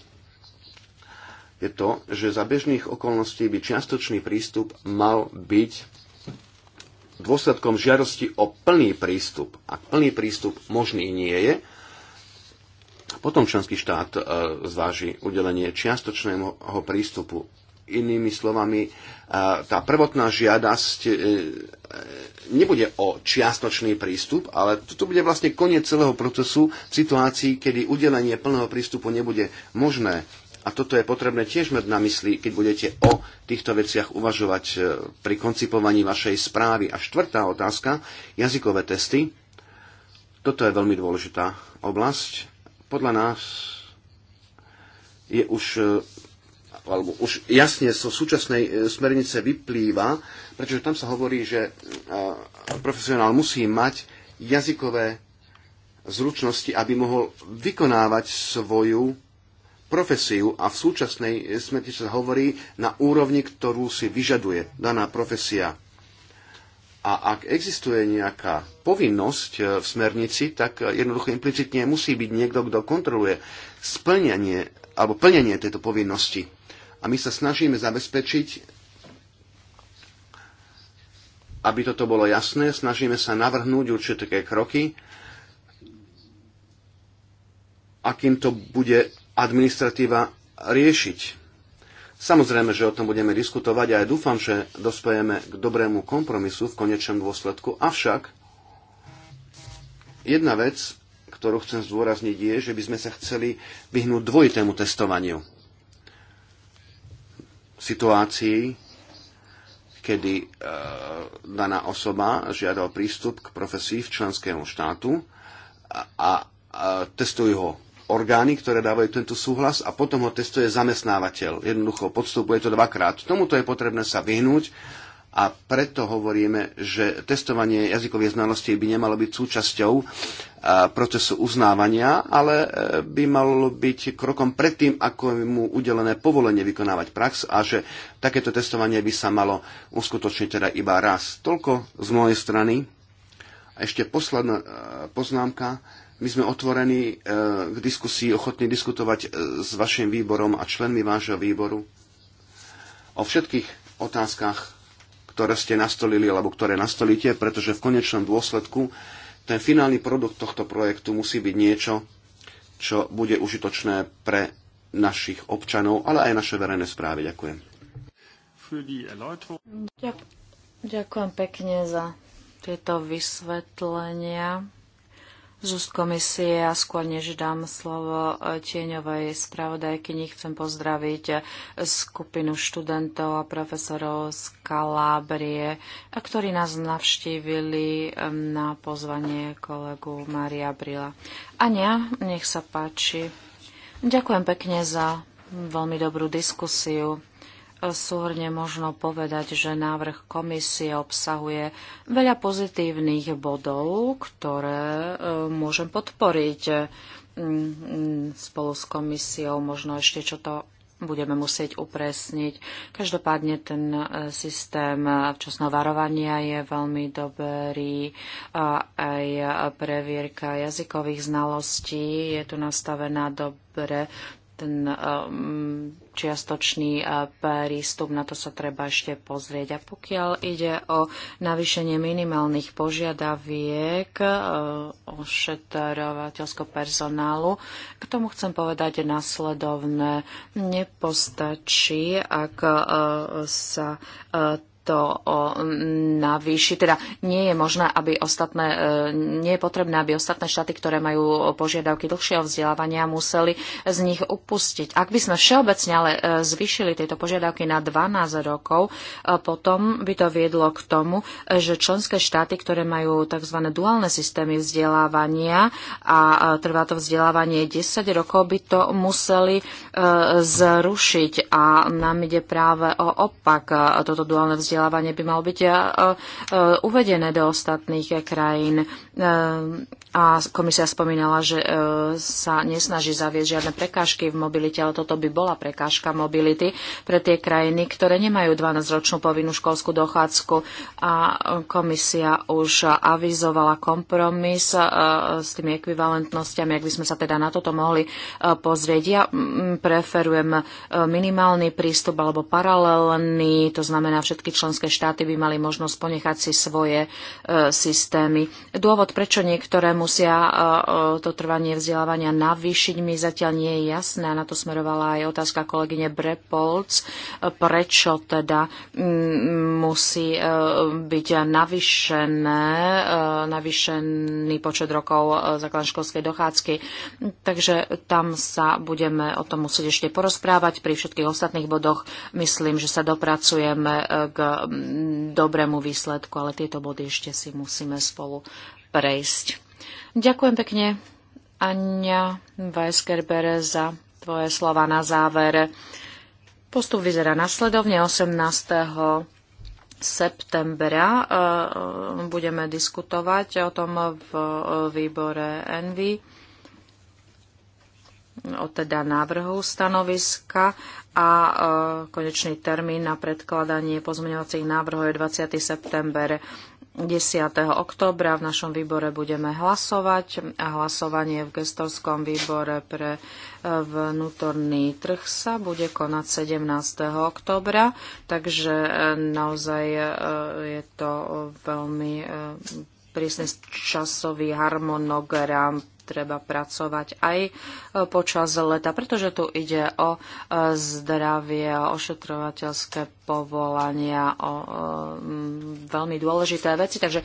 je to, že za bežných okolností by čiastočný prístup mal byť dôsledkom žiadosti o plný prístup, ak plný prístup možný nie je, potom členský štát e, zváži udelenie čiastočného prístupu. Inými slovami, e, tá prvotná žiadosť e, nebude o čiastočný prístup, ale toto bude vlastne koniec celého procesu v situácii, kedy udelenie plného prístupu nebude možné. A toto je potrebné tiež mať na mysli, keď budete o týchto veciach uvažovať e, pri koncipovaní vašej správy. A štvrtá otázka, jazykové testy. Toto je veľmi dôležitá oblasť. Podľa nás je už e, alebo už jasne zo so súčasnej e, smernice vyplýva, pretože tam sa hovorí, že profesionál musí mať jazykové zručnosti, aby mohol vykonávať svoju profesiu a v súčasnej smrti sa hovorí na úrovni, ktorú si vyžaduje daná profesia. A ak existuje nejaká povinnosť eh, v smernici, tak eh, jednoducho implicitne musí byť niekto, kto kontroluje splnenie alebo plnenie tejto povinnosti. A my sa snažíme zabezpečiť, aby toto bolo jasné, snažíme sa navrhnúť určité kroky, akým to bude administratíva riešiť. Samozrejme, že o tom budeme diskutovať a aj dúfam, že dospojeme k dobrému kompromisu v konečnom dôsledku. Avšak jedna vec, ktorú chcem zdôrazniť, je, že by sme sa chceli vyhnúť dvojitému testovaniu. Situácii, kedy e, daná osoba žiada o prístup k profesii v členského štátu a, a testujú ho orgány, ktoré dávajú tento súhlas a potom ho testuje zamestnávateľ. Jednoducho podstupuje to dvakrát. Tomuto je potrebné sa vyhnúť a preto hovoríme, že testovanie jazykových znalostí by nemalo byť súčasťou eh, procesu uznávania, ale eh, by malo byť krokom predtým, ako je mu udelené povolenie vykonávať prax a že takéto testovanie by sa malo uskutočniť teda iba raz. Toľko z mojej strany. A ešte posledná eh, poznámka my sme otvorení eh, k diskusii, ochotní diskutovať eh, s vašim výborom a členmi vášho výboru o všetkých otázkach, ktoré ste nastolili alebo ktoré nastolíte, pretože v konečnom dôsledku ten finálny produkt tohto projektu musí byť niečo, čo bude užitočné pre našich občanov, ale aj naše verejné správy. Ďakujem. Ďakujem pekne za tieto vysvetlenia z úst komisie a skôr než dám slovo e, tieňovej spravodajky, chcem pozdraviť e, skupinu študentov a profesorov z Kalábrie, e, ktorí nás navštívili na pozvanie kolegu Maria Brila. Ania, nech sa páči. Ďakujem pekne za veľmi dobrú diskusiu. Súhrne možno povedať, že návrh komisie obsahuje veľa pozitívnych bodov, ktoré e, môžem podporiť mm, mm, spolu s komisiou. Možno ešte čo to budeme musieť upresniť. Každopádne ten e, systém včasného varovania je veľmi dobrý. Aj previerka jazykových znalostí je tu nastavená dobre. Ten um, čiastočný e, prístup, na to sa treba ešte pozrieť. A pokiaľ ide o navýšenie minimálnych požiadaviek e, ošetrovateľského personálu, k tomu chcem povedať nasledovné. Nepostačí, ak e, sa to navýši, teda nie je možné, aby ostatné, e, nie je potrebné, aby ostatné štáty, ktoré majú požiadavky dlhšieho vzdelávania, museli z nich upustiť. Ak by sme všeobecne ale e, zvýšili tieto požiadavky na 12 rokov, e, potom by to viedlo k tomu, že členské štáty, ktoré majú tzv. duálne systémy vzdelávania a trvá to vzdelávanie 10 rokov, by to museli zrušiť. A nám ide práve o opak toto duálne vzdelávanie vzdelávanie by malo byť eh, eh, uvedené do ostatných krajín. Eh, a komisia spomínala, že sa nesnaží zaviesť žiadne prekážky v mobilite, ale toto by bola prekážka mobility pre tie krajiny, ktoré nemajú 12-ročnú povinnú školskú dochádzku. A komisia už avizovala kompromis s tými ekvivalentnosťami, ak by sme sa teda na toto mohli pozrieť. Ja mm, preferujem minimálny prístup alebo paralelný, to znamená všetky členské členské štáty by mali možnosť ponechať si svoje e, systémy. Dôvod, prečo niektoré musia e, e, to trvanie vzdelávania navýšiť, mi zatiaľ nie je jasné. Na to smerovala aj otázka kolegyne Brepolc, prečo teda mm, musí byť navýšené, navýšený počet rokov základnoškolskej dochádzky. Takže tam sa budeme o tom musieť ešte porozprávať. Pri všetkých ostatných bodoch myslím, že sa dopracujeme k dobrému výsledku, ale tieto body ešte si musíme spolu prejsť. Ďakujem pekne, Anja Weisgerber, za tvoje slova na záver. Postup vyzerá nasledovne 18 septembra e, budeme diskutovať o tom v výbore Envy o teda návrhu stanoviska a e, konečný termín na predkladanie pozmeňovacích návrhov je 20. september. 10. oktobra v našom výbore budeme hlasovať a hlasovanie v gestorskom výbore pre e, vnútorný trh sa bude konať 17. oktobra, takže e, naozaj je to veľmi prísny časový harmonogram treba pracovať aj e, počas leta, pretože tu ide o e, zdravie, o ošetrovateľské povolania, o e, veľmi dôležité veci. Takže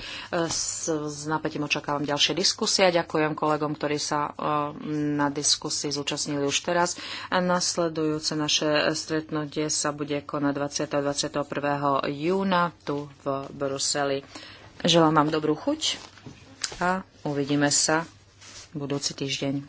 s, s napätím očakávam ďalšie diskusie. Ďakujem kolegom, ktorí sa na diskusii zúčastnili už teraz. A nasledujúce naše stretnutie sa bude konať 20. a 21. júna tu v Bruseli. Želám vám dobrú chuť a uvidíme sa budúci týždeň.